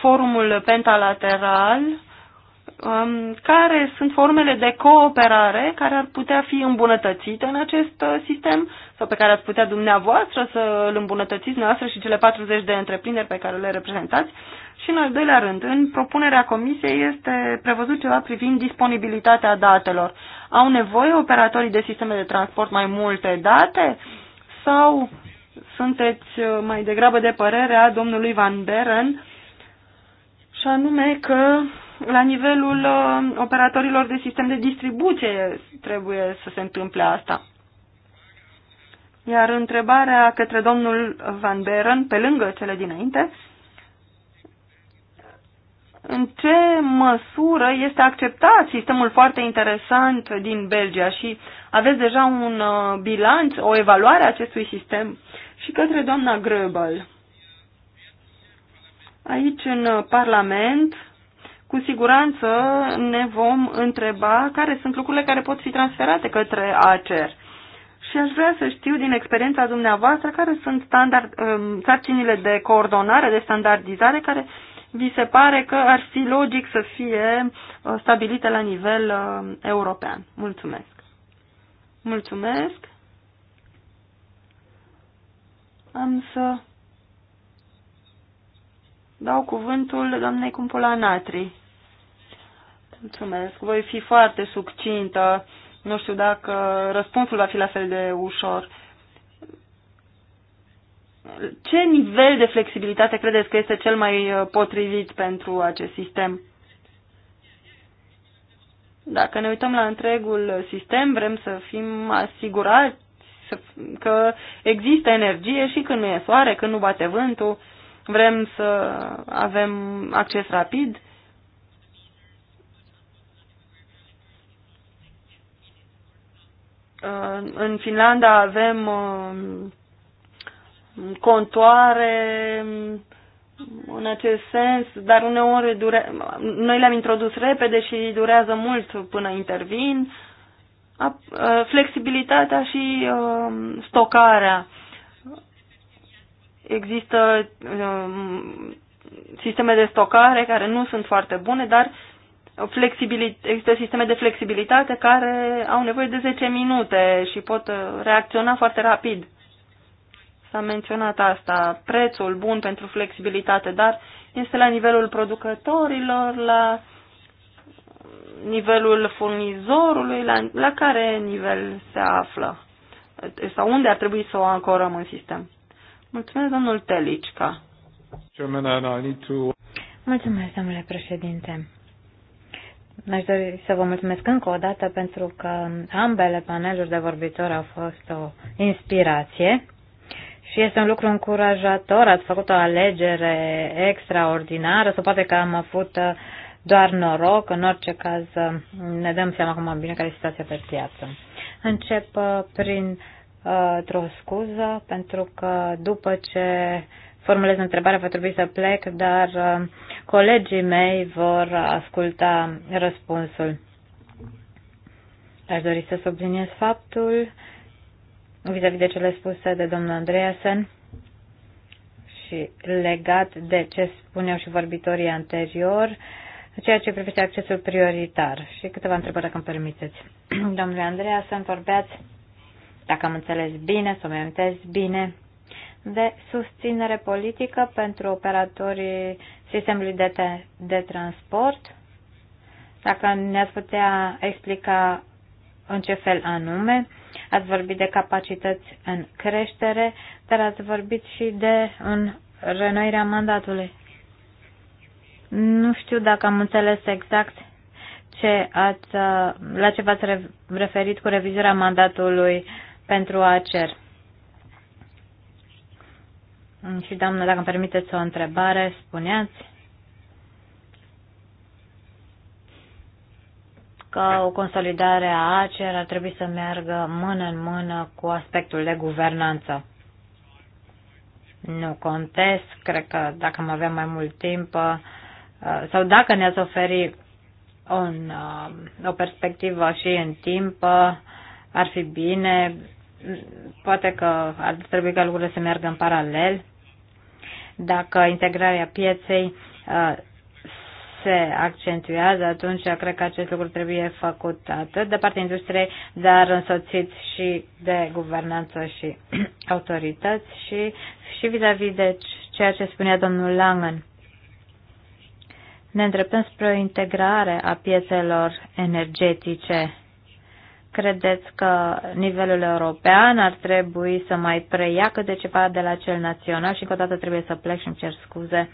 [SPEAKER 3] forumul pentalateral, um, care sunt formele de cooperare care ar putea fi îmbunătățite în acest uh, sistem sau pe care ați putea dumneavoastră să îl îmbunătățiți dumneavoastră și cele 40 de întreprinderi pe care le reprezentați. Și în al doilea rând, în propunerea comisiei este prevăzut ceva privind disponibilitatea datelor. Au nevoie operatorii de sisteme de transport mai multe date sau uh, sunteți uh, mai degrabă de părerea domnului Van Beren și anume că la nivelul uh, operatorilor de sistem de distribuție trebuie să se întâmple asta. Iar întrebarea către domnul Van Beren, pe lângă cele dinainte, în ce măsură este acceptat sistemul foarte interesant din Belgia și aveți deja un uh, bilanț, o evaluare a acestui sistem și către doamna Gröbel. Aici, în Parlament, cu siguranță ne vom întreba care sunt lucrurile care pot fi transferate către ACER. Și aș vrea să știu din experiența dumneavoastră care sunt standard, um, sarcinile de coordonare, de standardizare care vi se pare că ar fi logic să fie uh, stabilite la nivel uh, european. Mulțumesc! Mulțumesc! Am să dau cuvântul doamnei Cumpula Natri. Mulțumesc! Voi fi foarte succintă. Nu știu dacă răspunsul va fi la fel de ușor ce nivel de flexibilitate credeți că este cel mai uh, potrivit pentru acest sistem? Dacă ne uităm la întregul sistem, vrem să fim asigurați că există energie și când nu e soare, când nu bate vântul, vrem să avem acces rapid. Uh, în Finlanda avem uh, contoare în acest sens, dar uneori dure... noi le-am introdus repede și durează mult până intervin. Ă, flexibilitatea și ă, stocarea. Există ă, sisteme de stocare care nu sunt foarte bune, dar există sisteme de flexibilitate care au nevoie de 10 minute și pot reacționa foarte rapid. S-a menționat asta, prețul bun pentru flexibilitate, dar este la nivelul producătorilor, la nivelul furnizorului, la, la care nivel se află sau unde ar trebui să o ancorăm în sistem. Mulțumesc, domnul Telicca.
[SPEAKER 1] Mulțumesc, domnule președinte. Aș dori să vă mulțumesc încă o dată pentru că ambele paneluri de vorbitori au fost o inspirație. Și este un lucru încurajator, ați făcut o alegere extraordinară, sau poate că am avut uh, doar noroc, în orice caz uh, ne dăm seama cum am bine care e situația pe piață. Încep uh, prin o scuză, pentru că după ce formulez întrebarea va trebui să plec, dar colegii mei vor asculta răspunsul. Aș dori să subliniez faptul vis-a-vis de cele spuse de domnul Andreasen și legat de ce spuneau și vorbitorii anterior, ceea ce privește accesul prioritar. Și câteva întrebări, dacă îmi permiteți. Domnule Andreea, să vorbeați, dacă am înțeles bine, să-mi amintesc bine, de susținere politică pentru operatorii sistemului de, te- de transport. Dacă ne-ați putea explica în ce fel anume, ați vorbit de capacități în creștere, dar ați vorbit și de în renoirea mandatului. Nu știu dacă am înțeles exact ce ați, la ce v-ați referit cu revizuirea mandatului pentru ACER. Și, doamnă, dacă îmi permiteți o întrebare, spuneați că o consolidare a ACER ar trebui să meargă mână în mână cu aspectul de guvernanță. Nu contest, cred că dacă am avea mai mult timp uh, sau dacă ne-ați oferi un, uh, o perspectivă și în timp, uh, ar fi bine. Poate că ar trebui ca lucrurile să meargă în paralel. Dacă integrarea pieței se accentuează, atunci cred că acest lucru trebuie făcut atât de partea industriei, dar însoțit și de guvernanță și autorități și, și vis-a-vis -vis de ceea ce spunea domnul Langen. Ne îndreptăm spre o integrare a piețelor energetice. Credeți că nivelul european ar trebui să mai preia câte ceva de la cel național și încă o dată trebuie să plec și îmi cer scuze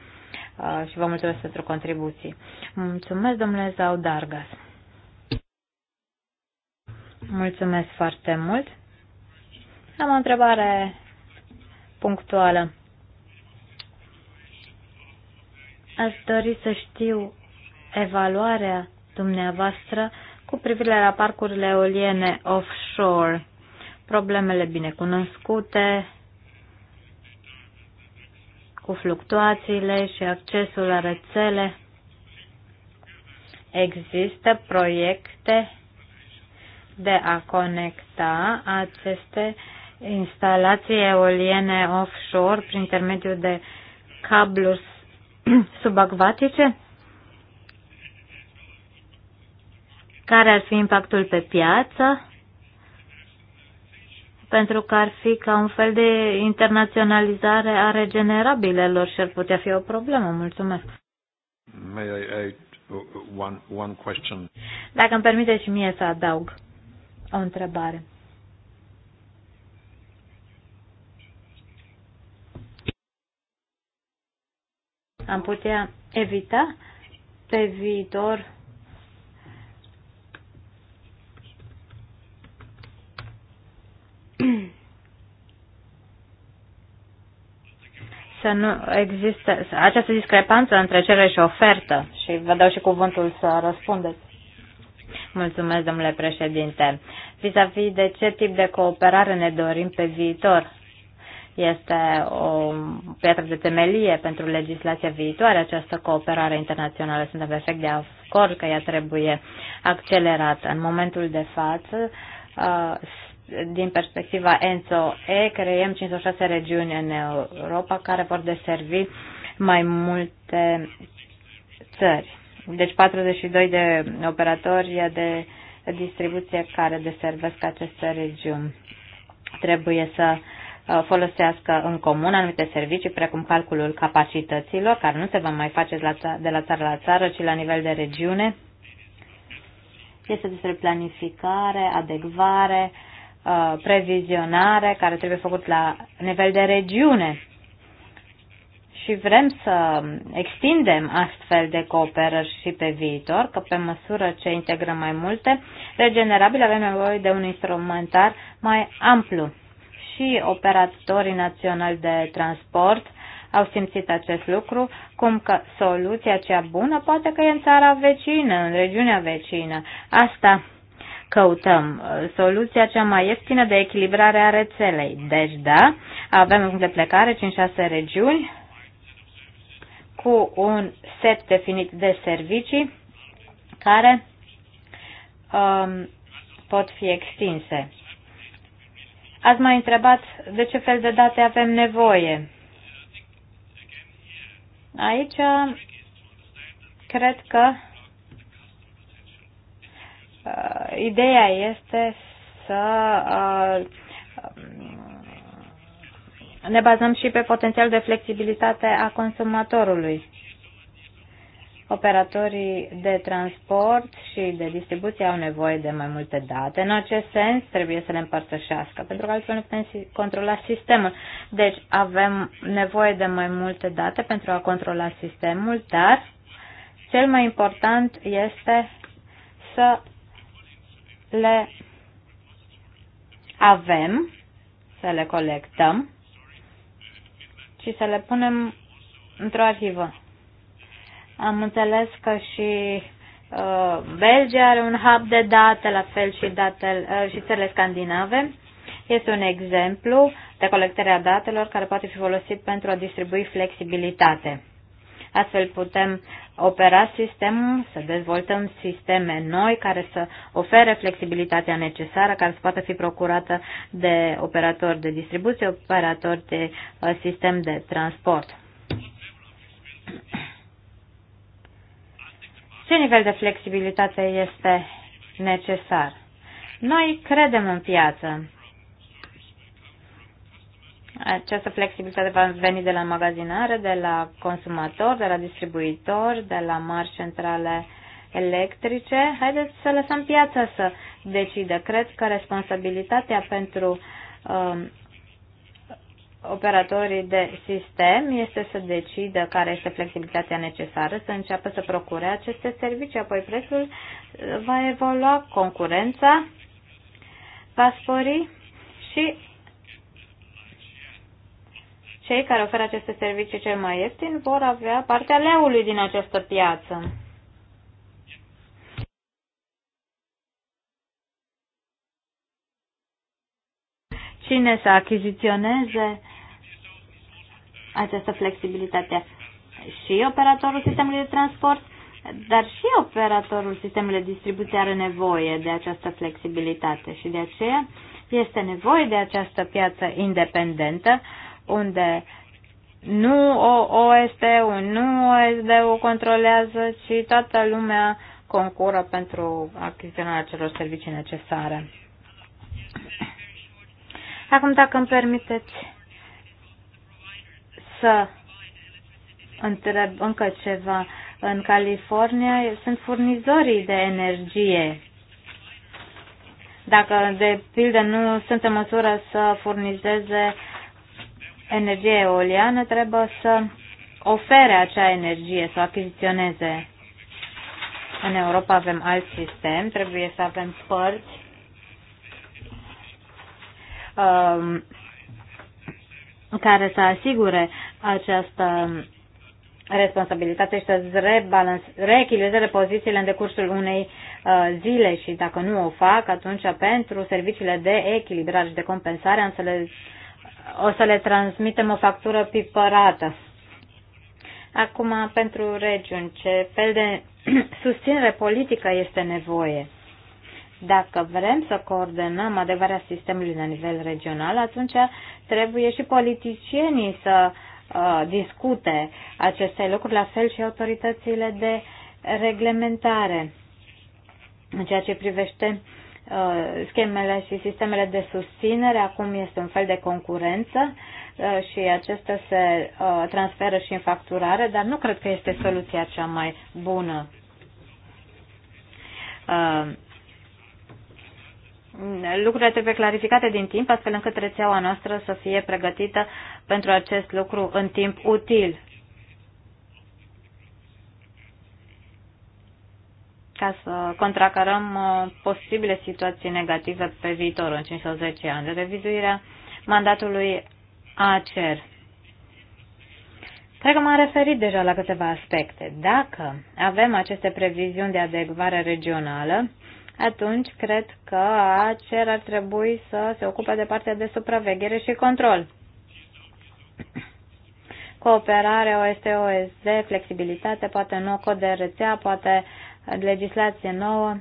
[SPEAKER 1] Uh, și vă mulțumesc pentru contribuții. Mulțumesc, domnule Zau Dargas. Mulțumesc foarte mult. Am o întrebare punctuală. Aș dori să știu evaluarea dumneavoastră cu privire la parcurile eoliene offshore, problemele binecunoscute, cu fluctuațiile și accesul la rețele. Există proiecte de a conecta aceste instalații eoliene offshore prin intermediul de cabluri subacvatice? Care ar fi impactul pe piață? pentru că ar fi ca un fel de internaționalizare a regenerabilelor și ar putea fi o problemă. Mulțumesc. May I add uh, one, one question? Dacă îmi permite și mie să adaug o întrebare. Am putea evita pe viitor să nu existe această discrepanță între cerere și ofertă și vă dau și cuvântul să răspundeți. Mulțumesc, domnule președinte. Vis-a-vis -vis de ce tip de cooperare ne dorim pe viitor? Este o piatră de temelie pentru legislația viitoare, această cooperare internațională. Suntem perfect de acord că ea trebuie accelerată. În momentul de față, uh, din perspectiva ENSO-E, creiem 56 regiuni în Europa care vor deservi mai multe țări. Deci 42 de operatori de distribuție care deservesc aceste regiuni. Trebuie să uh, folosească în comun anumite servicii, precum calculul capacităților, care nu se va mai face de la țară la țară, ci la nivel de regiune. Este despre planificare, adecvare, Uh, previzionare care trebuie făcut la nivel de regiune. Și vrem să extindem astfel de cooperări și pe viitor, că pe măsură ce integrăm mai multe regenerabile avem nevoie de un instrumentar mai amplu. Și operatorii naționali de transport au simțit acest lucru, cum că soluția cea bună poate că e în țara vecină, în regiunea vecină. Asta căutăm uh, soluția cea mai ieftină de echilibrare a rețelei. Deci, da, avem în de plecare 5-6 regiuni cu un set definit de servicii care um, pot fi extinse. Ați mai întrebat de ce fel de date avem nevoie. Aici cred că Uh, ideea este să uh, ne bazăm și pe potențial de flexibilitate a consumatorului. Operatorii de transport și de distribuție au nevoie de mai multe date. În acest sens, trebuie să le împărtășească, pentru că altfel nu putem controla sistemul. Deci, avem nevoie de mai multe date pentru a controla sistemul, dar cel mai important este să le avem, să le colectăm și să le punem într-o arhivă. Am înțeles că și uh, Belgia are un hub de date, la fel și, datele, uh, și țările scandinave. Este un exemplu de colectare a datelor care poate fi folosit pentru a distribui flexibilitate. Astfel putem opera sistemul, să dezvoltăm sisteme noi care să ofere flexibilitatea necesară, care să poată fi procurată de operatori de distribuție, operatori de uh, sistem de transport. Ce nivel de flexibilitate este necesar? Noi credem în piață această flexibilitate va veni de la magazinare, de la consumator, de la distribuitor, de la mari centrale electrice. Haideți să lăsăm piața să decide. Cred că responsabilitatea pentru um, operatorii de sistem este să decidă care este flexibilitatea necesară, să înceapă să procure aceste servicii, apoi prețul uh, va evolua, concurența va spori și cei care oferă aceste servicii cel mai ieftin vor avea partea leului din această piață. Cine să achiziționeze această flexibilitate? Și operatorul sistemului de transport, dar și operatorul sistemului de distribuție are nevoie de această flexibilitate și de aceea este nevoie de această piață independentă unde nu OSD-ul, nu OSD-ul controlează, ci toată lumea concură pentru achiziționarea celor servicii necesare. Acum, dacă îmi permiteți să întreb încă ceva. În California sunt furnizorii de energie. Dacă, de pildă, nu sunt în măsură să furnizeze energia eoliană trebuie să ofere acea energie, să o achiziționeze. În Europa avem alt sistem, trebuie să avem părți um, care să asigure această responsabilitate și să-ți reechilibreze pozițiile în decursul unei uh, zile și dacă nu o fac, atunci pentru serviciile de echilibrare și de compensare am să le o să le transmitem o factură pipărată. Acum, pentru regiuni, ce fel de susținere politică este nevoie? Dacă vrem să coordonăm adevărat sistemului la nivel regional, atunci trebuie și politicienii să uh, discute aceste lucruri, la fel și autoritățile de reglementare. În ceea ce privește uh, Uh, schemele și sistemele de susținere, acum este un fel de concurență uh, și acestea se uh, transferă și în facturare, dar nu cred că este soluția cea mai bună. Lucrurile trebuie clarificate din timp, astfel încât rețeaua noastră să fie pregătită pentru acest lucru în timp util. ca să contracarăm uh, posibile situații negative pe viitor, în 5 sau 10 ani. de Revizuirea mandatului ACER. Cred că m-am referit deja la câteva aspecte. Dacă avem aceste previziuni de adecvare regională, atunci cred că ACER ar trebui să se ocupe de partea de supraveghere și control. Cooperare, OST, OSD, flexibilitate, poate nu cod de rețea, poate legislație nouă.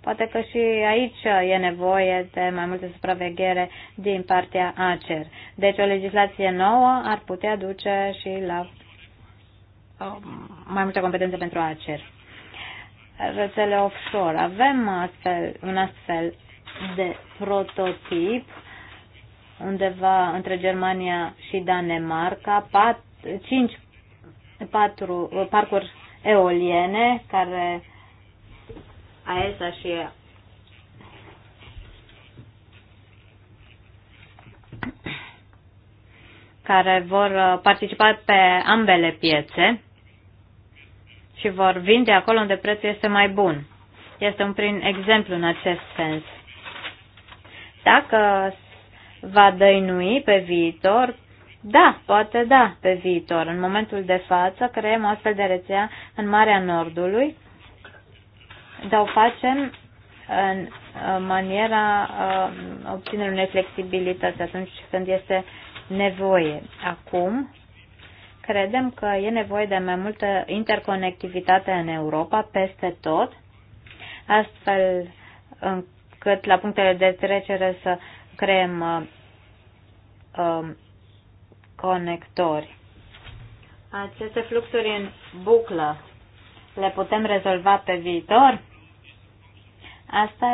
[SPEAKER 1] Poate că și aici e nevoie de mai multe supraveghere din partea ACER. Deci o legislație nouă ar putea duce și la um, mai multe competențe pentru ACER. Rețele offshore. Avem astfel, un astfel de prototip undeva între Germania și Danemarca, pat, cinci patru parcuri eoliene, care AESA și care vor uh, participa pe ambele piețe și vor vinde acolo unde prețul este mai bun. Este un prim exemplu în acest sens. Dacă va dăinui pe viitor da, poate da, pe viitor. În momentul de față creăm o astfel de rețea în Marea Nordului, dar o facem în maniera uh, obținerii unei flexibilități atunci când este nevoie. Acum, credem că e nevoie de mai multă interconectivitate în Europa, peste tot, astfel încât la punctele de trecere să creăm uh, um, conectori. Aceste fluxuri în buclă le putem rezolva pe viitor? Asta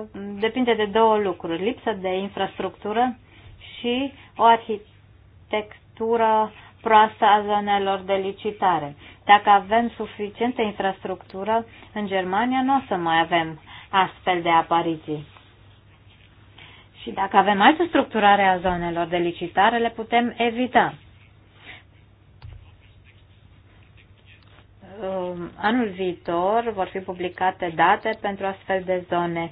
[SPEAKER 1] uh, depinde de două lucruri, lipsă de infrastructură și o arhitectură proastă a zonelor de licitare. Dacă avem suficientă infrastructură, în Germania nu o să mai avem astfel de apariții. Și dacă avem altă structurare a zonelor de licitare, le putem evita. Um, anul viitor vor fi publicate date pentru astfel de zone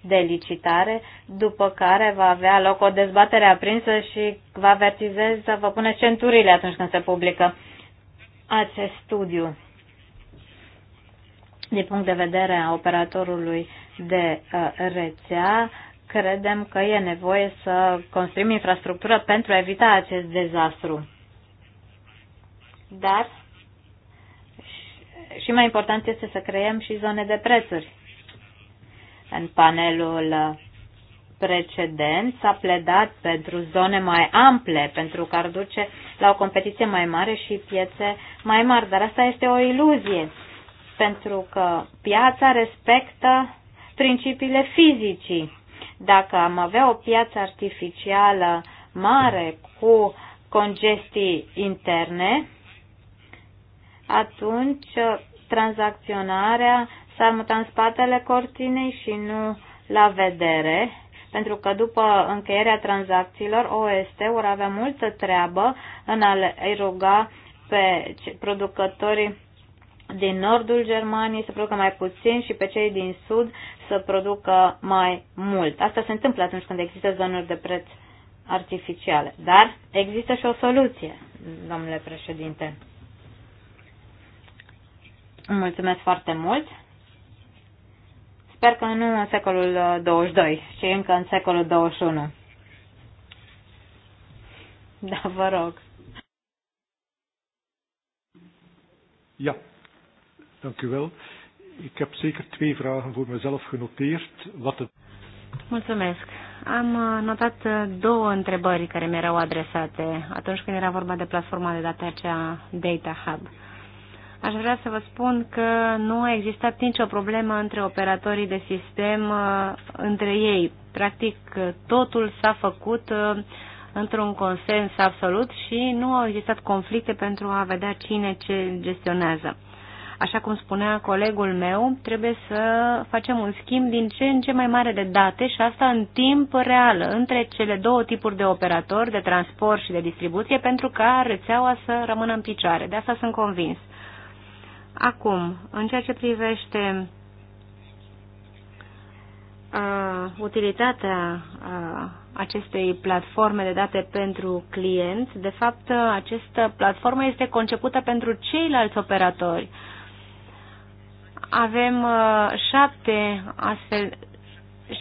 [SPEAKER 1] de licitare, după care va avea loc o dezbatere aprinsă și vă avertizez să vă puneți centurile atunci când se publică acest studiu. Din punct de vedere a operatorului de uh, rețea, credem că e nevoie să construim infrastructură pentru a evita acest dezastru. Dar și mai important este să creăm și zone de prețuri. În panelul precedent s-a pledat pentru zone mai ample, pentru că ar duce la o competiție mai mare și piețe mai mari. Dar asta este o iluzie, pentru că piața respectă principiile fizicii dacă am avea o piață artificială mare cu congestii interne, atunci uh, tranzacționarea s-ar muta în spatele cortinei și nu la vedere, pentru că după încheierea tranzacțiilor, OST vor avea multă treabă în a le ruga pe producătorii din nordul Germaniei să producă mai puțin și pe cei din sud să producă mai mult. Asta se întâmplă atunci când există zonuri de preț artificiale. Dar există și o soluție, domnule președinte. Mulțumesc foarte mult. Sper că nu în secolul 22, ci încă în secolul 21.
[SPEAKER 3] Da, vă rog.
[SPEAKER 1] Yeah. dank Ik heb zeker twee vragen voor mezelf genoteerd. Wat het...
[SPEAKER 2] Mulțumesc. Am uh, notat uh, două întrebări care mi-erau adresate atunci când era vorba de platforma de date acea Data Hub. Aș vrea să vă spun că nu a existat nicio problemă între operatorii de sistem, uh, între ei. Practic, totul s-a făcut într-un consens absolut și nu au existat conflicte pentru a vedea cine ce gestionează. Așa cum spunea colegul meu, trebuie să facem un schimb din ce în ce mai mare de date și asta în timp real între cele două tipuri de operatori, de transport și de distribuție, pentru ca rețeaua să rămână în picioare. De asta sunt convins. Acum, în ceea ce privește uh, utilitatea uh, acestei platforme de date pentru clienți, de fapt, această platformă este concepută pentru ceilalți operatori. Uh, avem uh, șapte astfel,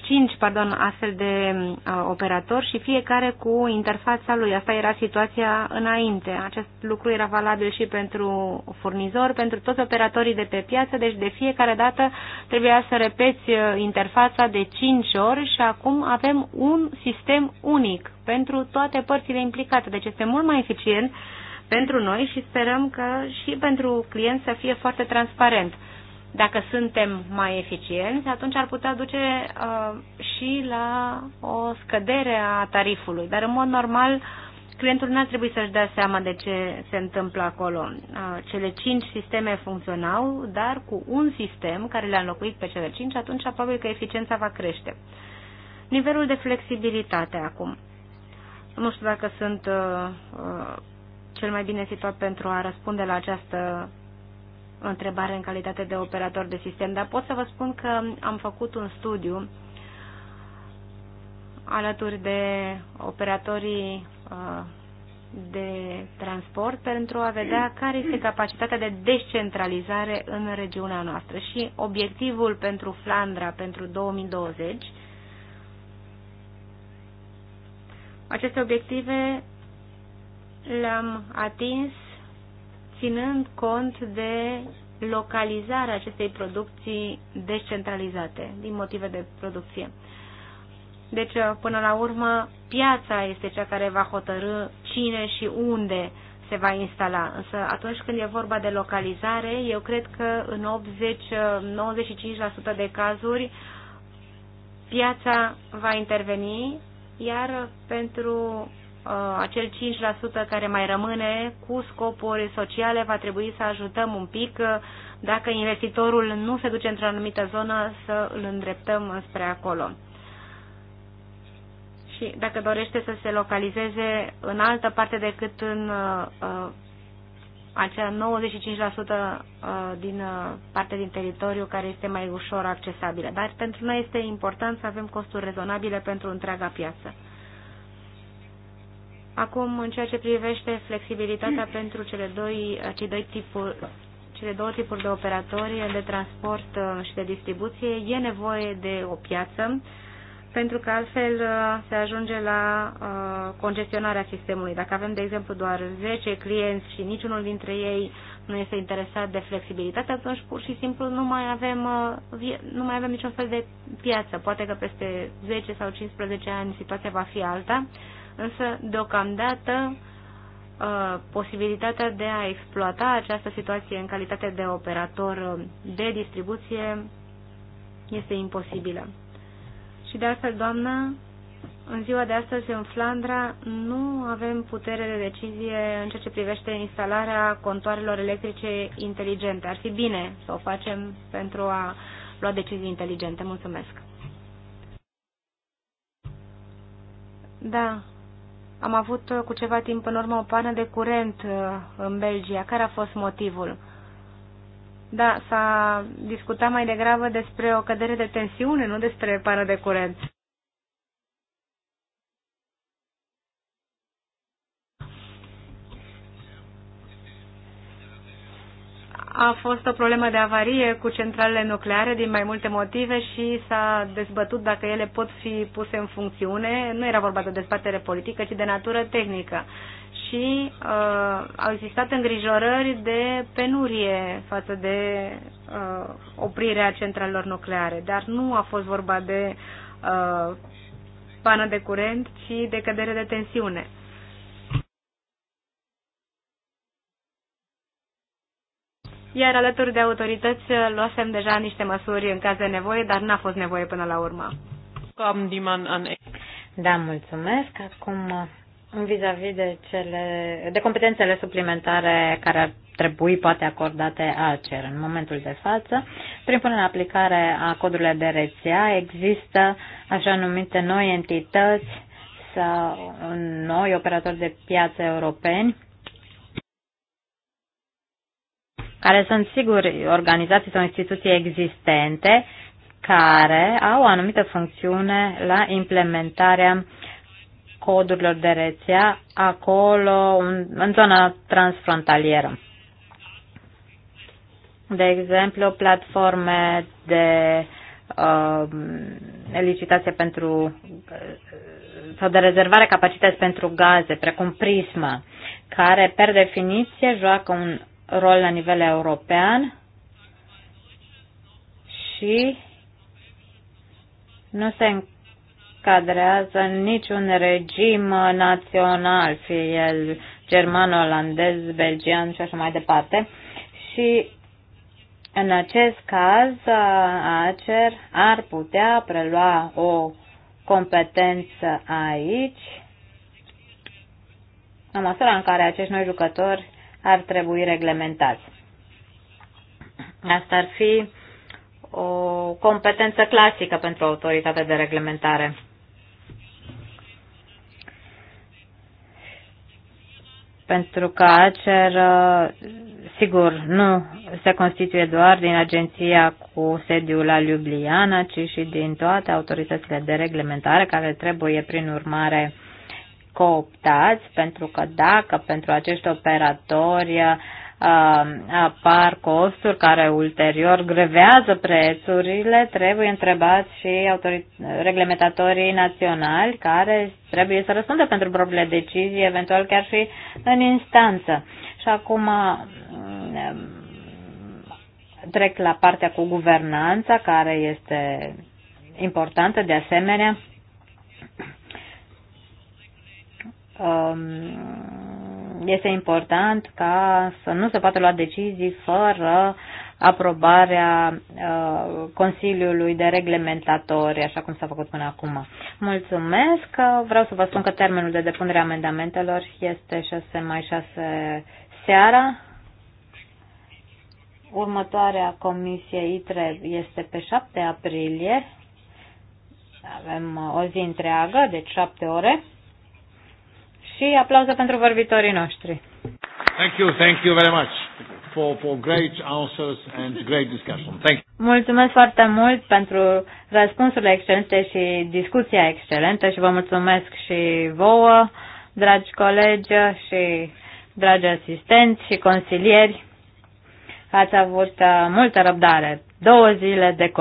[SPEAKER 2] cinci, pardon, astfel de uh, operatori și fiecare cu interfața lui. Asta era situația înainte. Acest lucru era valabil și pentru furnizor, pentru toți operatorii de pe piață, deci de fiecare dată trebuia să repeți uh, interfața de cinci ori și acum avem un sistem unic pentru toate părțile implicate. Deci este mult mai eficient pentru noi și sperăm că și pentru client să fie foarte transparent dacă suntem mai eficienți, atunci ar putea duce uh, și la o scădere a tarifului. Dar, în mod normal, clientul nu ar trebui să-și dea seama de ce se întâmplă acolo. Uh, cele cinci sisteme funcționau, dar cu un sistem care le-a înlocuit pe cele cinci, atunci probabil că eficiența va crește. Nivelul de flexibilitate acum. Nu știu dacă sunt uh, uh, cel mai bine situat pentru a răspunde la această o întrebare în calitate de operator de sistem, dar pot să vă spun că am făcut un studiu alături de operatorii uh, de transport pentru a vedea care este capacitatea de descentralizare în regiunea noastră și obiectivul pentru Flandra pentru 2020. Aceste obiective le-am atins ținând cont de localizarea acestei producții descentralizate din motive de producție. Deci, până la urmă, piața este cea care va hotărâ cine și unde se va instala. Însă, atunci când e vorba de localizare, eu cred că în 80-95% de cazuri piața va interveni, iar pentru Uh, acel 5% care mai rămâne cu scopuri sociale va trebui să ajutăm un pic uh, dacă investitorul nu se duce într-o anumită zonă să îl îndreptăm spre acolo. Și dacă dorește să se localizeze în altă parte decât în uh, acea 95% din parte din teritoriu care este mai ușor accesabilă. Dar pentru noi este important să avem costuri rezonabile pentru întreaga piață. Acum, în ceea ce privește flexibilitatea pentru cele, doi, cei doi tipuri, cele două tipuri de operatori de transport uh, și de distribuție, e nevoie de o piață, pentru că altfel uh, se ajunge la uh, congestionarea sistemului. Dacă avem, de exemplu, doar 10 clienți și niciunul dintre ei nu este interesat de flexibilitate, atunci pur și simplu nu mai avem, nu mai avem niciun fel de piață. Poate că peste 10 sau 15 ani situația va fi alta Însă, deocamdată, uh, posibilitatea de a exploata această situație în calitate de operator uh, de distribuție este imposibilă. Și de altfel, doamnă, în ziua de astăzi în Flandra nu avem putere de decizie în ceea ce privește instalarea contoarelor electrice inteligente. Ar fi bine să o facem pentru a lua decizii inteligente. Mulțumesc. Da, am avut uh, cu ceva timp în urmă o pană de curent uh, în Belgia. Care a fost motivul? Da, s-a discutat mai degrabă despre o cădere de tensiune, nu despre pană de curent. a fost o problemă de avarie cu centralele nucleare din mai multe motive și s-a dezbătut dacă ele pot fi puse în funcțiune. Nu era vorba de dezbatere politică, ci de natură tehnică. Și uh, au existat îngrijorări de penurie față de uh, oprirea centralelor nucleare, dar nu a fost vorba de uh, pană de curent, ci de cădere de tensiune. iar alături de autorități uh, luasem deja niște măsuri în caz de nevoie, dar n-a fost nevoie până la
[SPEAKER 1] urmă. Da, mulțumesc. Acum, vis-a-vis -vis de, cele, de competențele suplimentare care ar trebui poate acordate ACER în momentul de față, prin punerea în aplicare a codurilor de rețea există așa numite noi entități sau noi operatori de piață europeni care sunt sigur organizații sau instituții existente care au o anumită funcțiune la implementarea codurilor de rețea acolo, în, în zona transfrontalieră. De exemplu, platforme de uh, licitație pentru sau de rezervare capacități pentru gaze, precum Prisma, care per definiție joacă un rol la nivel european și nu se încadrează în niciun regim național, fie el german, olandez, belgian și așa mai departe. Și în acest caz, ACER ar putea prelua o competență aici, în măsura în care acești noi jucători ar trebui reglementați. Asta ar fi o competență clasică pentru autoritatea de reglementare. Pentru că ACER, sigur, nu se constituie doar din agenția cu sediul la Ljubljana, ci și din toate autoritățile de reglementare care trebuie, prin urmare, cooptați, pentru că dacă pentru acești operatori uh, apar costuri care ulterior grevează prețurile, trebuie întrebați și reglementatorii naționali care trebuie să răspundă pentru propriile decizii, eventual chiar și în instanță. Și acum um, trec la partea cu guvernanța, care este importantă de asemenea. Um, este important ca să nu se poată lua decizii fără aprobarea uh, Consiliului de Reglementatori, așa cum s-a făcut până acum. Mulțumesc. Vreau să vă spun că termenul de depunere a amendamentelor este 6 mai 6 seara. Următoarea comisie ITRE este pe 7 aprilie. Avem uh, o zi întreagă, deci 7 ore și aplauze pentru vorbitorii noștri. Thank you, thank you very much for, for great answers and great discussion. Thank you. Mulțumesc foarte mult pentru răspunsurile excelente și discuția excelentă și vă mulțumesc și vouă, dragi colegi și dragi asistenți și consilieri. Ați avut uh, multă răbdare. Două zile de